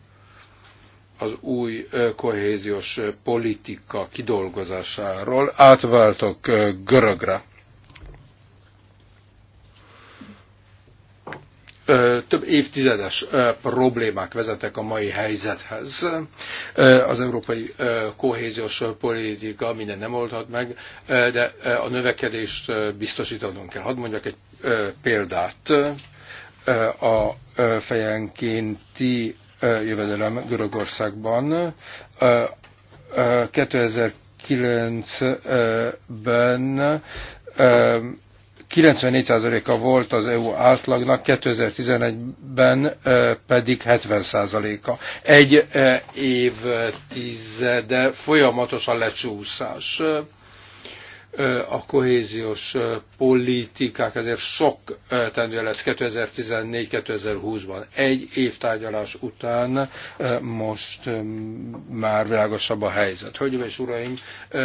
Speaker 3: az új kohéziós politika kidolgozásáról átváltok görögre. több évtizedes problémák vezetek a mai helyzethez. Az európai kohéziós politika minden nem oldhat meg, de a növekedést biztosítanunk kell. Hadd mondjak egy példát a fejenkénti jövedelem Görögországban. 2009-ben 94%-a volt az EU átlagnak, 2011-ben pedig 70%-a. Egy évtizede folyamatosan lecsúszás a kohéziós politikák ezért sok tendője lesz 2014-2020-ban. Egy évtárgyalás után most már világosabb a helyzet. Hölgyeim és uraim,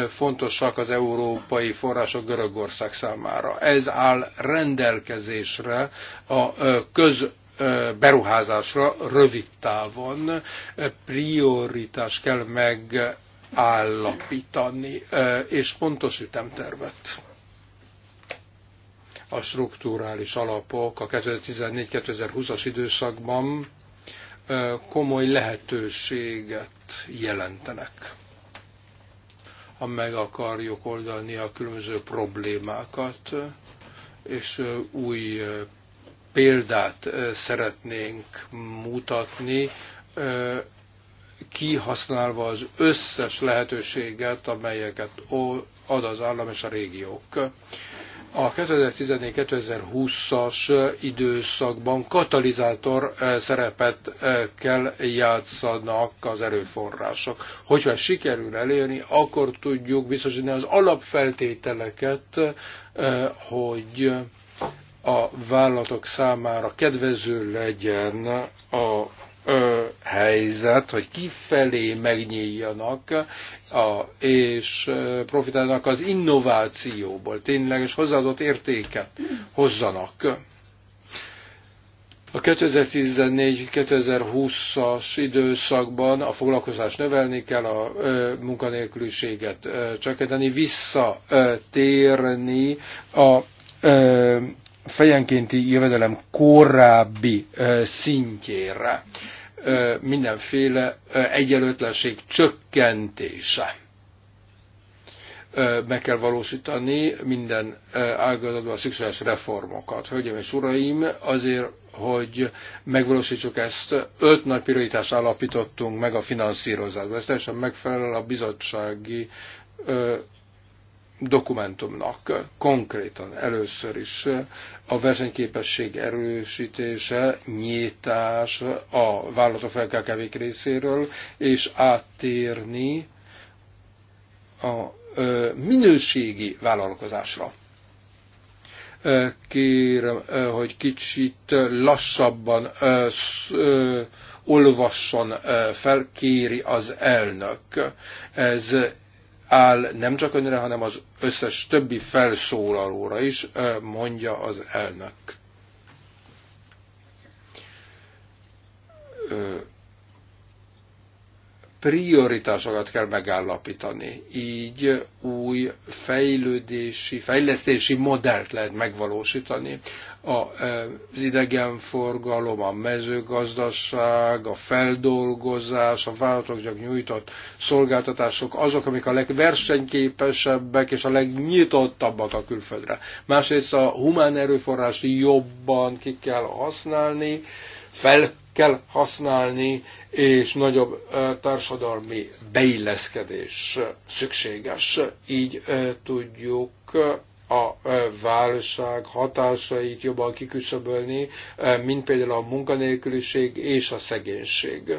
Speaker 3: fontosak az európai források Görögország számára. Ez áll rendelkezésre a köz beruházásra rövid távon prioritás kell meg állapítani, és pontos ütemtervet. A strukturális alapok a 2014-2020-as időszakban komoly lehetőséget jelentenek ha meg akarjuk oldani a különböző problémákat, és új példát szeretnénk mutatni kihasználva az összes lehetőséget, amelyeket ad az állam és a régiók. A 2014-2020-as időszakban katalizátor eh, szerepet eh, kell játszanak az erőforrások. Hogyha sikerül elérni, akkor tudjuk biztosítani az alapfeltételeket, eh, hogy a vállalatok számára kedvező legyen a ö, helyzet, hogy kifelé megnyíljanak a, és profitálnak az innovációból, tényleges hozzáadott értéket hozzanak. A 2014-2020-as időszakban a foglalkozás növelni kell, a munkanélküliséget csökkenteni, visszatérni a fejenkénti jövedelem korábbi szintjére mindenféle egyenlőtlenség csökkentése. Meg kell valósítani minden ágazatban szükséges reformokat. Hölgyeim és uraim, azért, hogy megvalósítsuk ezt, öt nagy prioritást állapítottunk meg a finanszírozásban. Ez teljesen megfelel a bizottsági dokumentumnak. Konkrétan először is a versenyképesség erősítése, nyitás a vállalatok felkelkevék részéről, és áttérni a minőségi vállalkozásra. Kérem, hogy kicsit lassabban olvasson fel, kéri az elnök. Ez áll nem csak önre, hanem az összes többi felszólalóra is, mondja az elnök prioritásokat kell megállapítani. Így új fejlődési, fejlesztési modellt lehet megvalósítani. Az idegenforgalom, a mezőgazdaság, a feldolgozás, a vállalatoknak nyújtott szolgáltatások azok, amik a legversenyképesebbek és a legnyitottabbak a külföldre. Másrészt a humán erőforrást jobban ki kell használni, fel kell használni, és nagyobb társadalmi beilleszkedés szükséges. Így tudjuk a válság hatásait jobban kiküszöbölni, mint például a munkanélküliség és a szegénység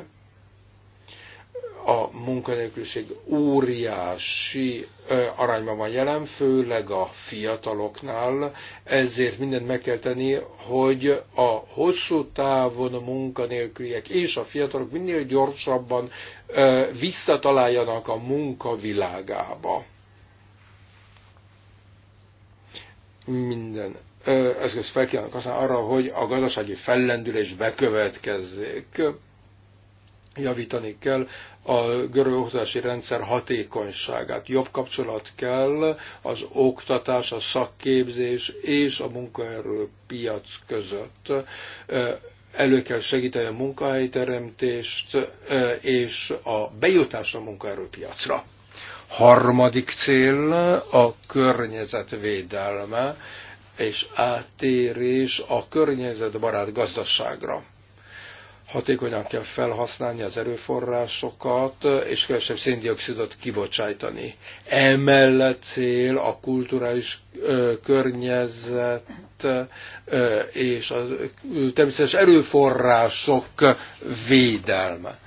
Speaker 3: a munkanélküliség óriási arányban van jelen, főleg a fiataloknál, ezért mindent meg kell tenni, hogy a hosszú távon a munkanélküliek és a fiatalok minél gyorsabban visszataláljanak a munkavilágába. Minden eszközt fel kell, használni arra, hogy a gazdasági fellendülés bekövetkezzék javítani kell a görög oktatási rendszer hatékonyságát. Jobb kapcsolat kell az oktatás, a szakképzés és a munkaerőpiac között. Elő kell segíteni a munkahelyteremtést és a bejutást a munkaerőpiacra. Harmadik cél a környezetvédelme és áttérés a környezetbarát gazdaságra hatékonyan kell felhasználni az erőforrásokat, és kevesebb széndiokszidot kibocsájtani. Emellett cél a kulturális ö, környezet ö, és a természetes erőforrások védelme.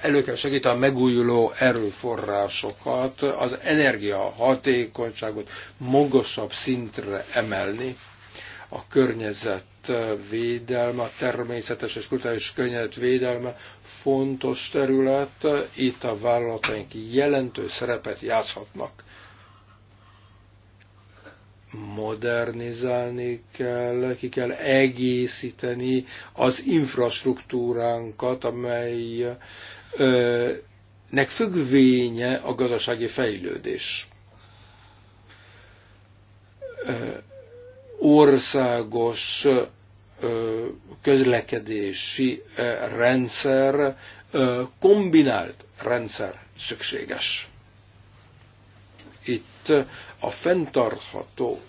Speaker 3: Elő kell segíteni a megújuló erőforrásokat, az energiahatékonyságot magasabb szintre emelni a környezet védelme, a természetes és kulturális környezet védelme fontos terület. Itt a vállalataink jelentős szerepet játszhatnak. Modernizálni kell, ki kell egészíteni az infrastruktúránkat, amelynek függvénye a gazdasági fejlődés országos közlekedési rendszer, kombinált rendszer szükséges. Itt a fenntartható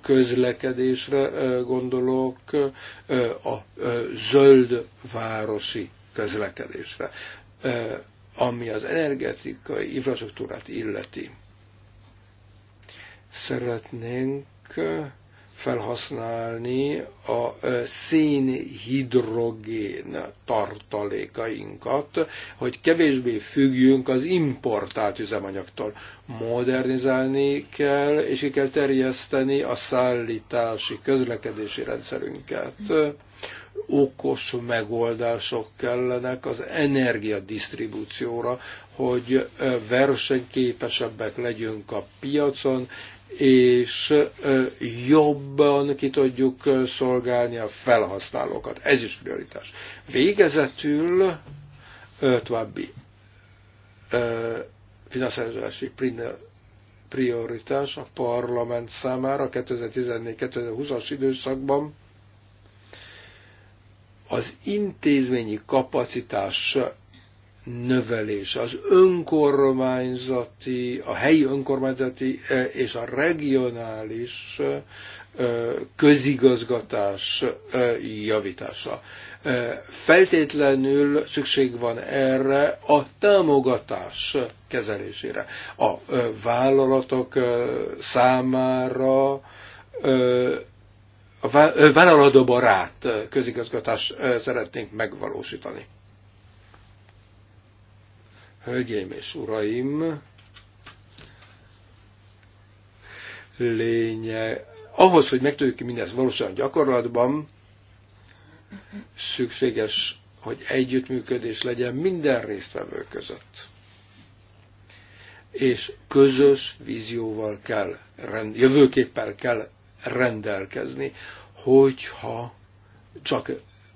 Speaker 3: közlekedésre gondolok, a zöld városi közlekedésre, ami az energetikai infrastruktúrát illeti. Szeretnénk felhasználni a szénhidrogén tartalékainkat, hogy kevésbé függjünk az importált üzemanyagtól. Modernizálni kell, és ki kell terjeszteni a szállítási, közlekedési rendszerünket. Okos megoldások kellenek az energiadisztribúcióra, hogy versenyképesebbek legyünk a piacon, és jobban ki tudjuk szolgálni a felhasználókat. Ez is prioritás. Végezetül további finanszírozási prioritás a parlament számára 2014-2020-as időszakban az intézményi kapacitás növelése, az önkormányzati, a helyi önkormányzati e, és a regionális e, e, közigazgatás javítása. Feltétlenül szükség van erre a támogatás kezelésére. A vállalatok számára a vállalatobarát közigazgatást szeretnénk megvalósítani. Hölgyeim és uraim, lénye, ahhoz, hogy meg tudjuk mindezt valósan gyakorlatban, szükséges, hogy együttműködés legyen minden résztvevő között. És közös vízióval kell, rend, jövőképpel kell rendelkezni, hogyha csak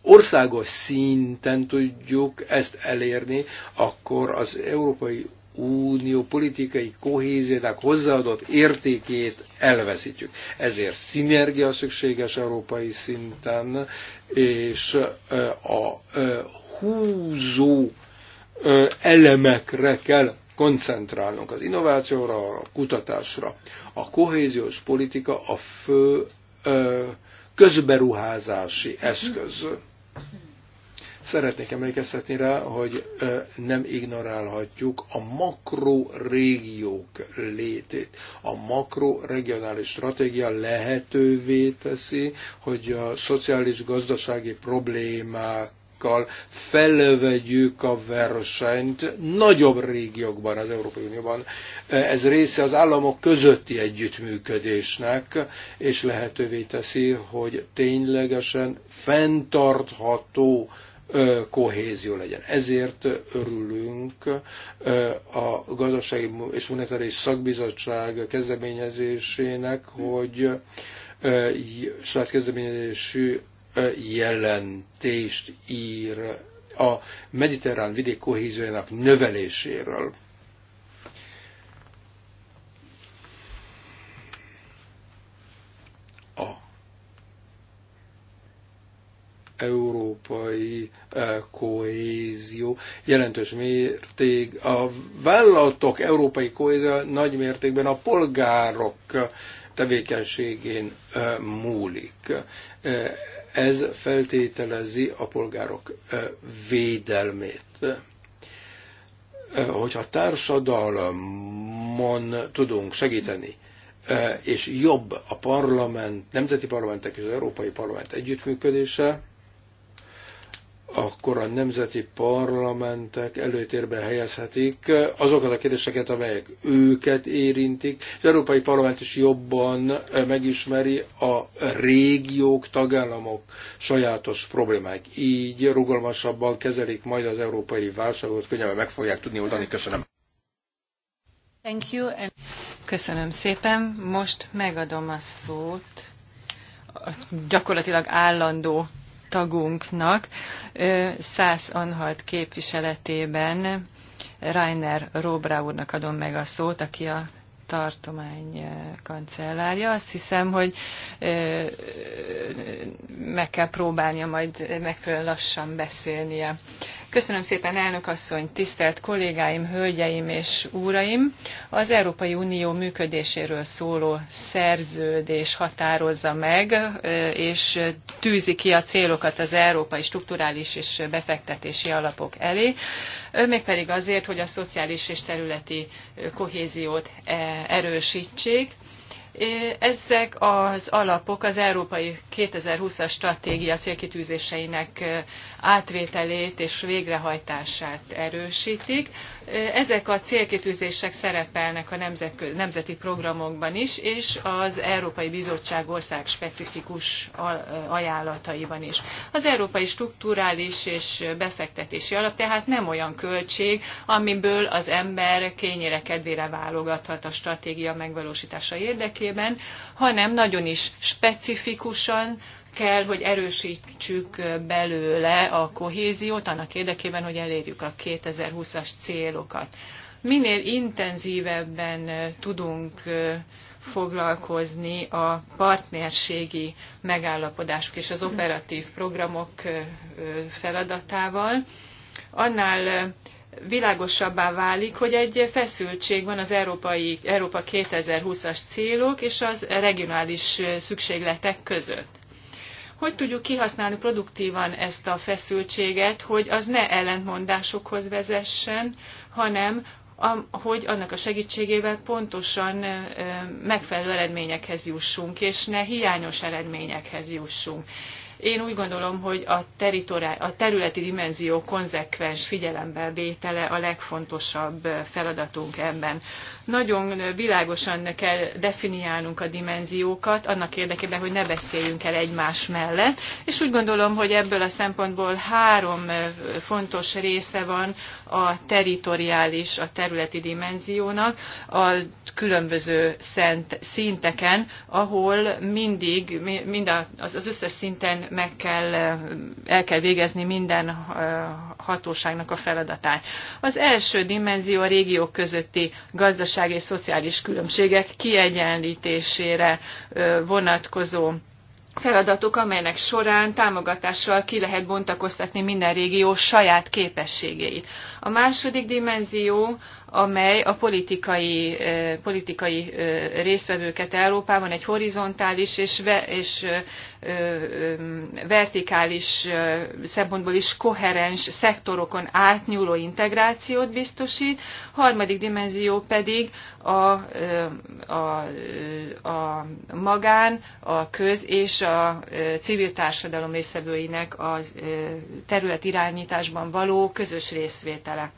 Speaker 3: országos szinten tudjuk ezt elérni, akkor az Európai Unió politikai kohéziának hozzáadott értékét elveszítjük. Ezért szinergia szükséges európai szinten, és a húzó elemekre kell koncentrálnunk az innovációra, a kutatásra. A kohéziós politika a fő közberuházási eszköz. Szeretnék emlékeztetni rá, hogy nem ignorálhatjuk a makrorégiók létét. A makroregionális stratégia lehetővé teszi, hogy a szociális-gazdasági problémák országokkal felvegyük a versenyt nagyobb régiókban, az Európai Unióban. Ez része az államok közötti együttműködésnek, és lehetővé teszi, hogy ténylegesen fenntartható kohézió legyen. Ezért örülünk a Gazdasági és Monetáris Szakbizottság kezdeményezésének, hogy saját kezdeményezésű jelentést ír a mediterrán vidék kohéziójának növeléséről. A európai eh, kohézió jelentős mérték, a vállalatok európai kohézió nagy mértékben a polgárok tevékenységén eh, múlik eh, ez feltételezi a polgárok védelmét hogyha társadalmon tudunk segíteni, és jobb a parlament, nemzeti parlamentek és az európai parlament együttműködése, akkor a nemzeti parlamentek előtérbe helyezhetik azokat a kérdéseket, amelyek őket érintik. Az Európai Parlament is jobban megismeri a régiók, tagállamok sajátos problémák. Így rugalmasabban kezelik majd az európai válságot, könnyebben meg fogják tudni oldani. Köszönöm.
Speaker 2: Thank you and... Köszönöm szépen. Most megadom a szót a gyakorlatilag állandó tagunknak, 100 anhalt képviseletében Rainer Róbrá úrnak adom meg a szót, aki a tartomány kancellárja. Azt hiszem, hogy meg kell próbálnia majd megfelelően lassan beszélnie. Köszönöm szépen, elnök asszony, tisztelt kollégáim, hölgyeim és úraim! Az Európai Unió működéséről szóló szerződés határozza meg, és tűzi ki a célokat az európai strukturális és befektetési alapok elé, mégpedig azért, hogy a szociális és területi kohéziót e, erősítsék, ezek az alapok az Európai 2020-as stratégia célkitűzéseinek átvételét és végrehajtását erősítik. Ezek a célkitűzések szerepelnek a nemzeti programokban is, és az Európai Bizottság ország specifikus ajánlataiban is. Az Európai Strukturális és Befektetési Alap tehát nem olyan költség, amiből az ember kényére kedvére válogathat a stratégia megvalósítása érdekében, hanem nagyon is specifikusan kell, hogy erősítsük belőle a kohéziót annak érdekében, hogy elérjük a 2020-as célokat. Minél intenzívebben tudunk foglalkozni a partnerségi megállapodások és az operatív programok feladatával, annál világosabbá válik, hogy egy feszültség van az Európai, Európa 2020-as célok és az regionális szükségletek között hogy tudjuk kihasználni produktívan ezt a feszültséget, hogy az ne ellentmondásokhoz vezessen, hanem hogy annak a segítségével pontosan megfelelő eredményekhez jussunk, és ne hiányos eredményekhez jussunk. Én úgy gondolom, hogy a, a területi dimenzió konzekvens figyelembe vétele a legfontosabb feladatunk ebben. Nagyon világosan kell definiálnunk a dimenziókat, annak érdekében, hogy ne beszéljünk el egymás mellett, és úgy gondolom, hogy ebből a szempontból három fontos része van a teritoriális, a területi dimenziónak. A különböző szent szinteken, ahol mindig, mind az, az összes szinten meg kell, el kell végezni minden hatóságnak a feladatán. Az első dimenzió a régiók közötti gazdasági és szociális különbségek kiegyenlítésére vonatkozó Feladatok, amelynek során támogatással ki lehet bontakoztatni minden régió saját képességeit. A második dimenzió, amely a politikai, politikai résztvevőket Európában egy horizontális és, ve, és vertikális szempontból is koherens szektorokon átnyúló integrációt biztosít. Harmadik dimenzió pedig a, a, a magán, a köz és a civil társadalom részvevőinek a terület irányításban való közös részvétele.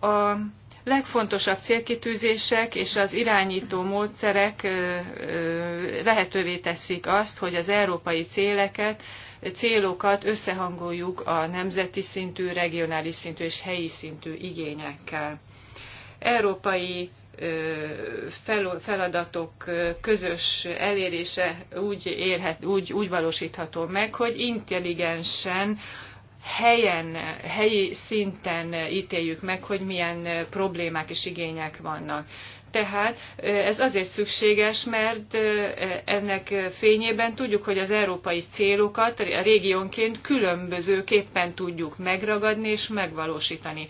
Speaker 2: A legfontosabb célkitűzések és az irányító módszerek lehetővé teszik azt, hogy az európai céleket, célokat összehangoljuk a nemzeti szintű, regionális szintű és helyi szintű igényekkel. Európai feladatok közös elérése úgy, érhet, úgy, úgy valósítható meg, hogy intelligensen, helyen, helyi szinten ítéljük meg, hogy milyen problémák és igények vannak. Tehát ez azért szükséges, mert ennek fényében tudjuk, hogy az európai célokat a régiónként különbözőképpen tudjuk megragadni és megvalósítani.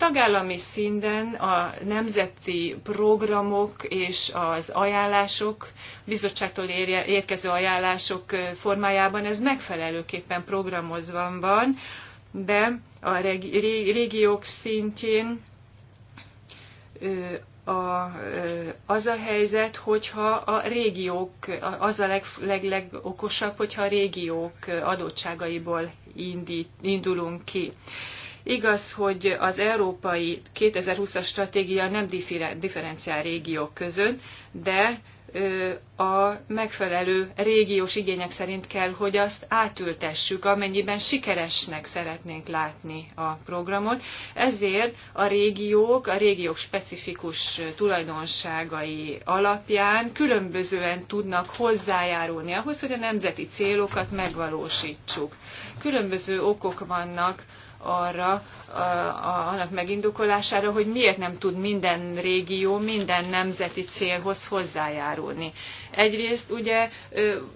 Speaker 2: Tagállami szinten a nemzeti programok és az ajánlások, bizottságtól érkező ajánlások formájában ez megfelelőképpen programozva van, de a régiók szintjén a, az a helyzet, hogyha a régiók, az a leg, leg, hogyha a régiók adottságaiból indít, indulunk ki. Igaz, hogy az európai 2020-as stratégia nem differenciál régiók között, de a megfelelő régiós igények szerint kell, hogy azt átültessük, amennyiben sikeresnek szeretnénk látni a programot. Ezért a régiók, a régiók specifikus tulajdonságai alapján különbözően tudnak hozzájárulni ahhoz, hogy a nemzeti célokat megvalósítsuk. Különböző okok vannak arra, a, a, annak megindokolására, hogy miért nem tud minden régió, minden nemzeti célhoz hozzájárulni. Egyrészt ugye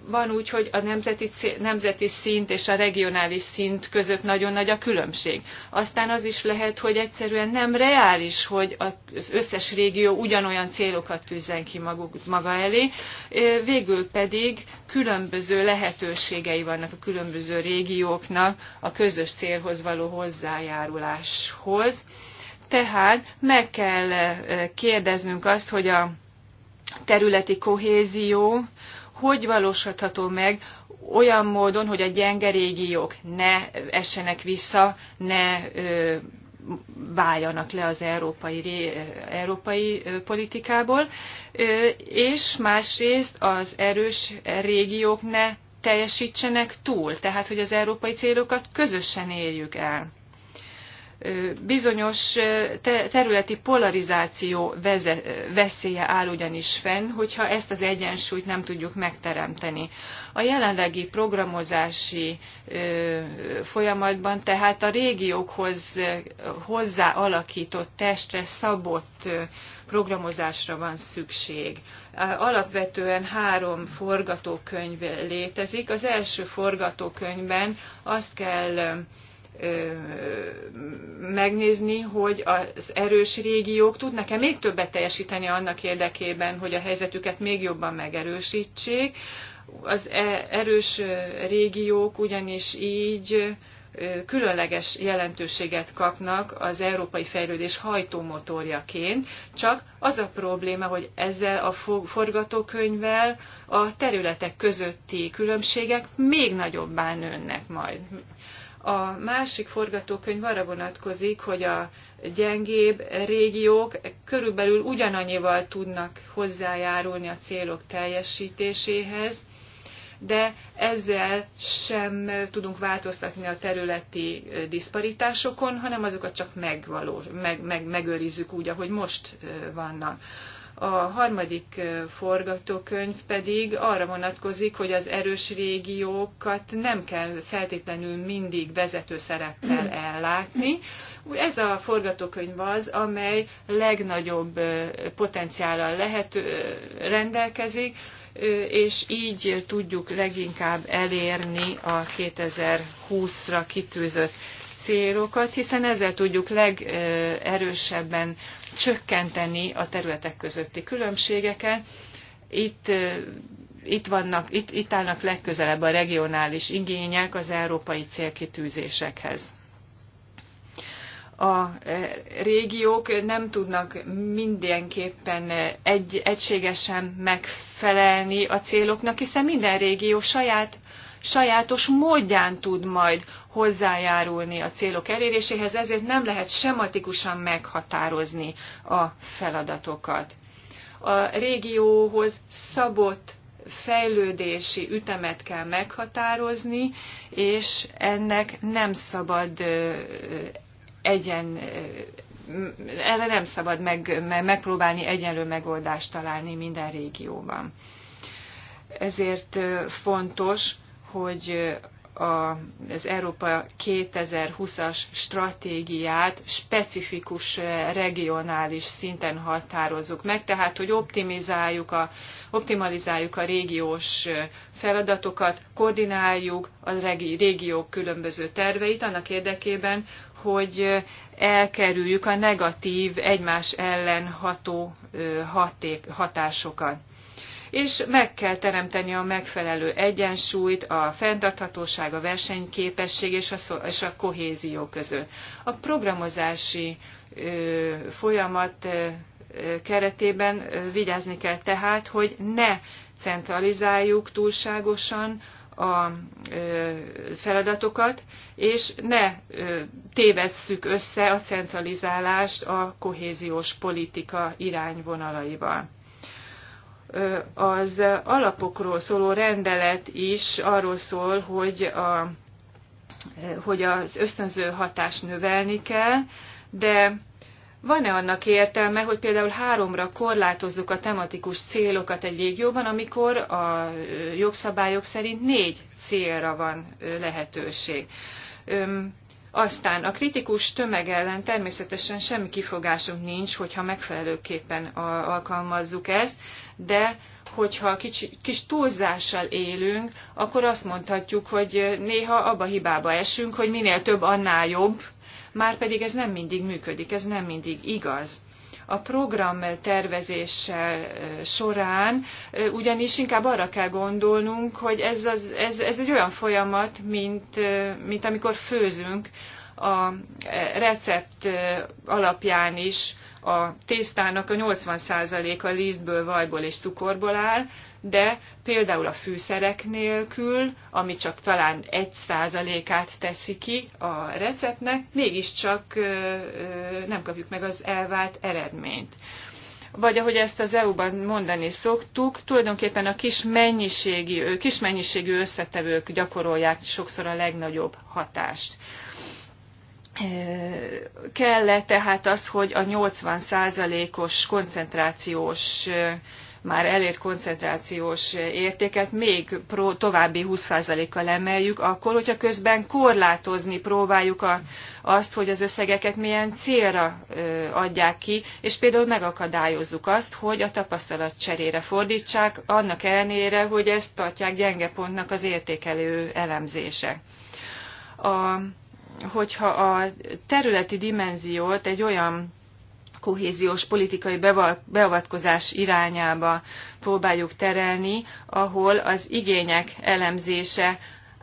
Speaker 2: van úgy, hogy a nemzeti, cél, nemzeti szint és a regionális szint között nagyon nagy a különbség. Aztán az is lehet, hogy egyszerűen nem reális, hogy az összes régió ugyanolyan célokat tűzzen ki maguk, maga elé, végül pedig különböző lehetőségei vannak a különböző régióknak a közös célhoz való hozzájáruláshoz. Tehát meg kell eh, kérdeznünk azt, hogy a területi kohézió hogy valósítható meg olyan módon, hogy a gyenge régiók ne essenek vissza, ne váljanak le az európai, európai politikából, és másrészt az erős régiók ne teljesítsenek túl, tehát hogy az európai célokat közösen érjük el bizonyos területi polarizáció veszélye áll ugyanis fenn, hogyha ezt az egyensúlyt nem tudjuk megteremteni. A jelenlegi programozási folyamatban tehát a régiókhoz hozzá alakított testre szabott programozásra van szükség. Alapvetően három forgatókönyv létezik. Az első forgatókönyvben azt kell megnézni, hogy az erős régiók tudnak-e még többet teljesíteni annak érdekében, hogy a helyzetüket még jobban megerősítsék. Az e, erős régiók ugyanis így különleges jelentőséget kapnak az európai fejlődés hajtómotorjaként, csak az a probléma, hogy ezzel a forgatókönyvvel a területek közötti különbségek még nagyobbá nőnek majd. A másik forgatókönyv arra vonatkozik, hogy a gyengébb régiók körülbelül ugyanannyival tudnak hozzájárulni a célok teljesítéséhez, de ezzel sem tudunk változtatni a területi diszparitásokon, hanem azokat csak megvalós, meg, meg, megőrizzük úgy, ahogy most vannak. A harmadik forgatókönyv pedig arra vonatkozik, hogy az erős régiókat nem kell feltétlenül mindig vezető szereppel hmm. ellátni. Ez a forgatókönyv az, amely legnagyobb potenciállal lehet, rendelkezik, és így tudjuk leginkább elérni a 2020-ra kitűzött célokat, hiszen ezzel tudjuk legerősebben csökkenteni a területek közötti különbségeket. Itt, itt, vannak, itt, itt állnak legközelebb a regionális igények az európai célkitűzésekhez a régiók nem tudnak mindenképpen egy, egységesen megfelelni a céloknak, hiszen minden régió saját, sajátos módján tud majd hozzájárulni a célok eléréséhez, ezért nem lehet sematikusan meghatározni a feladatokat. A régióhoz szabott fejlődési ütemet kell meghatározni, és ennek nem szabad egyen, erre nem szabad meg, megpróbálni egyenlő megoldást találni minden régióban. Ezért fontos, hogy az Európa 2020-as stratégiát specifikus eh, regionális szinten határozzuk meg, tehát hogy optimizáljuk a, optimalizáljuk a régiós eh, feladatokat, koordináljuk a régiók különböző terveit annak érdekében, hogy eh, elkerüljük a negatív egymás ellen ható haték, hatásokat és meg kell teremteni a megfelelő egyensúlyt a fenntarthatóság, a versenyképesség és a, és a kohézió között. A programozási folyamat keretében vigyázni kell tehát, hogy ne centralizáljuk túlságosan a feladatokat, és ne tévesszük össze a centralizálást a kohéziós politika irányvonalaival az alapokról szóló rendelet is arról szól, hogy, a, hogy az ösztönző hatást növelni kell, de van-e annak értelme, hogy például háromra korlátozzuk a tematikus célokat egy légjóban, amikor a jogszabályok szerint négy célra van lehetőség? Aztán a kritikus tömeg ellen természetesen semmi kifogásunk nincs, hogyha megfelelőképpen alkalmazzuk ezt, de hogyha kicsi, kis túlzással élünk, akkor azt mondhatjuk, hogy néha abba hibába esünk, hogy minél több, annál jobb, már pedig ez nem mindig működik, ez nem mindig igaz a program tervezése során, ugyanis inkább arra kell gondolnunk, hogy ez, az, ez, ez egy olyan folyamat, mint, mint amikor főzünk a recept alapján is, a tésztának a 80%-a lisztből, vajból és cukorból áll, de például a fűszerek nélkül, ami csak talán egy százalékát teszi ki a receptnek, mégiscsak nem kapjuk meg az elvált eredményt. Vagy ahogy ezt az EU-ban mondani szoktuk, tulajdonképpen a kis mennyiségű, kis mennyiségű összetevők gyakorolják sokszor a legnagyobb hatást kell -e tehát az, hogy a 80%-os koncentrációs már elért koncentrációs értéket még pro, további 20%-kal emeljük, akkor, hogyha közben korlátozni próbáljuk a, azt, hogy az összegeket milyen célra ö, adják ki, és például megakadályozzuk azt, hogy a tapasztalat cserére fordítsák, annak ellenére, hogy ezt tartják gyenge pontnak az értékelő elemzése. A, hogyha a területi dimenziót egy olyan kohéziós politikai beavatkozás irányába próbáljuk terelni, ahol az igények elemzése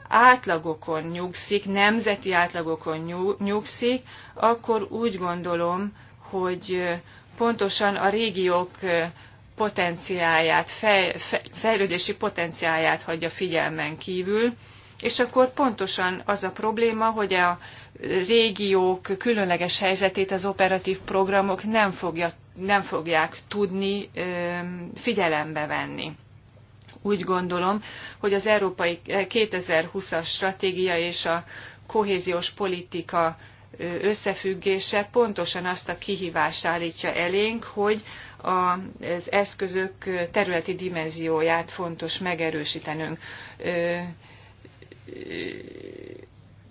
Speaker 2: átlagokon nyugszik, nemzeti átlagokon nyugszik, akkor úgy gondolom, hogy pontosan a régiók potenciáját, fejlődési potenciáját hagyja figyelmen kívül, és akkor pontosan az a probléma, hogy a régiók különleges helyzetét az operatív programok nem, fogja, nem fogják tudni figyelembe venni. Úgy gondolom, hogy az Európai 2020-as eh, stratégia és a kohéziós politika összefüggése pontosan azt a kihívást állítja elénk, hogy az eszközök területi dimenzióját fontos megerősítenünk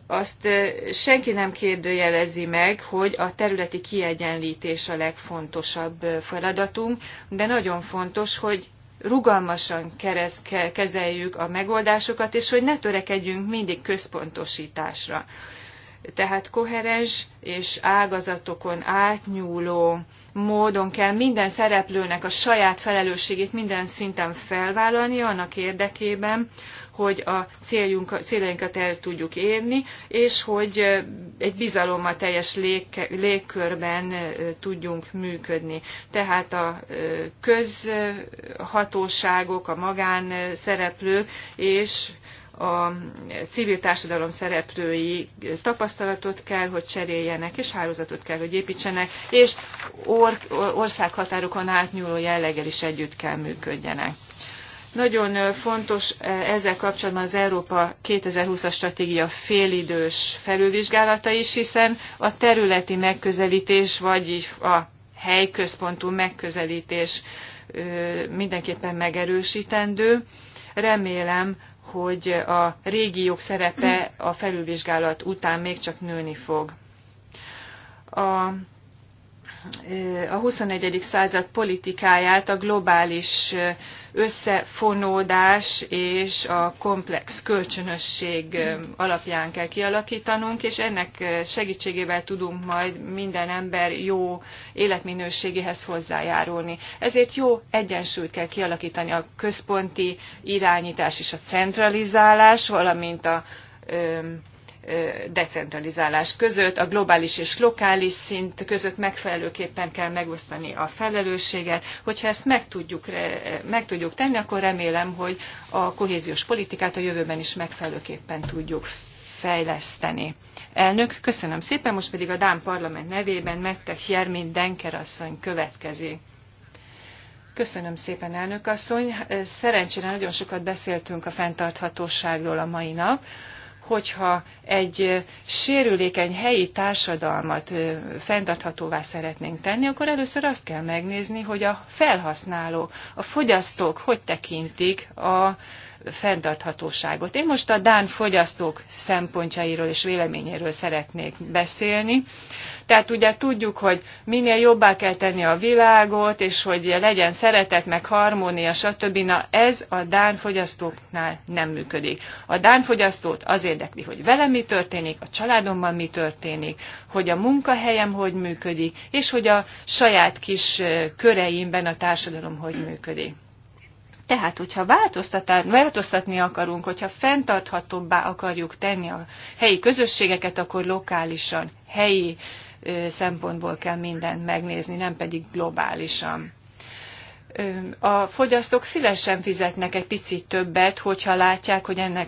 Speaker 2: azt senki nem kérdőjelezi meg, hogy a területi kiegyenlítés a legfontosabb feladatunk, de nagyon fontos, hogy rugalmasan kezeljük a megoldásokat, és hogy ne törekedjünk mindig központosításra. Tehát koherens és ágazatokon átnyúló módon kell minden szereplőnek a saját felelősségét minden szinten felvállalni annak érdekében, hogy a céljunk, céljainkat el tudjuk érni, és hogy egy bizalommal teljes lég, légkörben tudjunk működni. Tehát a közhatóságok, a magánszereplők és a civil társadalom szereplői tapasztalatot kell, hogy cseréljenek, és hálózatot kell, hogy építsenek, és or- országhatárokon átnyúló jelleggel is együtt kell működjenek. Nagyon fontos ezzel kapcsolatban az Európa 2020-as stratégia félidős felülvizsgálata is, hiszen a területi megközelítés, vagy a helyközpontú megközelítés mindenképpen megerősítendő. Remélem, hogy a régiók szerepe a felülvizsgálat után még csak nőni fog. A a XXI. század politikáját a globális összefonódás és a komplex kölcsönösség alapján kell kialakítanunk, és ennek segítségével tudunk majd minden ember jó életminőségéhez hozzájárulni. Ezért jó egyensúlyt kell kialakítani a központi irányítás és a centralizálás, valamint a decentralizálás között, a globális és lokális szint között megfelelőképpen kell megosztani a felelősséget. Hogyha ezt meg tudjuk, meg tudjuk tenni, akkor remélem, hogy a kohéziós politikát a jövőben is megfelelőképpen tudjuk fejleszteni. Elnök, köszönöm szépen, most pedig a Dán Parlament nevében Mettek Jermin Denker asszony következik. Köszönöm szépen, elnök asszony. Szerencsére nagyon sokat beszéltünk a fenntarthatóságról a mai nap hogyha egy sérülékeny helyi társadalmat fenntarthatóvá szeretnénk tenni, akkor először azt kell megnézni, hogy a felhasználók, a fogyasztók hogy tekintik a fenntarthatóságot. Én most a Dán fogyasztók szempontjairól és véleményéről szeretnék beszélni. Tehát ugye tudjuk, hogy minél jobbá kell tenni a világot, és hogy legyen szeretet, meg harmónia, stb. Na ez a Dán fogyasztóknál nem működik. A Dán fogyasztót az érdekli, hogy velem mi történik, a családomban mi történik, hogy a munkahelyem hogy működik, és hogy a saját kis eh, köreimben a társadalom hogy működik. Tehát, hogyha változtatni akarunk, hogyha fenntarthatóbbá akarjuk tenni a helyi közösségeket, akkor lokálisan, helyi szempontból kell mindent megnézni, nem pedig globálisan a fogyasztók szívesen fizetnek egy picit többet, hogyha látják, hogy ennek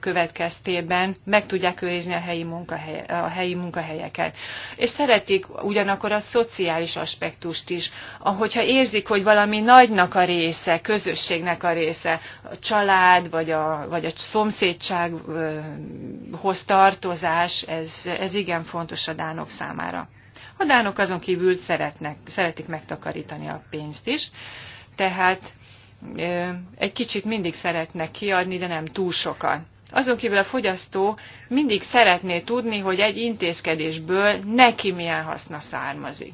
Speaker 2: következtében meg tudják őrizni a helyi, munkahelye, a helyi munkahelyeket. És szeretik ugyanakkor a szociális aspektust is. Ahogyha érzik, hogy valami nagynak a része, közösségnek a része, a család vagy a, vagy a szomszédsághoz tartozás, ez, ez igen fontos a dánok számára. A dánok azon kívül szeretnek, szeretik megtakarítani a pénzt is, tehát egy kicsit mindig szeretnek kiadni, de nem túl sokan. Azon kívül a fogyasztó mindig szeretné tudni, hogy egy intézkedésből neki milyen haszna származik.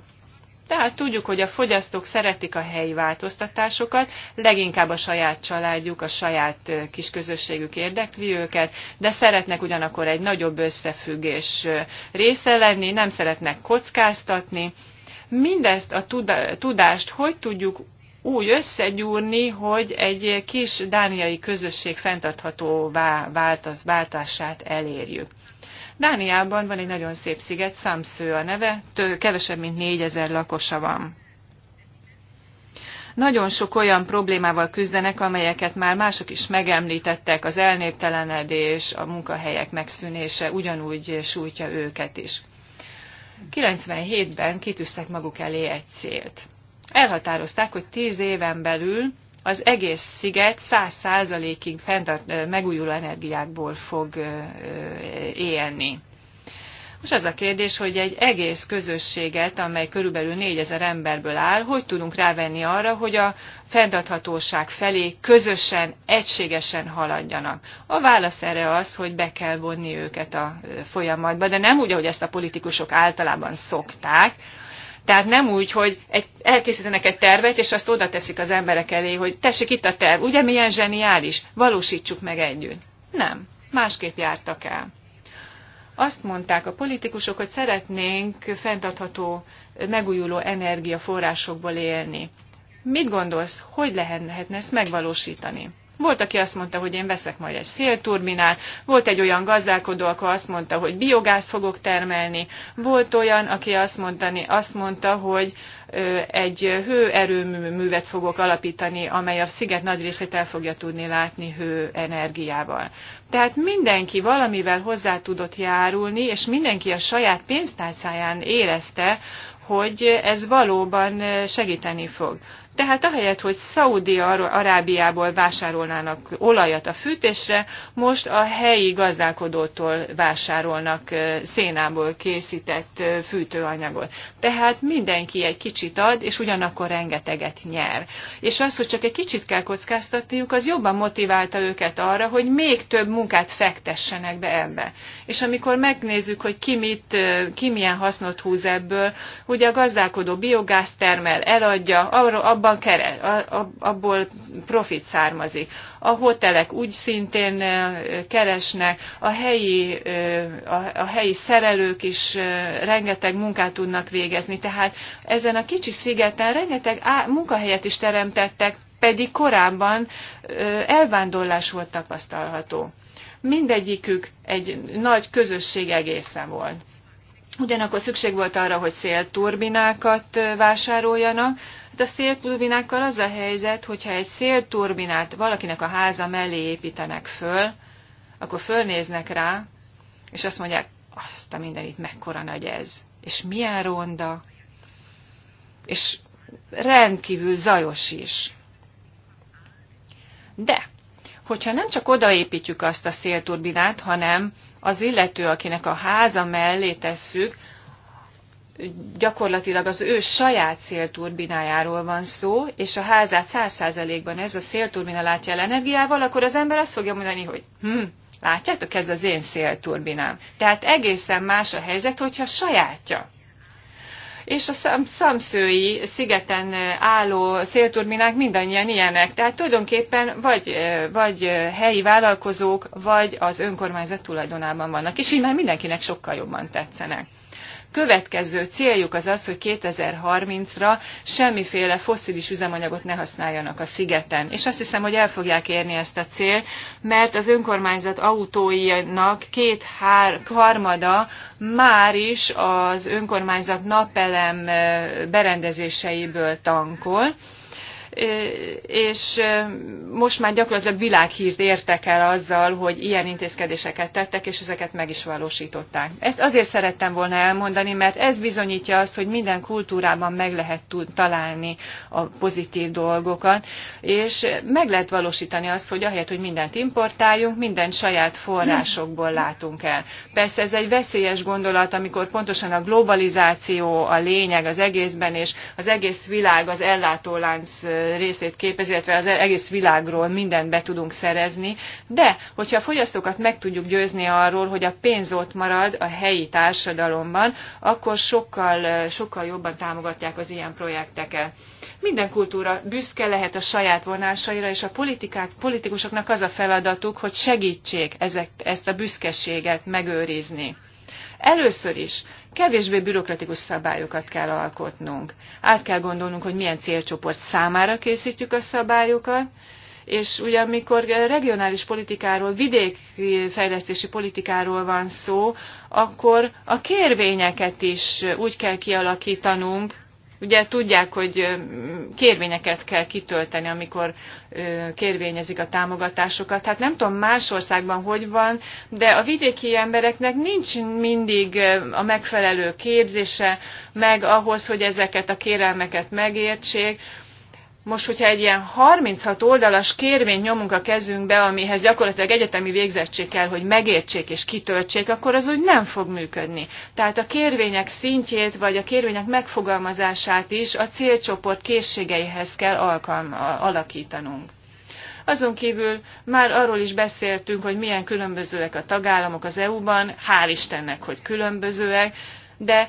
Speaker 2: Tehát tudjuk, hogy a fogyasztók szeretik a helyi változtatásokat, leginkább a saját családjuk, a saját kis közösségük érdekli őket, de szeretnek ugyanakkor egy nagyobb összefüggés része lenni, nem szeretnek kockáztatni. Mindezt a tudást hogy tudjuk úgy összegyúrni, hogy egy kis dániai közösség fenntarthatóvá váltás, váltását elérjük. Dániában van egy nagyon szép sziget, Számsző a neve, tő, kevesebb, mint 4000 lakosa van. Nagyon sok olyan problémával küzdenek, amelyeket már mások is megemlítettek, az elnéptelenedés, a munkahelyek megszűnése ugyanúgy sújtja őket is. 97-ben kitűztek maguk elé egy célt. Elhatározták, hogy 10 éven belül az egész sziget száz százalékig megújuló energiákból fog élni. Most az a kérdés, hogy egy egész közösséget, amely körülbelül 4000 emberből áll, hogy tudunk rávenni arra, hogy a fenntarthatóság felé közösen, egységesen haladjanak. A válasz erre az, hogy be kell vonni őket a folyamatba, de nem úgy, ahogy ezt a politikusok általában szokták, tehát nem úgy, hogy egy, elkészítenek egy tervet, és azt oda teszik az emberek elé, hogy tessék itt a terv, ugye milyen zseniális, valósítsuk meg együtt. Nem, másképp jártak el. Azt mondták a politikusok, hogy szeretnénk fenntartható, megújuló energiaforrásokból élni. Mit gondolsz, hogy lehetne ezt megvalósítani? Volt, aki azt mondta, hogy én veszek majd egy szélturbinát, volt egy olyan gazdálkodó, aki azt mondta, hogy biogázt fogok termelni, volt olyan, aki azt, mondani, azt mondta, hogy egy hőerőművet fogok alapítani, amely a sziget nagy részét el fogja tudni látni hőenergiával. Tehát mindenki valamivel hozzá tudott járulni, és mindenki a saját pénztárcáján érezte, hogy ez valóban segíteni fog. Tehát ahelyett, hogy Szaudi-Arábiából vásárolnának olajat a fűtésre, most a helyi gazdálkodótól vásárolnak szénából készített fűtőanyagot. Tehát mindenki egy kicsit ad, és ugyanakkor rengeteget nyer. És az, hogy csak egy kicsit kell kockáztatniuk, az jobban motiválta őket arra, hogy még több munkát fektessenek be ebbe. És amikor megnézzük, hogy ki, mit, ki milyen hasznot húz ebből, ugye a gazdálkodó biogáz termel, eladja, abból abban kere, abból profit származik. A hotelek úgy szintén keresnek, a helyi, a helyi szerelők is rengeteg munkát tudnak végezni, tehát ezen a kicsi szigeten rengeteg munkahelyet is teremtettek, pedig korábban elvándorlás volt tapasztalható. Mindegyikük egy nagy közösség egészen volt. Ugyanakkor szükség volt arra, hogy szélturbinákat vásároljanak, Hát a szélturbinákkal az a helyzet, hogyha egy szélturbinát valakinek a háza mellé építenek föl, akkor fölnéznek rá, és azt mondják, azt a mindenit mekkora nagy ez, és milyen ronda, és rendkívül zajos is. De, hogyha nem csak odaépítjük azt a szélturbinát, hanem az illető, akinek a háza mellé tesszük, gyakorlatilag az ő saját szélturbinájáról van szó, és a házát 100%-ban ez a szélturbina látja el energiával, akkor az ember azt fogja mondani, hogy hm, látjátok, ez az én szélturbinám. Tehát egészen más a helyzet, hogyha sajátja és a szamszői szigeten álló szélturbinák mindannyian ilyenek. Tehát tulajdonképpen vagy, vagy helyi vállalkozók, vagy az önkormányzat tulajdonában vannak, és így már mindenkinek sokkal jobban tetszenek következő céljuk az az, hogy 2030-ra semmiféle fosszilis üzemanyagot ne használjanak a szigeten. És azt hiszem, hogy el fogják érni ezt a cél, mert az önkormányzat autóinak két hár, harmada már is az önkormányzat napelem berendezéseiből tankol, és most már gyakorlatilag világhírt értek el azzal, hogy ilyen intézkedéseket tettek, és ezeket meg is valósították. Ezt azért szerettem volna elmondani, mert ez bizonyítja azt, hogy minden kultúrában meg lehet találni a pozitív dolgokat, és meg lehet valósítani azt, hogy ahelyett, hogy mindent importáljunk, mindent saját forrásokból látunk el. Persze ez egy veszélyes gondolat, amikor pontosan a globalizáció a lényeg az egészben, és az egész világ az ellátólánc részét képezi, illetve az egész világról mindent be tudunk szerezni, de hogyha a fogyasztókat meg tudjuk győzni arról, hogy a pénz ott marad a helyi társadalomban, akkor sokkal, sokkal jobban támogatják az ilyen projekteket. Minden kultúra büszke lehet a saját vonásaira, és a politikák, politikusoknak az a feladatuk, hogy segítsék ezek, ezt a büszkeséget megőrizni. Először is kevésbé bürokratikus szabályokat kell alkotnunk. Át kell gondolnunk, hogy milyen célcsoport számára készítjük a szabályokat, és ugye amikor regionális politikáról, vidékfejlesztési politikáról van szó, akkor a kérvényeket is úgy kell kialakítanunk, Ugye tudják, hogy kérvényeket kell kitölteni, amikor kérvényezik a támogatásokat. Hát nem tudom más országban hogy van, de a vidéki embereknek nincs mindig a megfelelő képzése, meg ahhoz, hogy ezeket a kérelmeket megértsék most, hogyha egy ilyen 36 oldalas kérvényt nyomunk a kezünkbe, amihez gyakorlatilag egyetemi végzettség kell, hogy megértsék és kitöltsék, akkor az úgy nem fog működni. Tehát a kérvények szintjét, vagy a kérvények megfogalmazását is a célcsoport készségeihez kell alakítanunk. Azon kívül már arról is beszéltünk, hogy milyen különbözőek a tagállamok az EU-ban, hál' Istennek, hogy különbözőek, de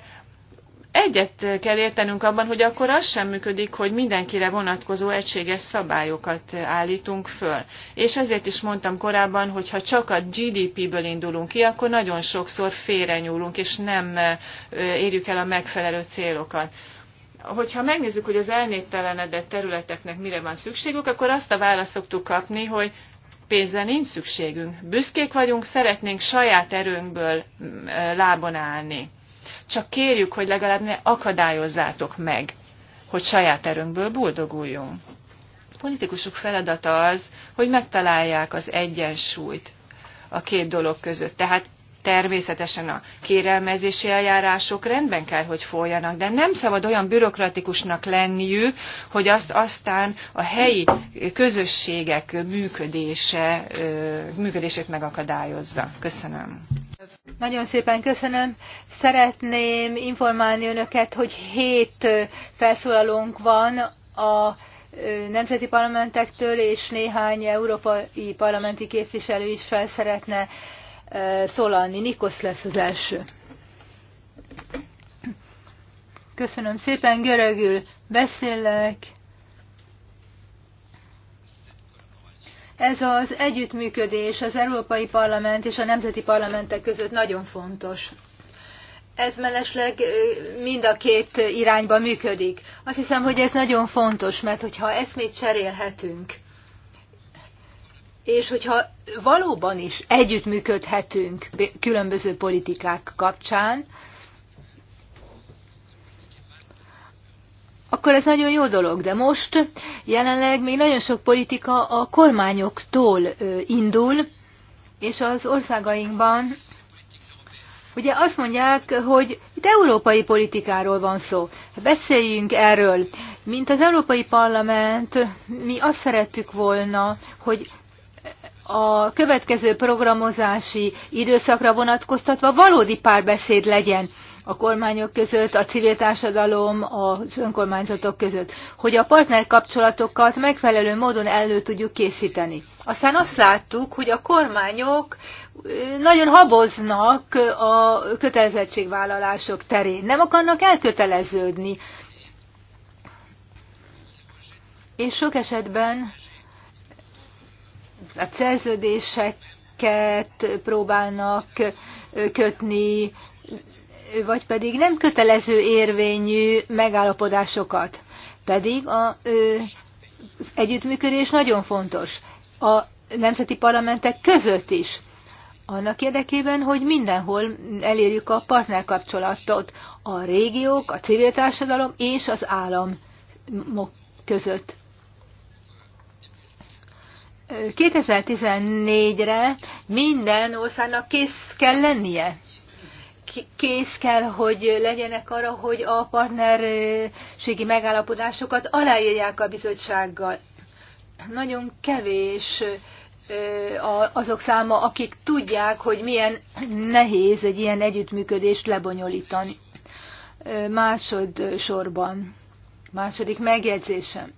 Speaker 2: egyet kell értenünk abban, hogy akkor az sem működik, hogy mindenkire vonatkozó egységes szabályokat állítunk föl. És ezért is mondtam korábban, hogy ha csak a GDP-ből indulunk ki, akkor nagyon sokszor nyúlunk, és nem érjük el a megfelelő célokat. Hogyha megnézzük, hogy az elnéptelenedett területeknek mire van szükségük, akkor azt a választ szoktuk kapni, hogy pénzre nincs szükségünk. Büszkék vagyunk, szeretnénk saját erőnkből lábon állni csak kérjük, hogy legalább ne akadályozzátok meg, hogy saját erőnkből boldoguljunk. A politikusok feladata az, hogy megtalálják az egyensúlyt a két dolog között. Tehát Természetesen a kérelmezési eljárások rendben kell, hogy folyjanak, de nem szabad olyan bürokratikusnak lenniük, hogy azt aztán a helyi közösségek működése, működését megakadályozza. Köszönöm.
Speaker 1: Nagyon szépen köszönöm. Szeretném informálni önöket, hogy hét felszólalónk van a nemzeti parlamentektől, és néhány európai parlamenti képviselő is fel szeretne szólalni. Nikosz lesz az első. Köszönöm szépen, görögül beszélek. Ez az együttműködés az Európai Parlament és a nemzeti parlamentek között nagyon fontos. Ez mellesleg mind a két irányba működik. Azt hiszem, hogy ez nagyon fontos, mert hogyha eszmét cserélhetünk, és hogyha valóban is együttműködhetünk különböző politikák kapcsán, akkor ez nagyon jó dolog. De most jelenleg még nagyon sok politika a kormányoktól indul, és az országainkban Ugye azt mondják, hogy itt európai politikáról van szó. Beszéljünk erről. Mint az Európai Parlament, mi azt szerettük volna, hogy a következő programozási időszakra vonatkoztatva valódi párbeszéd legyen a kormányok között, a civil társadalom, az önkormányzatok között, hogy a partnerkapcsolatokat megfelelő módon elő tudjuk készíteni. Aztán azt láttuk, hogy a kormányok nagyon haboznak a kötelezettségvállalások terén, nem akarnak elköteleződni. És sok esetben a szerződéseket próbálnak kötni, vagy pedig nem kötelező érvényű megállapodásokat. Pedig a, az együttműködés nagyon fontos. A nemzeti parlamentek között is. Annak érdekében, hogy mindenhol elérjük a partnerkapcsolatot a régiók, a civil társadalom és az államok között. 2014-re minden országnak kész kell lennie kész kell, hogy legyenek arra, hogy a partnerségi megállapodásokat aláírják a bizottsággal. Nagyon kevés azok száma, akik tudják, hogy milyen nehéz egy ilyen együttműködést lebonyolítani. sorban, második megjegyzésem,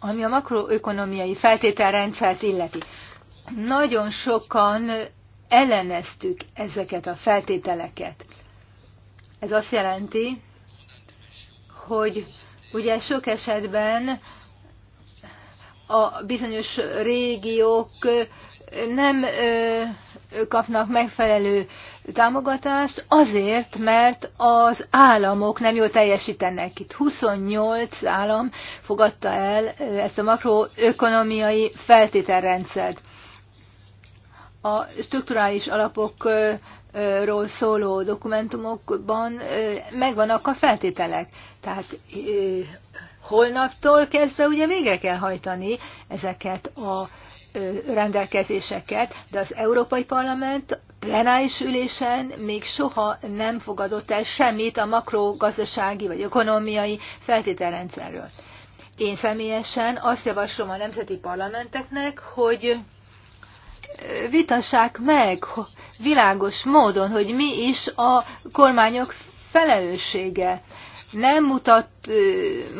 Speaker 1: ami a makroökonomiai feltételrendszert illeti. Nagyon sokan elleneztük ezeket a feltételeket. Ez azt jelenti, hogy ugye sok esetben a bizonyos régiók nem kapnak megfelelő támogatást azért, mert az államok nem jól teljesítenek. Itt 28 állam fogadta el ezt a makroökonomiai feltételrendszert a strukturális alapokról szóló dokumentumokban megvannak a feltételek. Tehát holnaptól kezdve ugye végre kell hajtani ezeket a rendelkezéseket, de az Európai Parlament plenáris ülésen még soha nem fogadott el semmit a makrogazdasági vagy ökonomiai feltételrendszerről. Én személyesen azt javaslom a nemzeti parlamenteknek, hogy vitassák meg világos módon, hogy mi is a kormányok felelőssége. Nem mutat,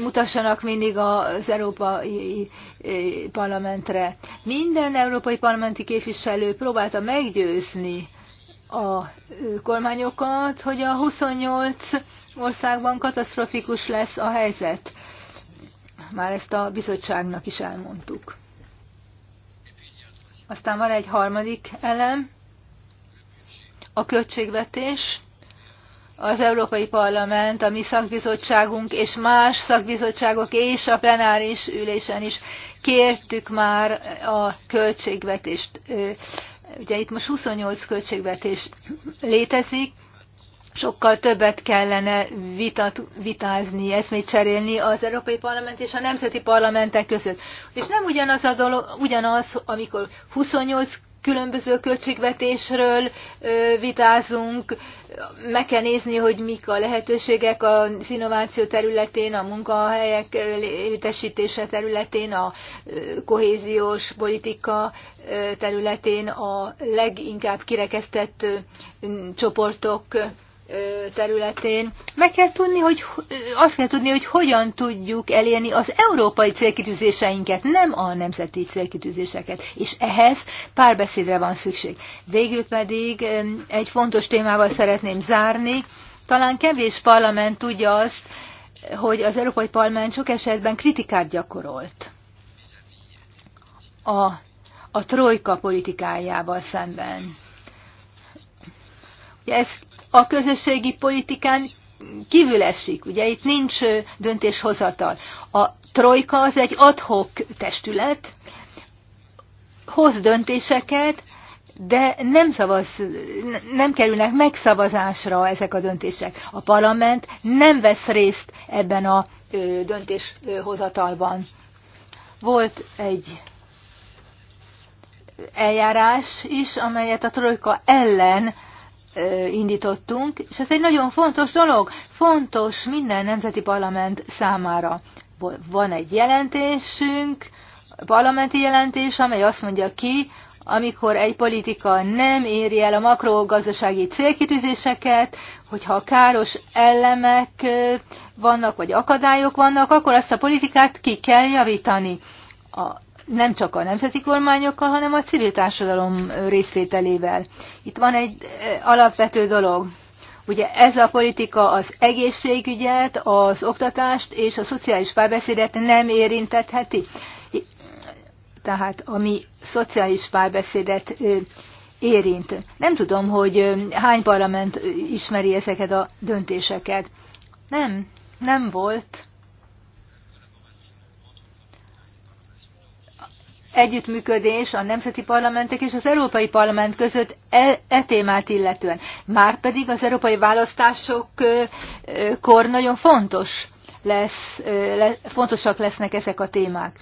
Speaker 1: mutassanak mindig az Európai Parlamentre. Minden Európai Parlamenti képviselő próbálta meggyőzni a kormányokat, hogy a 28 országban katasztrofikus lesz a helyzet. Már ezt a bizottságnak is elmondtuk. Aztán van egy harmadik elem, a költségvetés, az Európai Parlament, a mi szakbizottságunk és más szakbizottságok és a plenáris ülésen is kértük már a költségvetést. Ugye itt most 28 költségvetés létezik, sokkal többet kellene vitat, vitázni, eszmét cserélni az Európai Parlament és a nemzeti parlamentek között. És nem ugyanaz a dolog, ugyanaz, amikor 28 különböző költségvetésről vitázunk, meg kell nézni, hogy mik a lehetőségek az innováció területén, a munkahelyek létesítése területén, a kohéziós politika területén, a leginkább kirekesztett csoportok területén. Meg kell tudni, hogy azt kell tudni, hogy hogyan tudjuk elérni az európai célkitűzéseinket, nem a nemzeti célkitűzéseket. És ehhez párbeszédre van szükség. Végül pedig egy fontos témával szeretném zárni. Talán kevés parlament tudja azt, hogy az Európai Parlament sok esetben kritikát gyakorolt a, a trojka politikájával szemben. Ugye ez a közösségi politikán kívül esik, ugye itt nincs döntéshozatal. A trojka az egy adhok testület, hoz döntéseket, de nem, szavaz, nem kerülnek megszavazásra ezek a döntések. A parlament nem vesz részt ebben a döntéshozatalban. Volt egy eljárás is, amelyet a trojka ellen indítottunk, és ez egy nagyon fontos dolog, fontos minden nemzeti parlament számára. Van egy jelentésünk, parlamenti jelentés, amely azt mondja ki, amikor egy politika nem éri el a makrogazdasági célkitűzéseket, hogyha káros elemek vannak, vagy akadályok vannak, akkor azt a politikát ki kell javítani. A nem csak a nemzeti kormányokkal, hanem a civil társadalom részvételével. Itt van egy eh, alapvető dolog. Ugye ez a politika az egészségügyet, az oktatást és a szociális párbeszédet nem érintetheti. Tehát ami szociális párbeszédet érint. Nem tudom, hogy hány parlament ismeri ezeket a döntéseket. Nem, nem volt együttműködés a nemzeti parlamentek és az Európai Parlament között e, e témát illetően. Márpedig az európai választásokkor nagyon fontos lesz, le, fontosak lesznek ezek a témák.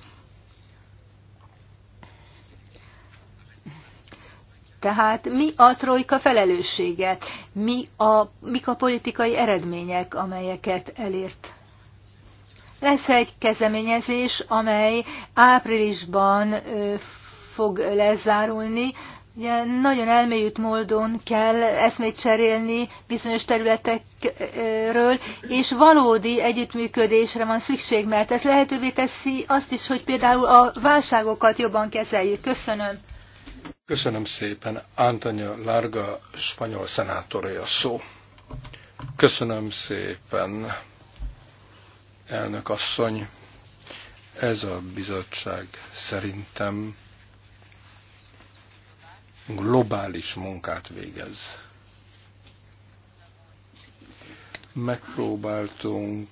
Speaker 1: Tehát mi a trojka felelőssége? Mi a, mik a politikai eredmények, amelyeket elért lesz egy kezdeményezés, amely áprilisban fog lezárulni. Ugye nagyon elmélyült módon kell eszmét cserélni bizonyos területekről, és valódi együttműködésre van szükség, mert ez lehetővé teszi azt is, hogy például a válságokat jobban kezeljük. Köszönöm.
Speaker 3: Köszönöm szépen. Antonia Larga, spanyol szenátorja szó. Köszönöm szépen elnök asszony. Ez a bizottság szerintem globális munkát végez. Megpróbáltunk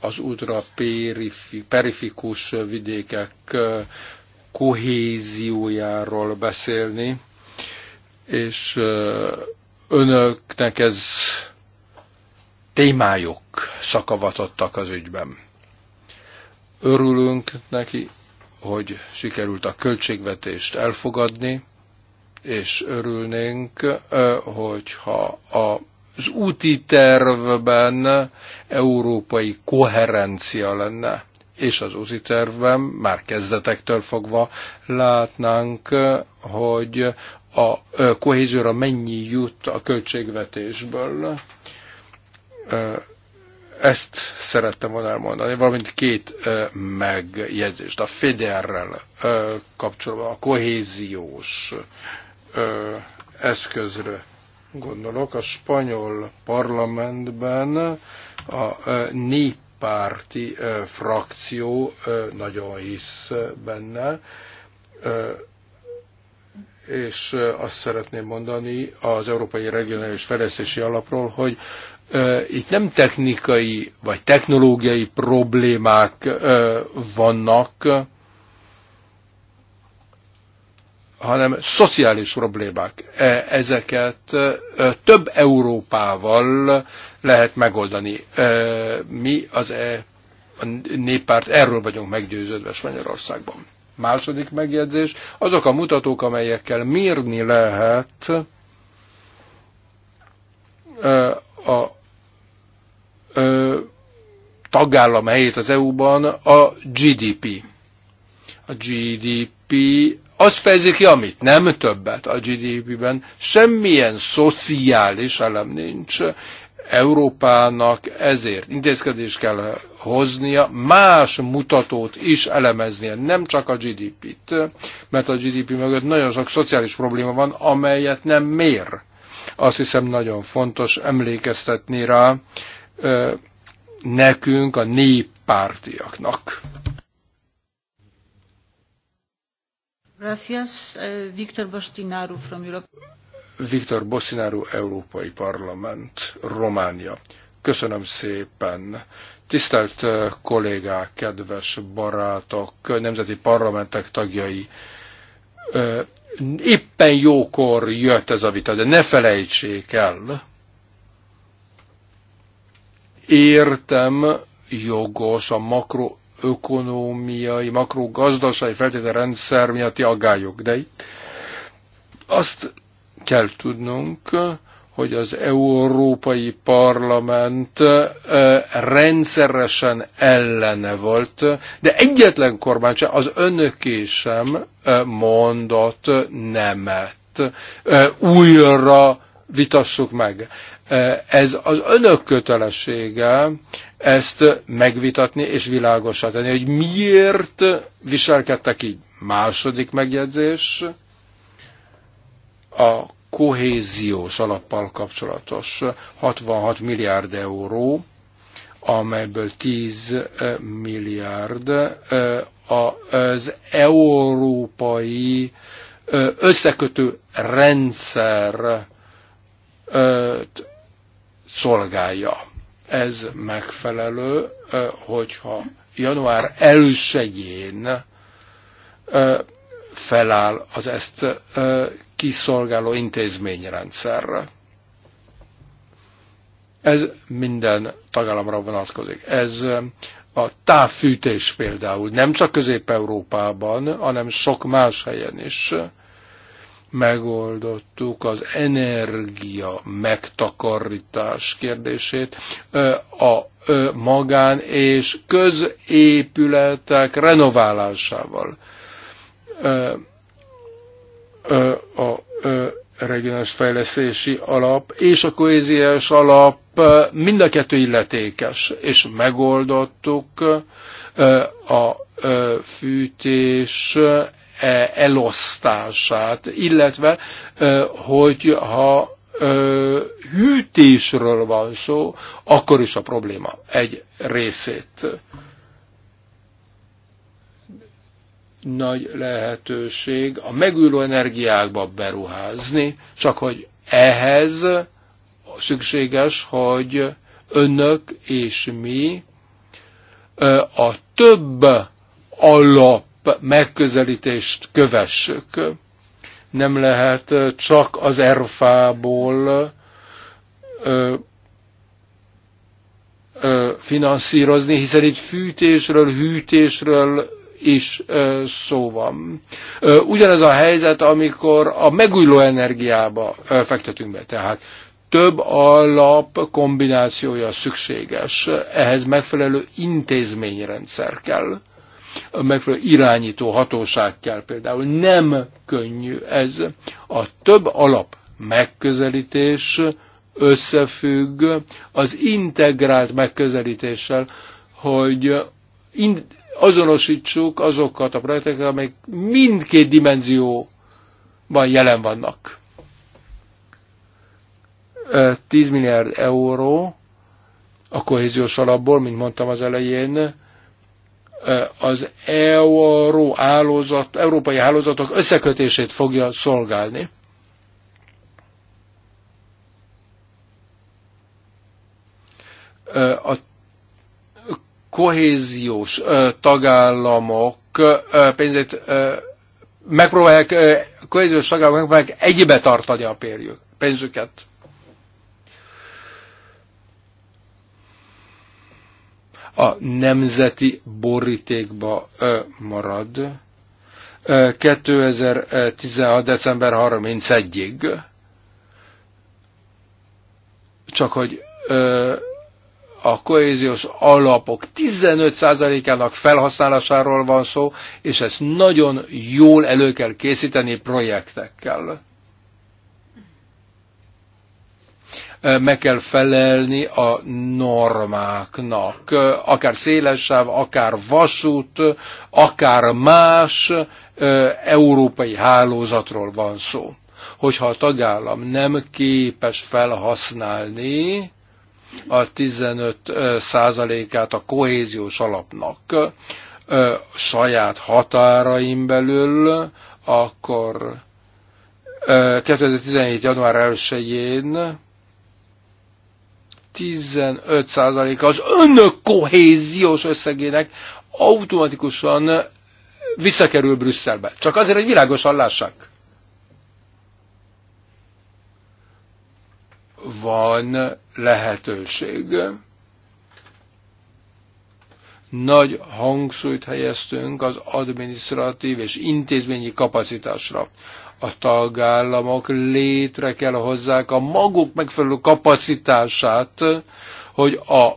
Speaker 3: az ultra perifikus vidékek kohéziójáról beszélni, és önöknek ez témájuk szakavatottak az ügyben. Örülünk neki, hogy sikerült a költségvetést elfogadni, és örülnénk, hogyha az úti tervben európai koherencia lenne, és az úti tervben már kezdetektől fogva látnánk, hogy a kohézióra mennyi jut a költségvetésből ezt szerettem volna elmondani, valamint két megjegyzést. A Federrel kapcsolatban, a kohéziós eszközre gondolok. A spanyol parlamentben a néppárti frakció nagyon hisz benne, és azt szeretném mondani az Európai Regionális Fejlesztési Alapról, hogy itt nem technikai vagy technológiai problémák vannak, hanem szociális problémák. E, ezeket több Európával lehet megoldani. Mi az e, a néppárt erről vagyunk meggyőződve Spanyolországban. Második megjegyzés, azok a mutatók, amelyekkel mérni lehet a tagállam helyét az EU-ban a GDP. A GDP az fejezi ki, amit nem többet a GDP-ben. Semmilyen szociális elem nincs. Európának ezért intézkedést kell hoznia, más mutatót is elemeznie, nem csak a GDP-t, mert a GDP mögött nagyon sok szociális probléma van, amelyet nem mér. Azt hiszem nagyon fontos emlékeztetni rá, nekünk, a néppártiaknak.
Speaker 5: Gracias, Viktor Bostinaru from Europe.
Speaker 3: Viktor Bostinaru, Európai Parlament, Románia. Köszönöm szépen. Tisztelt kollégák, kedves barátok, nemzeti parlamentek tagjai, éppen jókor jött ez a vita, de ne felejtsék el, értem jogos a makroökonómiai, makrogazdasági feltételrendszer miatti aggályok, de itt azt kell tudnunk, hogy az Európai Parlament rendszeresen ellene volt, de egyetlen kormány sem, az önöké sem mondott nemet. Újra vitassuk meg. Eh, ez az önök kötelessége ezt megvitatni és világosá tenni, hogy miért viselkedtek így. Második megjegyzés a kohéziós alappal kapcsolatos 66 milliárd euró, amelyből 10 eh, milliárd eh, az európai összekötő rendszer szolgálja. Ez megfelelő, hogyha január 1-én feláll az ezt kiszolgáló intézményrendszerre. Ez minden tagállamra vonatkozik. Ez a távfűtés például nem csak Közép-Európában, hanem sok más helyen is megoldottuk az energia megtakarítás kérdését, a magán és középületek renoválásával. A regionális fejlesztési alap és a kohéziós alap mind a kettő illetékes, és megoldottuk a fűtés E, elosztását, illetve e, hogy ha e, hűtésről van szó, akkor is a probléma egy részét nagy lehetőség a megújuló energiákba beruházni, csak hogy ehhez szükséges, hogy önök és mi a több alap megközelítést kövessük. Nem lehet csak az erfából finanszírozni, hiszen itt fűtésről, hűtésről is szó van. Ugyanez a helyzet, amikor a megújuló energiába fektetünk be. Tehát több alap kombinációja szükséges, ehhez megfelelő intézményrendszer kell a megfelelő irányító hatóság kell például. Nem könnyű ez. A több alap megközelítés összefügg az integrált megközelítéssel, hogy azonosítsuk azokat a projekteket, amelyek mindkét dimenzióban jelen vannak. 10 milliárd euró a kohéziós alapból, mint mondtam az elején, az euró hálózat, európai hálózatok összekötését fogja szolgálni. A kohéziós tagállamok pénzét megpróbálják, kohéziós tagállamok megpróbálják egybe tartani a pénzüket. a nemzeti borítékba marad 2016. december 31-ig, csak hogy a kohéziós alapok 15%-ának felhasználásáról van szó, és ezt nagyon jól elő kell készíteni projektekkel. meg kell felelni a normáknak. Akár szélesáv, akár vasút, akár más európai hálózatról van szó. Hogyha a tagállam nem képes felhasználni a 15 százalékát a kohéziós alapnak saját határaim belül, akkor 2017. január 1-én 15%-a az önök kohéziós összegének automatikusan visszakerül Brüsszelbe. Csak azért, hogy világosan lássák. Van lehetőség. Nagy hangsúlyt helyeztünk az adminisztratív és intézményi kapacitásra a tagállamok létre kell hozzák a maguk megfelelő kapacitását, hogy a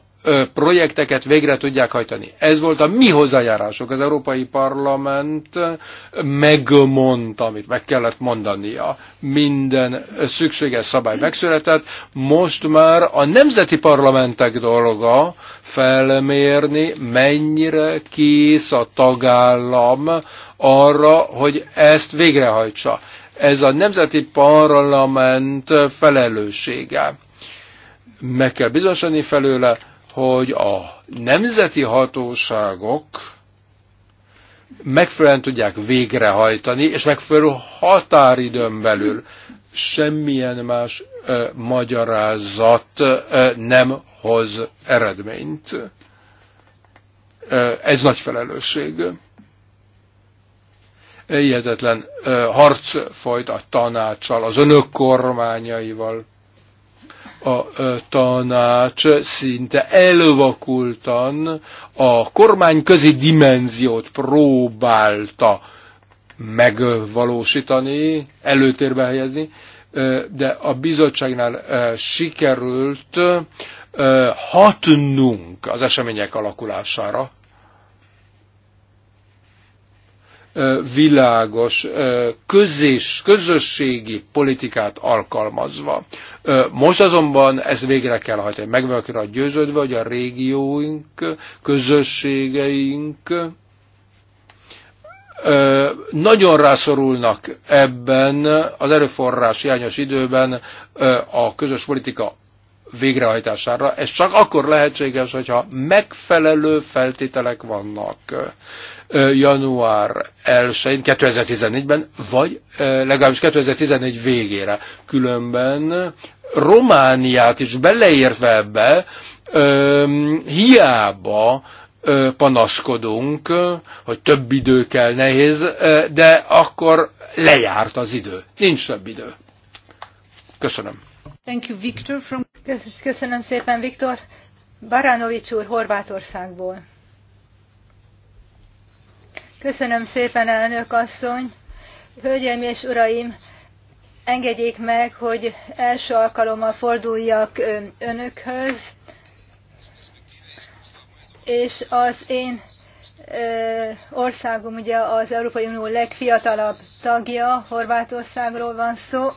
Speaker 3: projekteket végre tudják hajtani. Ez volt a mi hozzájárások. Az Európai Parlament megmondta, amit meg kellett mondania. Minden szükséges szabály megszületett. Most már a nemzeti parlamentek dolga felmérni, mennyire kész a tagállam arra, hogy ezt végrehajtsa. Ez a Nemzeti Parlament felelőssége. Meg kell bizonyosodni felőle, hogy a nemzeti hatóságok megfelelően tudják végrehajtani, és megfelelő határidőn belül semmilyen más ö, magyarázat ö, nem hoz eredményt. Ö, ez nagy felelősség hihetetlen harc folyt a tanácssal, az önök kormányaival. A tanács szinte elvakultan a kormányközi dimenziót próbálta megvalósítani, előtérbe helyezni, de a bizottságnál sikerült hatnunk az események alakulására, világos közés, közösségi politikát alkalmazva. Most azonban ez végre kell hajtani. Meg vagyok a győződve, hogy a régióink, közösségeink nagyon rászorulnak ebben az erőforrás hiányos időben a közös politika végrehajtására. Ez csak akkor lehetséges, hogyha megfelelő feltételek vannak január 1-én 2014-ben, vagy legalábbis 2014 végére. Különben Romániát is beleértve ebbe, hiába panaszkodunk, hogy több idő kell, nehéz, de akkor lejárt az idő. Nincs több idő. Köszönöm.
Speaker 1: Thank you, Victor From... Köszönöm szépen, Viktor. Baranovics úr Horvátországból. Köszönöm szépen, elnök asszony. Hölgyeim és uraim, engedjék meg, hogy első alkalommal forduljak önökhöz, és az én országom ugye az Európai Unió legfiatalabb tagja, Horvátországról van szó.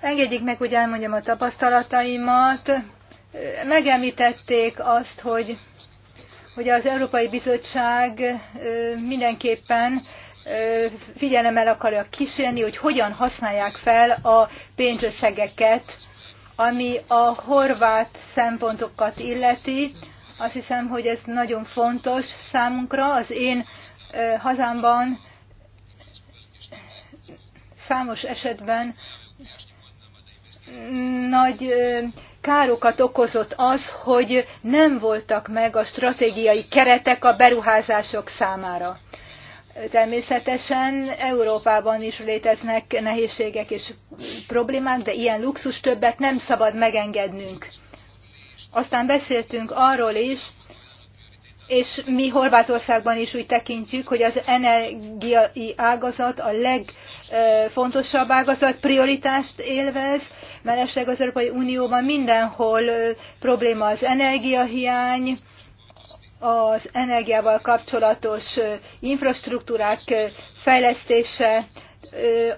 Speaker 1: Engedjék meg, hogy elmondjam a tapasztalataimat. Megemlítették azt, hogy hogy az Európai Bizottság mindenképpen figyelemmel akarja kísérni, hogy hogyan használják fel a pénzösszegeket, ami a horvát szempontokat illeti. Azt hiszem, hogy ez nagyon fontos számunkra. Az én hazámban számos esetben nagy károkat okozott az, hogy nem voltak meg a stratégiai keretek a beruházások számára. Természetesen Európában is léteznek nehézségek és problémák, de ilyen luxus többet nem szabad megengednünk. Aztán beszéltünk arról is, és mi Horvátországban is úgy tekintjük, hogy az energiai ágazat a legfontosabb ágazat, prioritást élvez, mellesleg az Európai Unióban mindenhol probléma az energiahiány, az energiával kapcsolatos infrastruktúrák fejlesztése,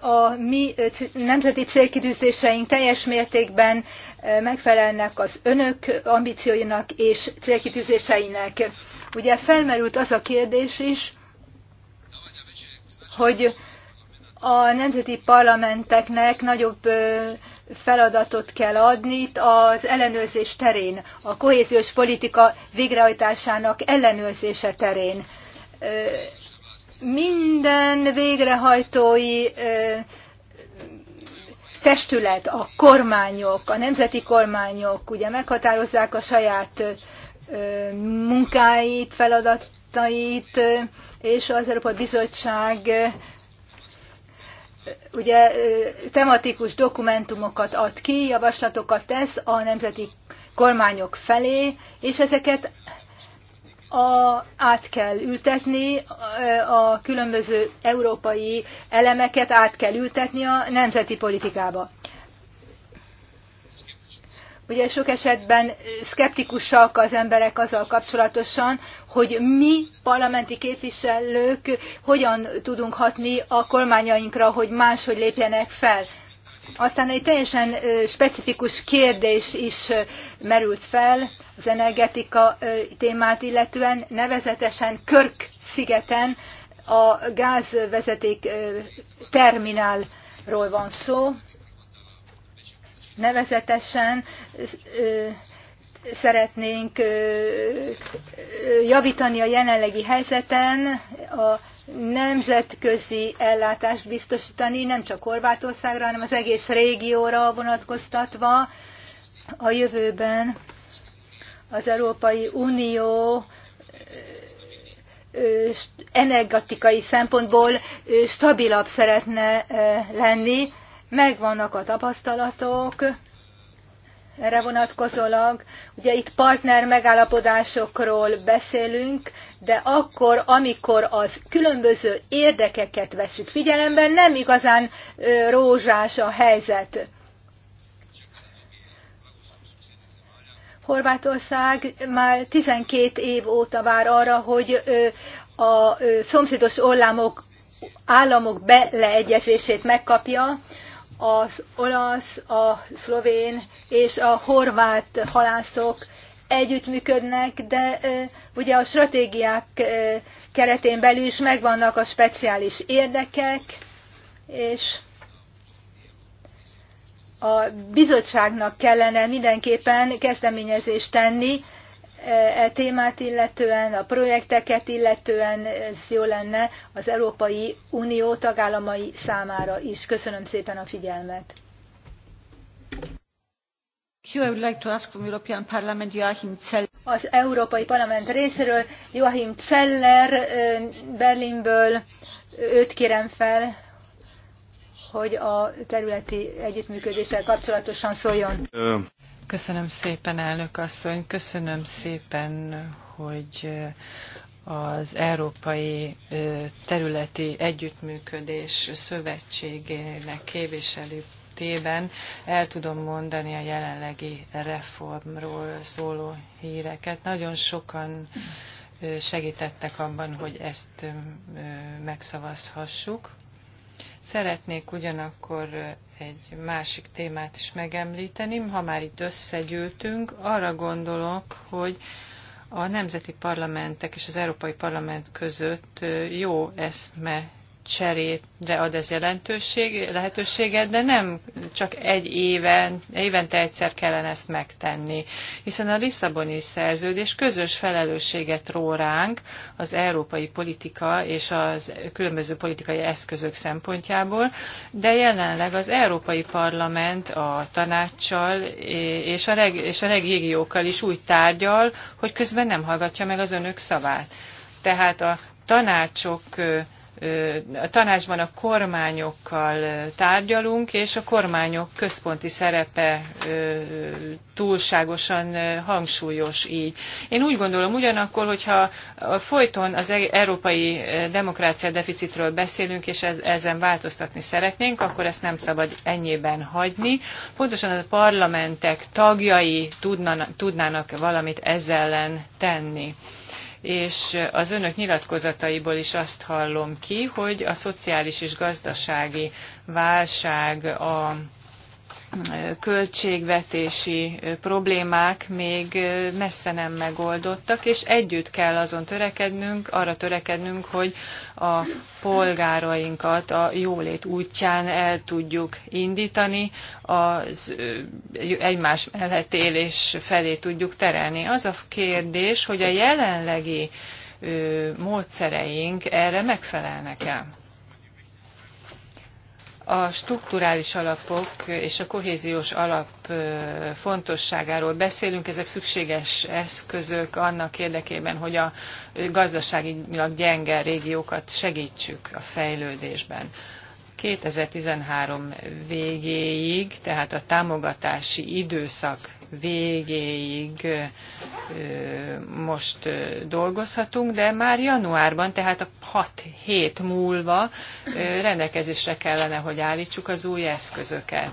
Speaker 1: a mi nemzeti célkitűzéseink teljes mértékben megfelelnek az önök ambícióinak és célkitűzéseinek. Ugye felmerült az a kérdés is, hogy a nemzeti parlamenteknek nagyobb feladatot kell adni itt az ellenőrzés terén, a kohéziós politika végrehajtásának ellenőrzése terén. Minden végrehajtói testület, a kormányok, a nemzeti kormányok ugye meghatározzák a saját munkáit, feladatait, és az Európai Bizottság ugye tematikus dokumentumokat ad ki, javaslatokat tesz a nemzeti kormányok felé, és ezeket a, át kell ültetni, a különböző európai elemeket át kell ültetni a nemzeti politikába. Ugye sok esetben szkeptikusak az emberek azzal kapcsolatosan, hogy mi parlamenti képviselők hogyan tudunk hatni a kormányainkra, hogy máshogy lépjenek fel. Aztán egy teljesen specifikus kérdés is merült fel az energetika témát illetően, nevezetesen Körk szigeten a gázvezeték terminálról van szó. Nevezetesen szeretnénk javítani a jelenlegi helyzeten, a nemzetközi ellátást biztosítani, nem csak Horvátországra, hanem az egész régióra vonatkoztatva a jövőben az Európai Unió energetikai szempontból stabilabb szeretne lenni, megvannak a tapasztalatok, erre vonatkozólag, ugye itt partner megállapodásokról beszélünk, de akkor, amikor az különböző érdekeket veszük figyelembe, nem igazán rózsás a helyzet. Horvátország már 12 év óta vár arra, hogy a szomszédos orlámok, államok beleegyezését megkapja, az olasz, a szlovén és a horvát halászok együttműködnek, de ugye a stratégiák keretén belül is megvannak a speciális érdekek, és a bizottságnak kellene mindenképpen kezdeményezést tenni e témát illetően, a projekteket illetően ez jó lenne az Európai Unió tagállamai számára is. Köszönöm szépen a figyelmet. Az Európai Parlament részéről Joachim Zeller e, Berlinből, őt kérem fel, hogy a területi együttműködéssel kapcsolatosan szóljon.
Speaker 2: Köszönöm szépen, elnök asszony, köszönöm szépen, hogy eh, az Európai eh, Területi Együttműködés Szövetségének képviselőtében el tudom mondani a jelenlegi reformról szóló híreket. Nagyon sokan eh, segítettek abban, hogy ezt megszavazhassuk. Szeretnék ugyanakkor egy másik témát is megemlíteni. Ha már itt összegyűltünk, arra gondolok, hogy a nemzeti parlamentek és az Európai Parlament között jó eszme cserére ad ez jelentőség, lehetőséget, de nem csak egy éven, évente egyszer kellene ezt megtenni, hiszen a Lisszaboni szerződés közös felelősséget ró ránk az európai politika és az különböző politikai eszközök szempontjából, de jelenleg az Európai Parlament a tanácssal és a, reg, és a regiókkal is úgy tárgyal, hogy közben nem hallgatja meg az önök szavát. Tehát a tanácsok a tanácsban a kormányokkal tárgyalunk, és a kormányok központi szerepe túlságosan hangsúlyos így. Én úgy gondolom ugyanakkor, hogyha folyton az e- európai demokrácia deficitről beszélünk, és ezen változtatni szeretnénk, akkor ezt nem szabad ennyiben hagyni. Pontosan a parlamentek tagjai tudnának valamit ezzel ellen tenni és az önök nyilatkozataiból is azt hallom ki, hogy a szociális és gazdasági válság a költségvetési problémák még messze nem megoldottak, és együtt kell azon törekednünk, arra törekednünk, hogy a polgárainkat a jólét útján el tudjuk indítani, az egymás mellett élés felé tudjuk terelni. Az a kérdés, hogy a jelenlegi módszereink erre megfelelnek-e? a strukturális alapok és a kohéziós alap fontosságáról beszélünk, ezek szükséges eszközök annak érdekében, hogy a gazdaságilag gyenge régiókat segítsük a fejlődésben. 2013 végéig, tehát a támogatási időszak végéig most dolgozhatunk, de már januárban, tehát a 6 hét múlva rendelkezésre kellene, hogy állítsuk az új eszközöket.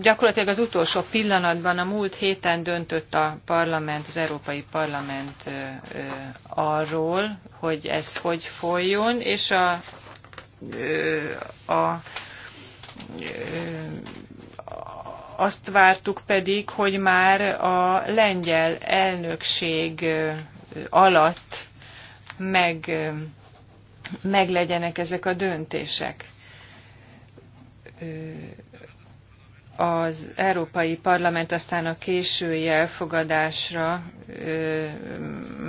Speaker 2: Gyakorlatilag az utolsó pillanatban a múlt héten döntött a parlament, az Európai Parlament arról, hogy ez hogy folyjon, és a, a azt vártuk pedig, hogy már a lengyel elnökség alatt meg, meglegyenek ezek a döntések. Az Európai Parlament aztán a késői elfogadásra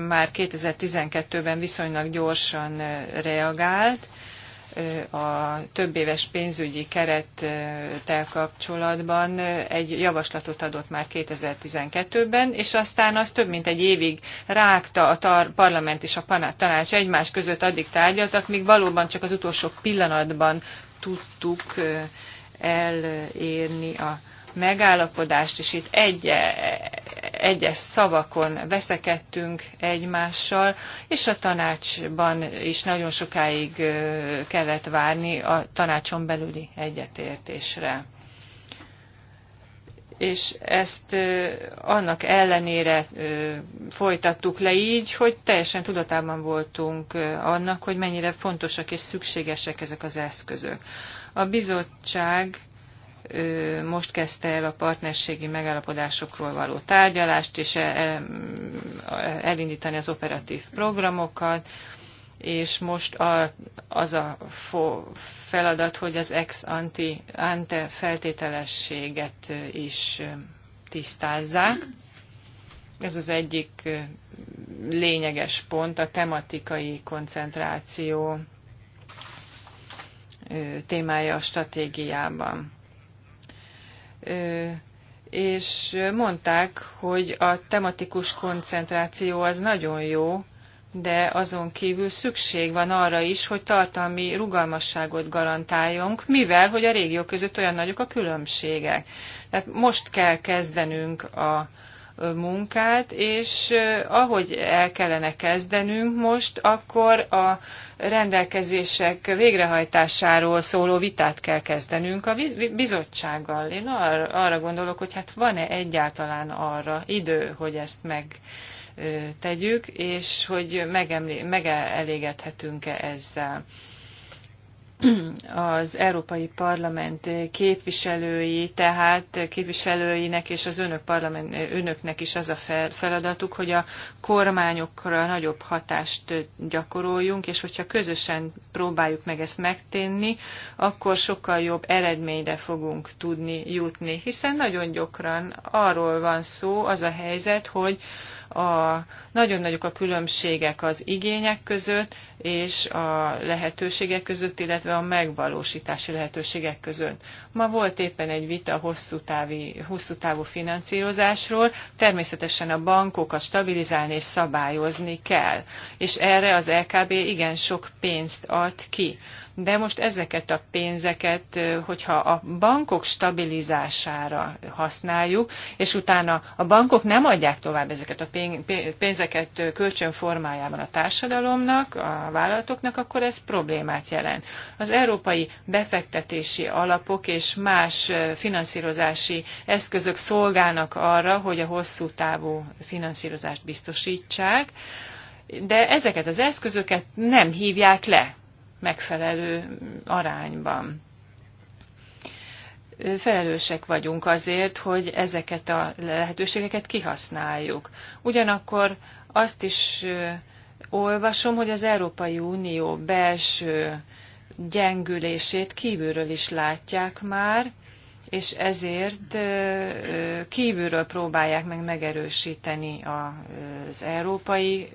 Speaker 2: már 2012-ben viszonylag gyorsan reagált, a több éves pénzügyi kerettel kapcsolatban egy javaslatot adott már 2012-ben, és aztán az több mint egy évig rágta a parlament és a tanács egymás között addig tárgyaltak, míg valóban csak az utolsó pillanatban tudtuk elérni a megállapodást, és itt egy, egyes szavakon veszekedtünk egymással, és a tanácsban is nagyon sokáig kellett várni a tanácson belüli egyetértésre és ezt annak ellenére folytattuk le így, hogy teljesen tudatában voltunk annak, hogy mennyire fontosak és szükségesek ezek az eszközök. A bizottság most kezdte el a partnerségi megállapodásokról való tárgyalást, és e, e, elindítani az operatív programokat, és most az a feladat, hogy az ex-ante ante feltételességet is tisztázzák. Ez az egyik lényeges pont, a tematikai koncentráció témája a stratégiában és mondták, hogy a tematikus koncentráció az nagyon jó, de azon kívül szükség van arra is, hogy tartalmi rugalmasságot garantáljunk, mivel hogy a régiók között olyan nagyok a különbségek. Tehát most kell kezdenünk a, munkát, és ahogy el kellene kezdenünk most, akkor a rendelkezések végrehajtásáról szóló vitát kell kezdenünk a bizottsággal. Én arra, arra gondolok, hogy hát van-e egyáltalán arra idő, hogy ezt meg tegyük, és hogy megelégedhetünk-e ezzel az Európai Parlament képviselői, tehát képviselőinek és az önök parlament, önöknek is az a feladatuk, hogy a kormányokra nagyobb hatást gyakoroljunk, és hogyha közösen próbáljuk meg ezt megtenni, akkor sokkal jobb eredményre fogunk tudni jutni, hiszen nagyon gyakran arról van szó, az a helyzet, hogy a, nagyon nagyok a különbségek az igények között és a lehetőségek között, illetve a megvalósítási lehetőségek között. Ma volt éppen egy vita hosszú, távi, hosszú távú finanszírozásról, természetesen a bankokat stabilizálni és szabályozni kell, és erre az LKB igen sok pénzt ad ki de most ezeket a pénzeket, hogyha a bankok stabilizására használjuk, és utána a bankok nem adják tovább ezeket a pénzeket kölcsönformájában a társadalomnak, a vállalatoknak, akkor ez problémát jelent. Az európai befektetési alapok és más finanszírozási eszközök szolgálnak arra, hogy a hosszú távú finanszírozást biztosítsák, de ezeket az eszközöket nem hívják le megfelelő arányban. Felelősek vagyunk azért, hogy ezeket a lehetőségeket kihasználjuk. Ugyanakkor azt is olvasom, hogy az Európai Unió belső gyengülését kívülről is látják már, és ezért kívülről próbálják meg megerősíteni az európai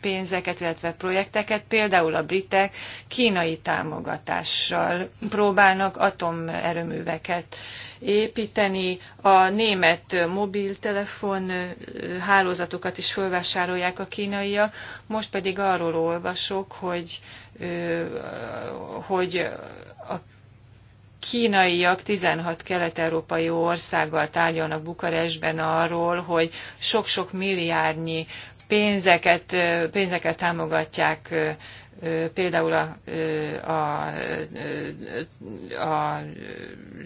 Speaker 2: pénzeket, illetve projekteket. Például a britek kínai támogatással próbálnak atomerőműveket építeni, a német mobiltelefon hálózatokat is fölvásárolják a kínaiak, most pedig arról olvasok, hogy, hogy a kínaiak 16 kelet-európai országgal tárgyalnak Bukarestben arról, hogy sok-sok milliárdnyi pénzeket, pénzeket támogatják például a, a, a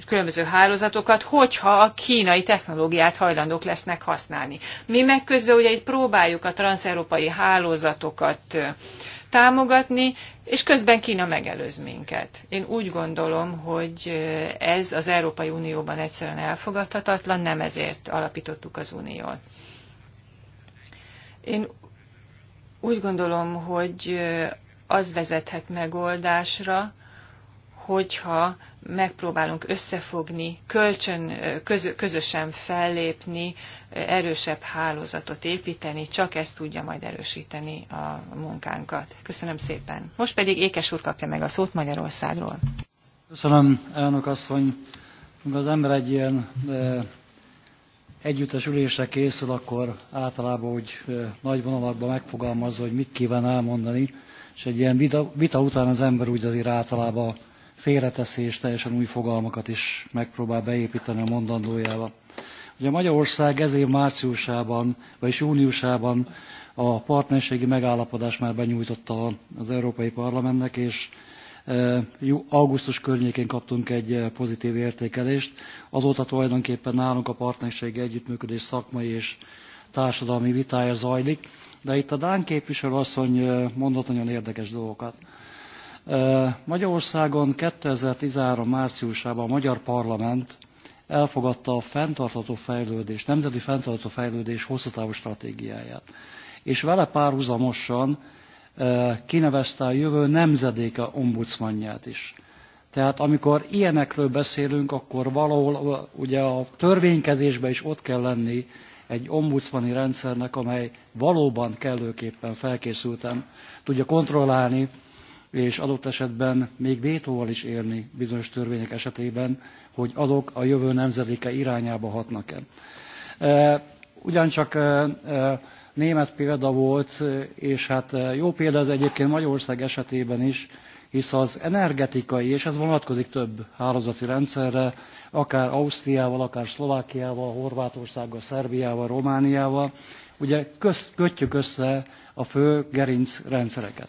Speaker 2: különböző hálózatokat, hogyha a kínai technológiát hajlandók lesznek használni. Mi meg közben ugye itt próbáljuk a transzeurópai hálózatokat támogatni, és közben Kína megelőz minket. Én úgy gondolom, hogy ez az Európai Unióban egyszerűen elfogadhatatlan, nem ezért alapítottuk az uniót. Én úgy gondolom, hogy az vezethet megoldásra, hogyha megpróbálunk összefogni, kölcsön, köz, közösen fellépni, erősebb hálózatot építeni, csak ez tudja majd erősíteni a munkánkat. Köszönöm szépen. Most pedig Ékes úr kapja meg a szót Magyarországról.
Speaker 4: Köszönöm, elnök asszony. Amikor az ember egy ilyen e, együttes ülésre készül, akkor általában úgy e, nagy vonalakban megfogalmazza, hogy mit kíván elmondani, és egy ilyen vita, vita után az ember úgy azért általában félreteszi és teljesen új fogalmakat is megpróbál beépíteni a mondandójába. Ugye Magyarország ez év márciusában, vagyis júniusában a partnerségi megállapodás már benyújtotta az Európai Parlamentnek, és e, augusztus környékén kaptunk egy e, pozitív értékelést. Azóta tulajdonképpen nálunk a partnerségi együttműködés szakmai és társadalmi vitája zajlik, de itt a Dán képviselő asszony e, mondott nagyon érdekes dolgokat. Magyarországon 2013 márciusában a Magyar Parlament elfogadta a fenntartható fejlődés, nemzeti fenntartható fejlődés hosszútávú stratégiáját. És vele párhuzamosan kinevezte a jövő nemzedéke ombudsmanját is. Tehát amikor ilyenekről beszélünk, akkor valahol ugye a törvénykezésben is ott kell lenni egy ombudsmani rendszernek, amely valóban kellőképpen felkészülten tudja kontrollálni és adott esetben még vétóval is élni bizonyos törvények esetében, hogy azok a jövő nemzedéke irányába hatnak-e. E, ugyancsak e, e, német példa volt, és hát jó példa az egyébként Magyarország esetében is, hisz az energetikai, és ez vonatkozik több hálózati rendszerre, akár Ausztriával, akár Szlovákiával, Horvátországgal, Szerbiával, Romániával, ugye közt, kötjük össze a fő gerinc rendszereket.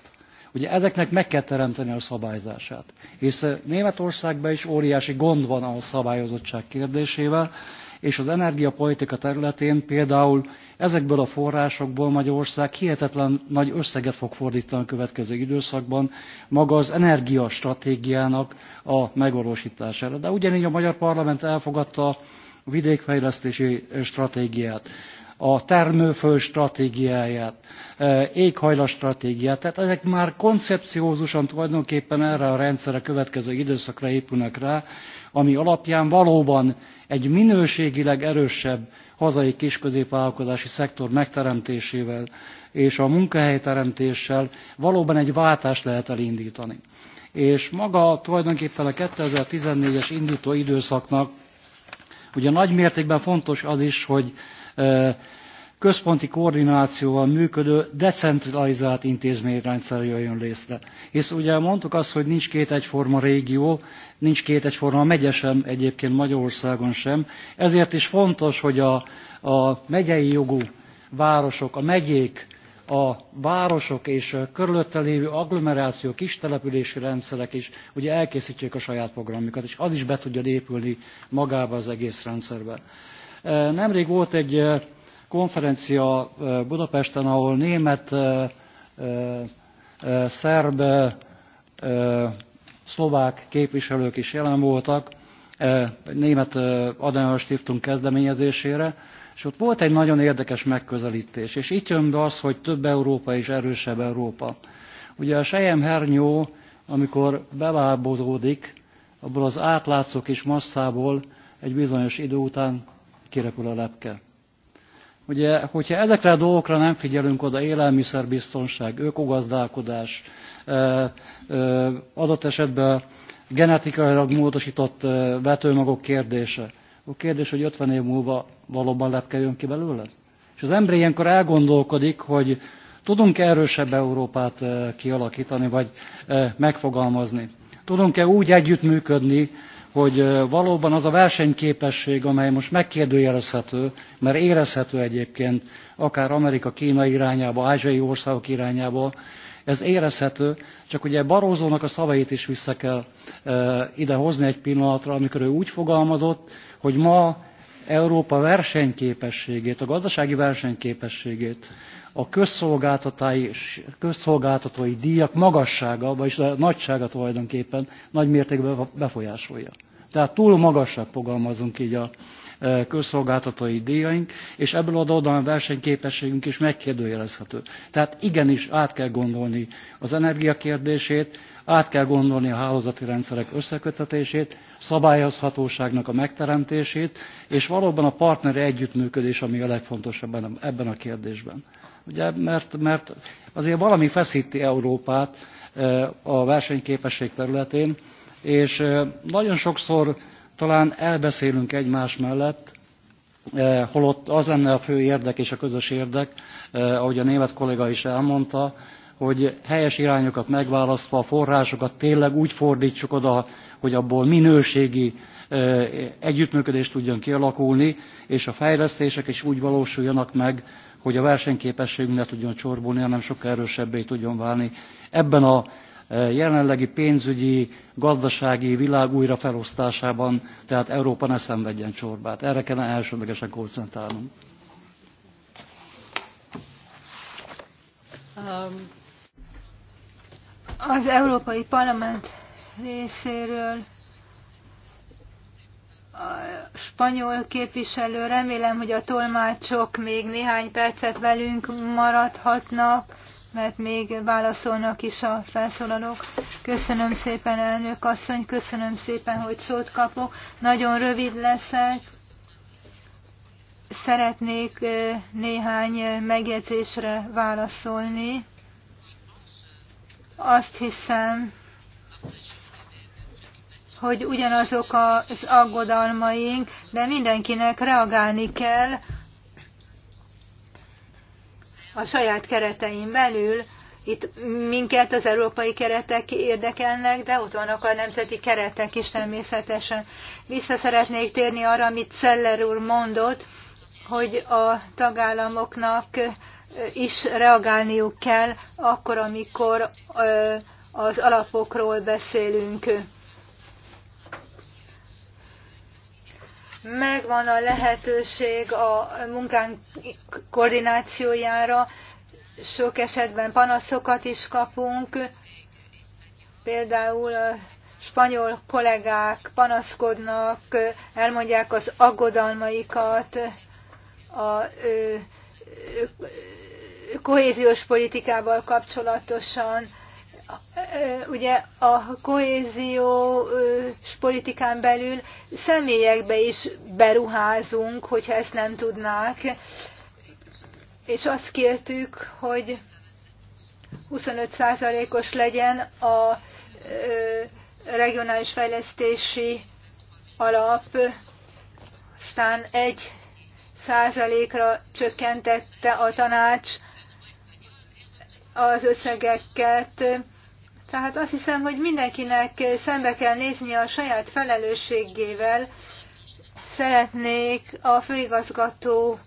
Speaker 4: Ugye ezeknek meg kell teremteni a szabályzását. Hisz eh, Németországban is óriási gond van a szabályozottság kérdésével, és az energiapolitika területén például ezekből a forrásokból Magyarország hihetetlen nagy összeget fog fordítani a következő időszakban maga az energiastratégiának a megvalósítására. De ugyanígy a Magyar Parlament elfogadta a vidékfejlesztési stratégiát a termőföld stratégiáját, e, éghajlat stratégiát. Tehát ezek már koncepciózusan tulajdonképpen erre a rendszerre következő időszakra épülnek rá, ami alapján valóban egy minőségileg erősebb hazai kisközépvállalkozási szektor megteremtésével és a munkahelyteremtéssel valóban egy váltást lehet elindítani. És maga tulajdonképpen a 2014-es indító időszaknak ugye nagy mértékben fontos az is, hogy központi koordinációval működő decentralizált intézményrendszer jön létre. Hisz ugye mondtuk azt, hogy nincs két egyforma régió, nincs két egyforma megye sem egyébként Magyarországon sem, ezért is fontos, hogy a, a megyei jogú városok, a megyék, a városok és a körülötte lévő agglomeráció, kistelepülési rendszerek is ugye elkészítsék a saját programjukat, és az is be tudja épülni magába az egész rendszerbe. Nemrég volt egy konferencia Budapesten, ahol német, szerb, szlovák képviselők is jelen voltak, német Adenauer Stiftung kezdeményezésére, és ott volt egy nagyon érdekes megközelítés, és itt jön be az, hogy több Európa és erősebb Európa. Ugye a sejem hernyó, amikor bevábozódik, abból az átlátszó kis masszából egy bizonyos idő után kirepül a lepke. Ugye, hogyha ezekre a dolgokra nem figyelünk oda, élelmiszerbiztonság, ökogazdálkodás, adott esetben genetikailag módosított vetőmagok kérdése. A kérdés, hogy 50 év múlva valóban lepke jön ki belőle? És az ember ilyenkor elgondolkodik, hogy tudunk -e erősebb Európát kialakítani, vagy megfogalmazni? Tudunk-e úgy együttműködni, hogy valóban az a versenyképesség, amely most megkérdőjelezhető, mert érezhető egyébként akár Amerika-Kína irányába, ázsiai országok irányába, ez érezhető, csak ugye Barózónak a szavait is vissza kell e, idehozni egy pillanatra, amikor ő úgy fogalmazott, hogy ma Európa versenyképességét, a gazdasági versenyképességét a közszolgáltatói díjak magassága, vagyis a nagysága tulajdonképpen nagy mértékben befolyásolja. Tehát túl magasak fogalmazunk így a e, közszolgáltatói díjaink, és ebből adódóan a versenyképességünk is megkérdőjelezhető. Tehát igenis át kell gondolni az energia kérdését, át kell gondolni a hálózati rendszerek összekötetését, szabályozhatóságnak a megteremtését, és valóban a partneri együttműködés, ami a legfontosabb ebben a kérdésben ugye, mert, mert azért valami feszíti Európát e, a versenyképesség területén, és e, nagyon sokszor talán elbeszélünk egymás mellett, e, holott az lenne a fő érdek és a közös érdek, ahogy a német kollega is elmondta, hogy helyes irányokat megválasztva a forrásokat tényleg úgy fordítsuk oda, hogy abból minőségi együttműködés tudjon kialakulni, és a fejlesztések is úgy valósuljanak meg, hogy a versenyképességünk ne tudjon csorbulni, hanem sokkal erősebbé tudjon válni. Ebben a e, jelenlegi pénzügyi, gazdasági világ újrafelosztásában, tehát Európa ne szenvedjen csorbát. Erre kellene elsődlegesen koncentrálnunk. Um.
Speaker 1: Az Európai Parlament részéről a spanyol képviselő. Remélem, hogy a tolmácsok még néhány percet velünk maradhatnak, mert még válaszolnak is a felszólalók. Köszönöm szépen, elnök asszony, köszönöm szépen, hogy szót kapok. Nagyon rövid leszek. Szeretnék néhány megjegyzésre válaszolni. Azt hiszem, hogy ugyanazok az aggodalmaink, de mindenkinek reagálni kell a saját keretein belül. Itt minket az európai keretek érdekelnek, de ott vannak a nemzeti keretek is természetesen. Vissza szeretnék térni arra, amit Szeller úr mondott, hogy a tagállamoknak is reagálniuk kell akkor, amikor az alapokról beszélünk. megvan a lehetőség a munkánk koordinációjára, sok esetben panaszokat is kapunk, például a spanyol kollégák panaszkodnak, elmondják az aggodalmaikat, a kohéziós politikával kapcsolatosan, ugye a kohéziós politikán belül személyekbe is beruházunk, hogyha ezt nem tudnák. És azt kértük, hogy 25%-os legyen a regionális fejlesztési alap, aztán egy százalékra csökkentette a tanács az összegeket tehát azt hiszem, hogy mindenkinek szembe kell nézni a saját felelősségével. Szeretnék a főigazgató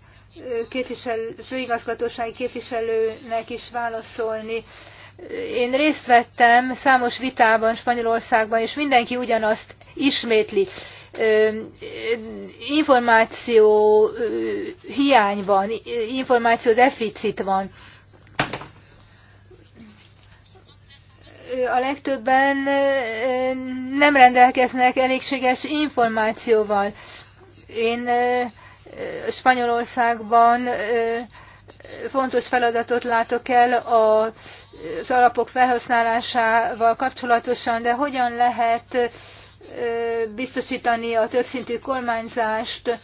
Speaker 1: képvisel, főigazgatósági képviselőnek is válaszolni. Én részt vettem számos vitában Spanyolországban, és mindenki ugyanazt ismétli információ hiány van, információ deficit van. a legtöbben nem rendelkeznek elégséges információval. Én Spanyolországban fontos feladatot látok el az alapok felhasználásával kapcsolatosan, de hogyan lehet biztosítani a többszintű kormányzást,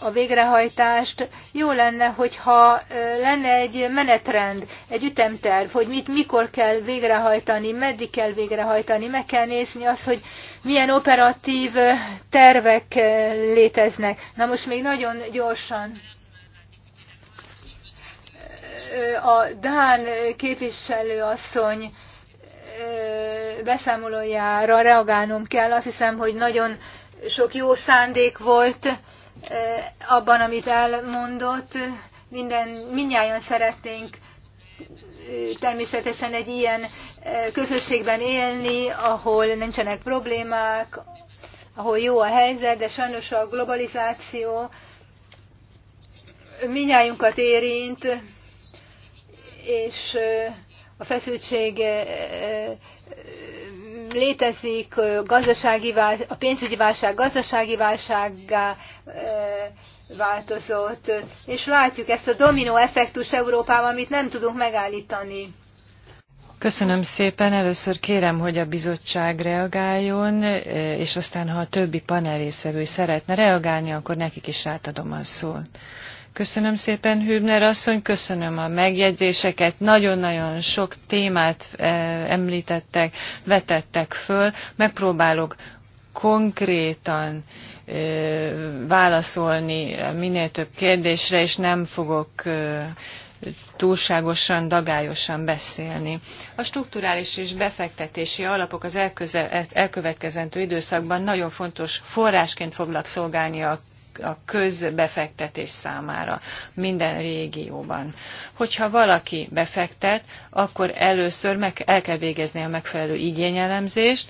Speaker 1: a végrehajtást. Jó lenne, hogyha lenne egy menetrend, egy ütemterv, hogy mit mikor kell végrehajtani, meddig kell végrehajtani, meg kell nézni azt, hogy milyen operatív tervek léteznek. Na most még nagyon gyorsan a Dán képviselőasszony beszámolójára reagálnom kell. Azt hiszem, hogy nagyon sok jó szándék volt Eh, abban, amit elmondott. Minden, mindjárt szeretnénk eh, természetesen egy ilyen eh, közösségben élni, ahol nincsenek problémák, ahol jó a helyzet, de sajnos a globalizáció minnyájunkat érint, és a feszültség létezik, gazdasági válság, a pénzügyi válság gazdasági válsággá változott, és látjuk ezt a dominó effektus Európában, amit nem tudunk megállítani.
Speaker 2: Köszönöm szépen. Először kérem, hogy a bizottság reagáljon, és aztán, ha a többi panel részvevő szeretne reagálni, akkor nekik is átadom a szót. Köszönöm szépen, Hübner asszony, köszönöm a megjegyzéseket. Nagyon-nagyon sok témát e, említettek, vetettek föl. Megpróbálok konkrétan e, válaszolni minél több kérdésre, és nem fogok e, túlságosan, dagályosan beszélni. A strukturális és befektetési alapok az elkövetkezendő időszakban nagyon fontos forrásként foglak szolgálni a a közbefektetés számára minden régióban. Hogyha valaki befektet, akkor először meg el kell végezni a megfelelő igényelemzést,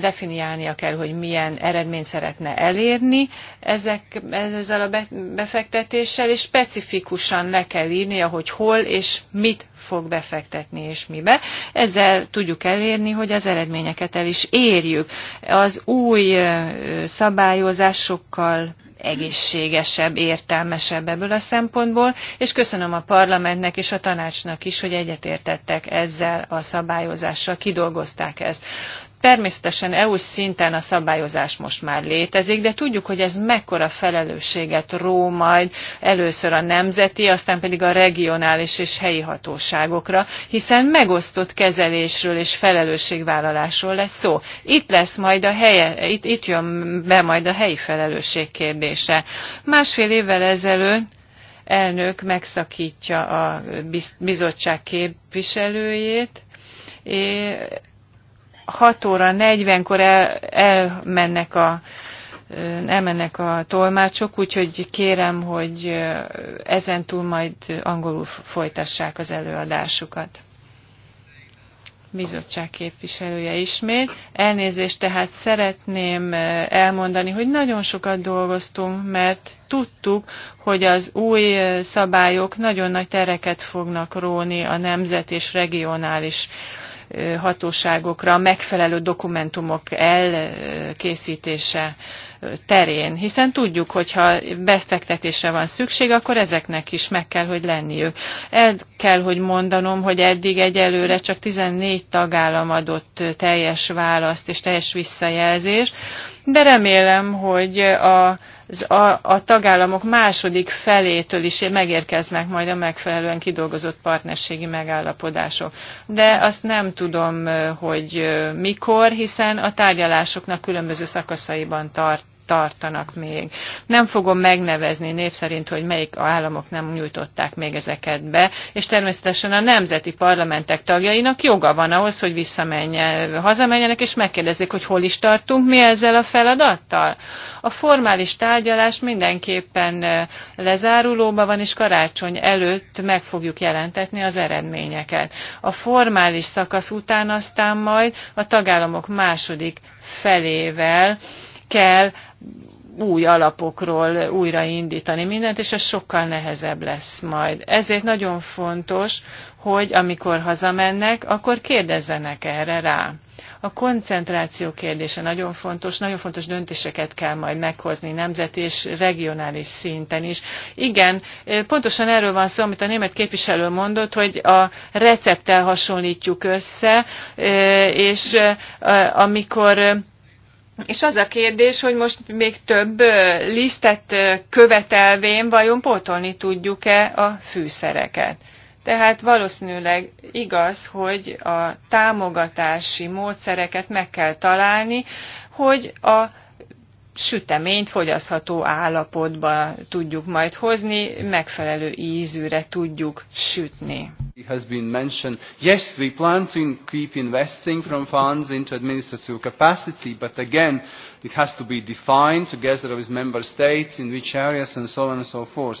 Speaker 2: definiálnia kell, hogy milyen eredményt szeretne elérni ezek, ezzel a befektetéssel, és specifikusan le kell írnia, hogy hol és mit fog befektetni és mibe. Ezzel tudjuk elérni, hogy az eredményeket el is érjük. Az új szabályozásokkal egészségesebb, értelmesebb ebből a szempontból, és köszönöm a parlamentnek és a tanácsnak is, hogy egyetértettek ezzel a szabályozással, kidolgozták ezt. Természetesen eu szinten a szabályozás most már létezik, de tudjuk, hogy ez mekkora felelősséget ró majd először a nemzeti, aztán pedig a regionális és helyi hatóságokra, hiszen megosztott kezelésről és felelősségvállalásról lesz szó. Itt lesz majd a helye, itt, itt jön be majd a helyi felelősség kérdése. Másfél évvel ezelőtt elnök megszakítja a bizottság képviselőjét, 6 óra 40-kor el, elmennek a elmennek a tolmácsok, úgyhogy kérem, hogy ezentúl majd angolul folytassák az előadásukat. Bizottság képviselője ismét. Elnézést tehát szeretném elmondani, hogy nagyon sokat dolgoztunk, mert tudtuk, hogy az új szabályok nagyon nagy tereket fognak róni a nemzet és regionális hatóságokra a megfelelő dokumentumok elkészítése terén, hiszen tudjuk, hogyha befektetésre van szükség, akkor ezeknek is meg kell, hogy lenniük. El kell, hogy mondanom, hogy eddig egyelőre csak 14 tagállam adott teljes választ és teljes visszajelzést, de remélem, hogy a a, a tagállamok második felétől is megérkeznek majd a megfelelően kidolgozott partnerségi megállapodások. De azt nem tudom, hogy mikor, hiszen a tárgyalásoknak különböző szakaszaiban tart, tartanak még. Nem fogom megnevezni név szerint, hogy melyik államok nem nyújtották még ezeket be, és természetesen a nemzeti parlamentek tagjainak joga van ahhoz, hogy visszamenjen, hazamenjenek, és megkérdezzék, hogy hol is tartunk mi ezzel a feladattal. A formális tárgyalás mindenképpen lezárulóban van, és karácsony előtt meg fogjuk jelentetni az eredményeket. A formális szakasz után aztán majd a tagállamok második felével kell új alapokról újraindítani mindent, és ez sokkal nehezebb lesz majd. Ezért nagyon fontos, hogy amikor hazamennek, akkor kérdezzenek erre rá. A koncentráció kérdése nagyon fontos, nagyon fontos döntéseket kell majd meghozni nemzeti és regionális szinten is. Igen, pontosan erről van szó, amit a német képviselő mondott, hogy a recepttel hasonlítjuk össze, és eh, amikor és az a kérdés, hogy most még több lisztet követelvén vajon pótolni tudjuk-e a fűszereket. Tehát valószínűleg igaz, hogy a támogatási módszereket meg kell találni, hogy a süteményt fogyasztható állapotba tudjuk majd hozni, megfelelő ízűre tudjuk
Speaker 6: sütni. has been mentioned, yes, we plan to keep investing from funds into administrative capacity, but again, it has to be defined together with member states in which areas and so on and so forth.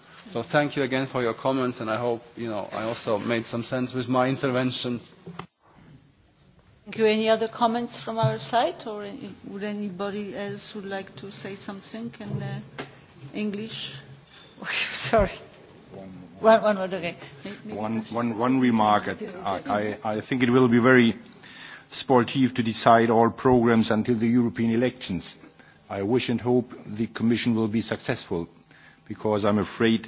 Speaker 6: So thank you again for your comments, and I hope you know I also made some sense with my interventions.
Speaker 5: Thank you. Any other comments from our side, or any, would anybody else would like to say something in uh, English? [laughs] sorry. One, one, one, okay. one,
Speaker 3: one, one remark. I, I, I think it will be very sportive to decide all programs until the European elections. I wish and hope the Commission will be successful because I'm afraid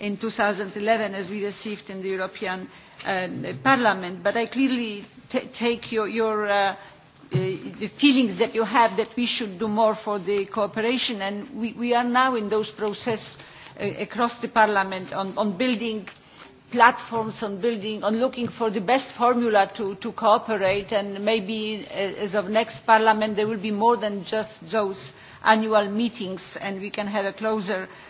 Speaker 5: in 2011 as we received in the European um, Parliament. But I clearly t take your, your uh, the uh, feelings that you have that we should do more for the cooperation and we, we are now in those processes uh, across the parliament on, on building platforms on building on looking for the best formula to, to cooperate and maybe uh, as of next parliament there will be more than just those annual meetings and we can have a closer uh,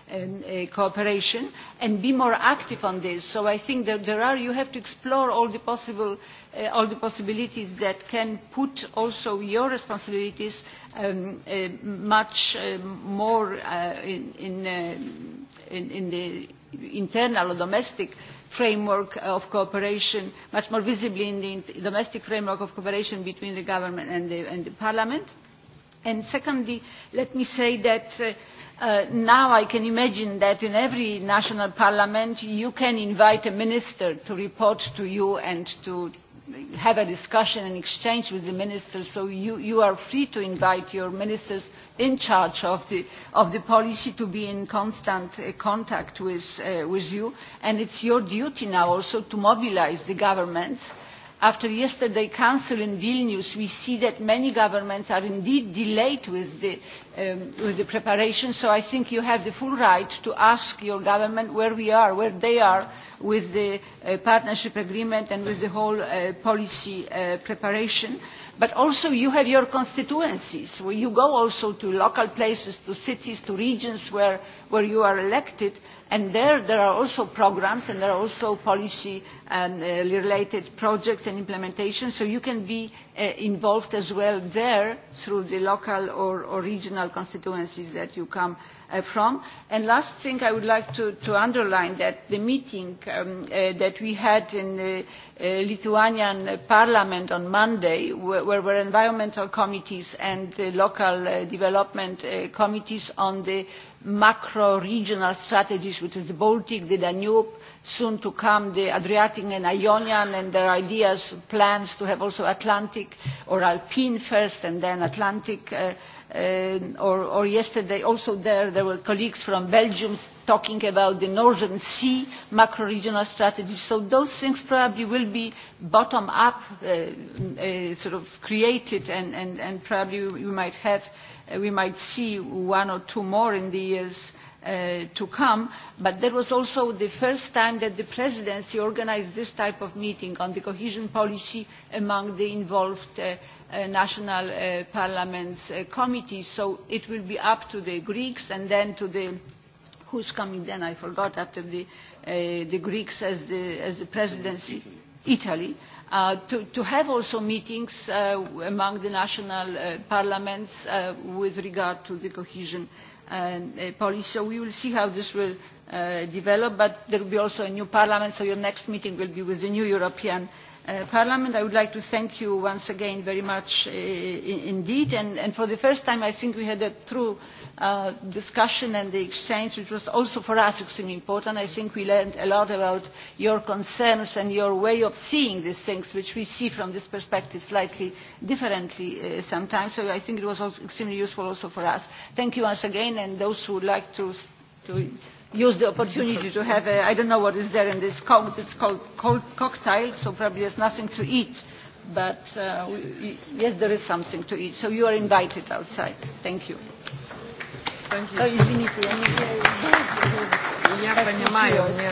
Speaker 5: Uh, cooperation and be more active on this. So I think that there are, you have to explore all the, uh, possibilities that can put also your responsibilities um, uh, much more in, the internal or domestic framework of cooperation, much more visibly in the domestic framework of cooperation between the government and parliament. And secondly, let me say that Uh, now i can imagine that in every national parliament you can invite a minister to report to you and to have a discussion and exchange with the minister so you, you are free to invite your ministers in charge of the, of the policy to be in constant uh, contact with, uh, with you and it's your duty now also to mobilise the governments after yesterday's council in vilnius we see that many governments are indeed delayed with the, um, with the preparation so i think you have the full right to ask your government where we are where they are with the uh, partnership agreement and with the whole uh, policy uh, preparation but also you have your constituencies where you go also to local places to cities to regions where where you are elected and there there are also programmes and there are also policy and, uh, related projects and implementation so you can be uh, involved as well there through the local or, regional constituencies that you come uh, from. And last thing I would like to, to underline that the meeting um, uh, that we had in the uh, Lithuanian parliament on Monday where, where were environmental committees and the local uh, development uh, committees on the uh, macro regional strategies which is the baltic the danube soon to come the adriatic and ionian and there are ideas plans to have also atlantic or alpine first and then atlantic uh, uh, or, yesterday also there there were colleagues from belgium talking about the northern sea macro regional strategy so those things probably will be bottom up uh, sort of created and, probably we might have we might see one or two more in the years Uh, to come but that was also the first time that the presidency organized this type of meeting on the cohesion policy among the involved uh, uh, national uh, parliaments uh, committees so it will be up to the greeks and then to the who's coming then i forgot after the, uh, the greeks as the, as the presidency Italy. italy Uh, to, have also meetings uh, among the national uh, parliaments with regard to the cohesion policy. So we will see how this will develop, but there will be also a new parliament, so your next meeting will be with the new European Parliament. I would like to thank you once again very much indeed, and, for the first time I think we had a true Uh, discussion and the exchange, which was also for us extremely important. I think we learned a lot about your concerns and your way of seeing these things, which we see from this perspective slightly differently uh, sometimes. So I think it was also extremely useful also for us. Thank you once again, and those who would like to, use the opportunity to have a, I don't know what is there in this cold, it's called cold cocktail, so probably there's nothing to eat. But uh, yes, there is something to eat. So you are invited outside. Thank you. Извините, я не понимаю. Я понимаю,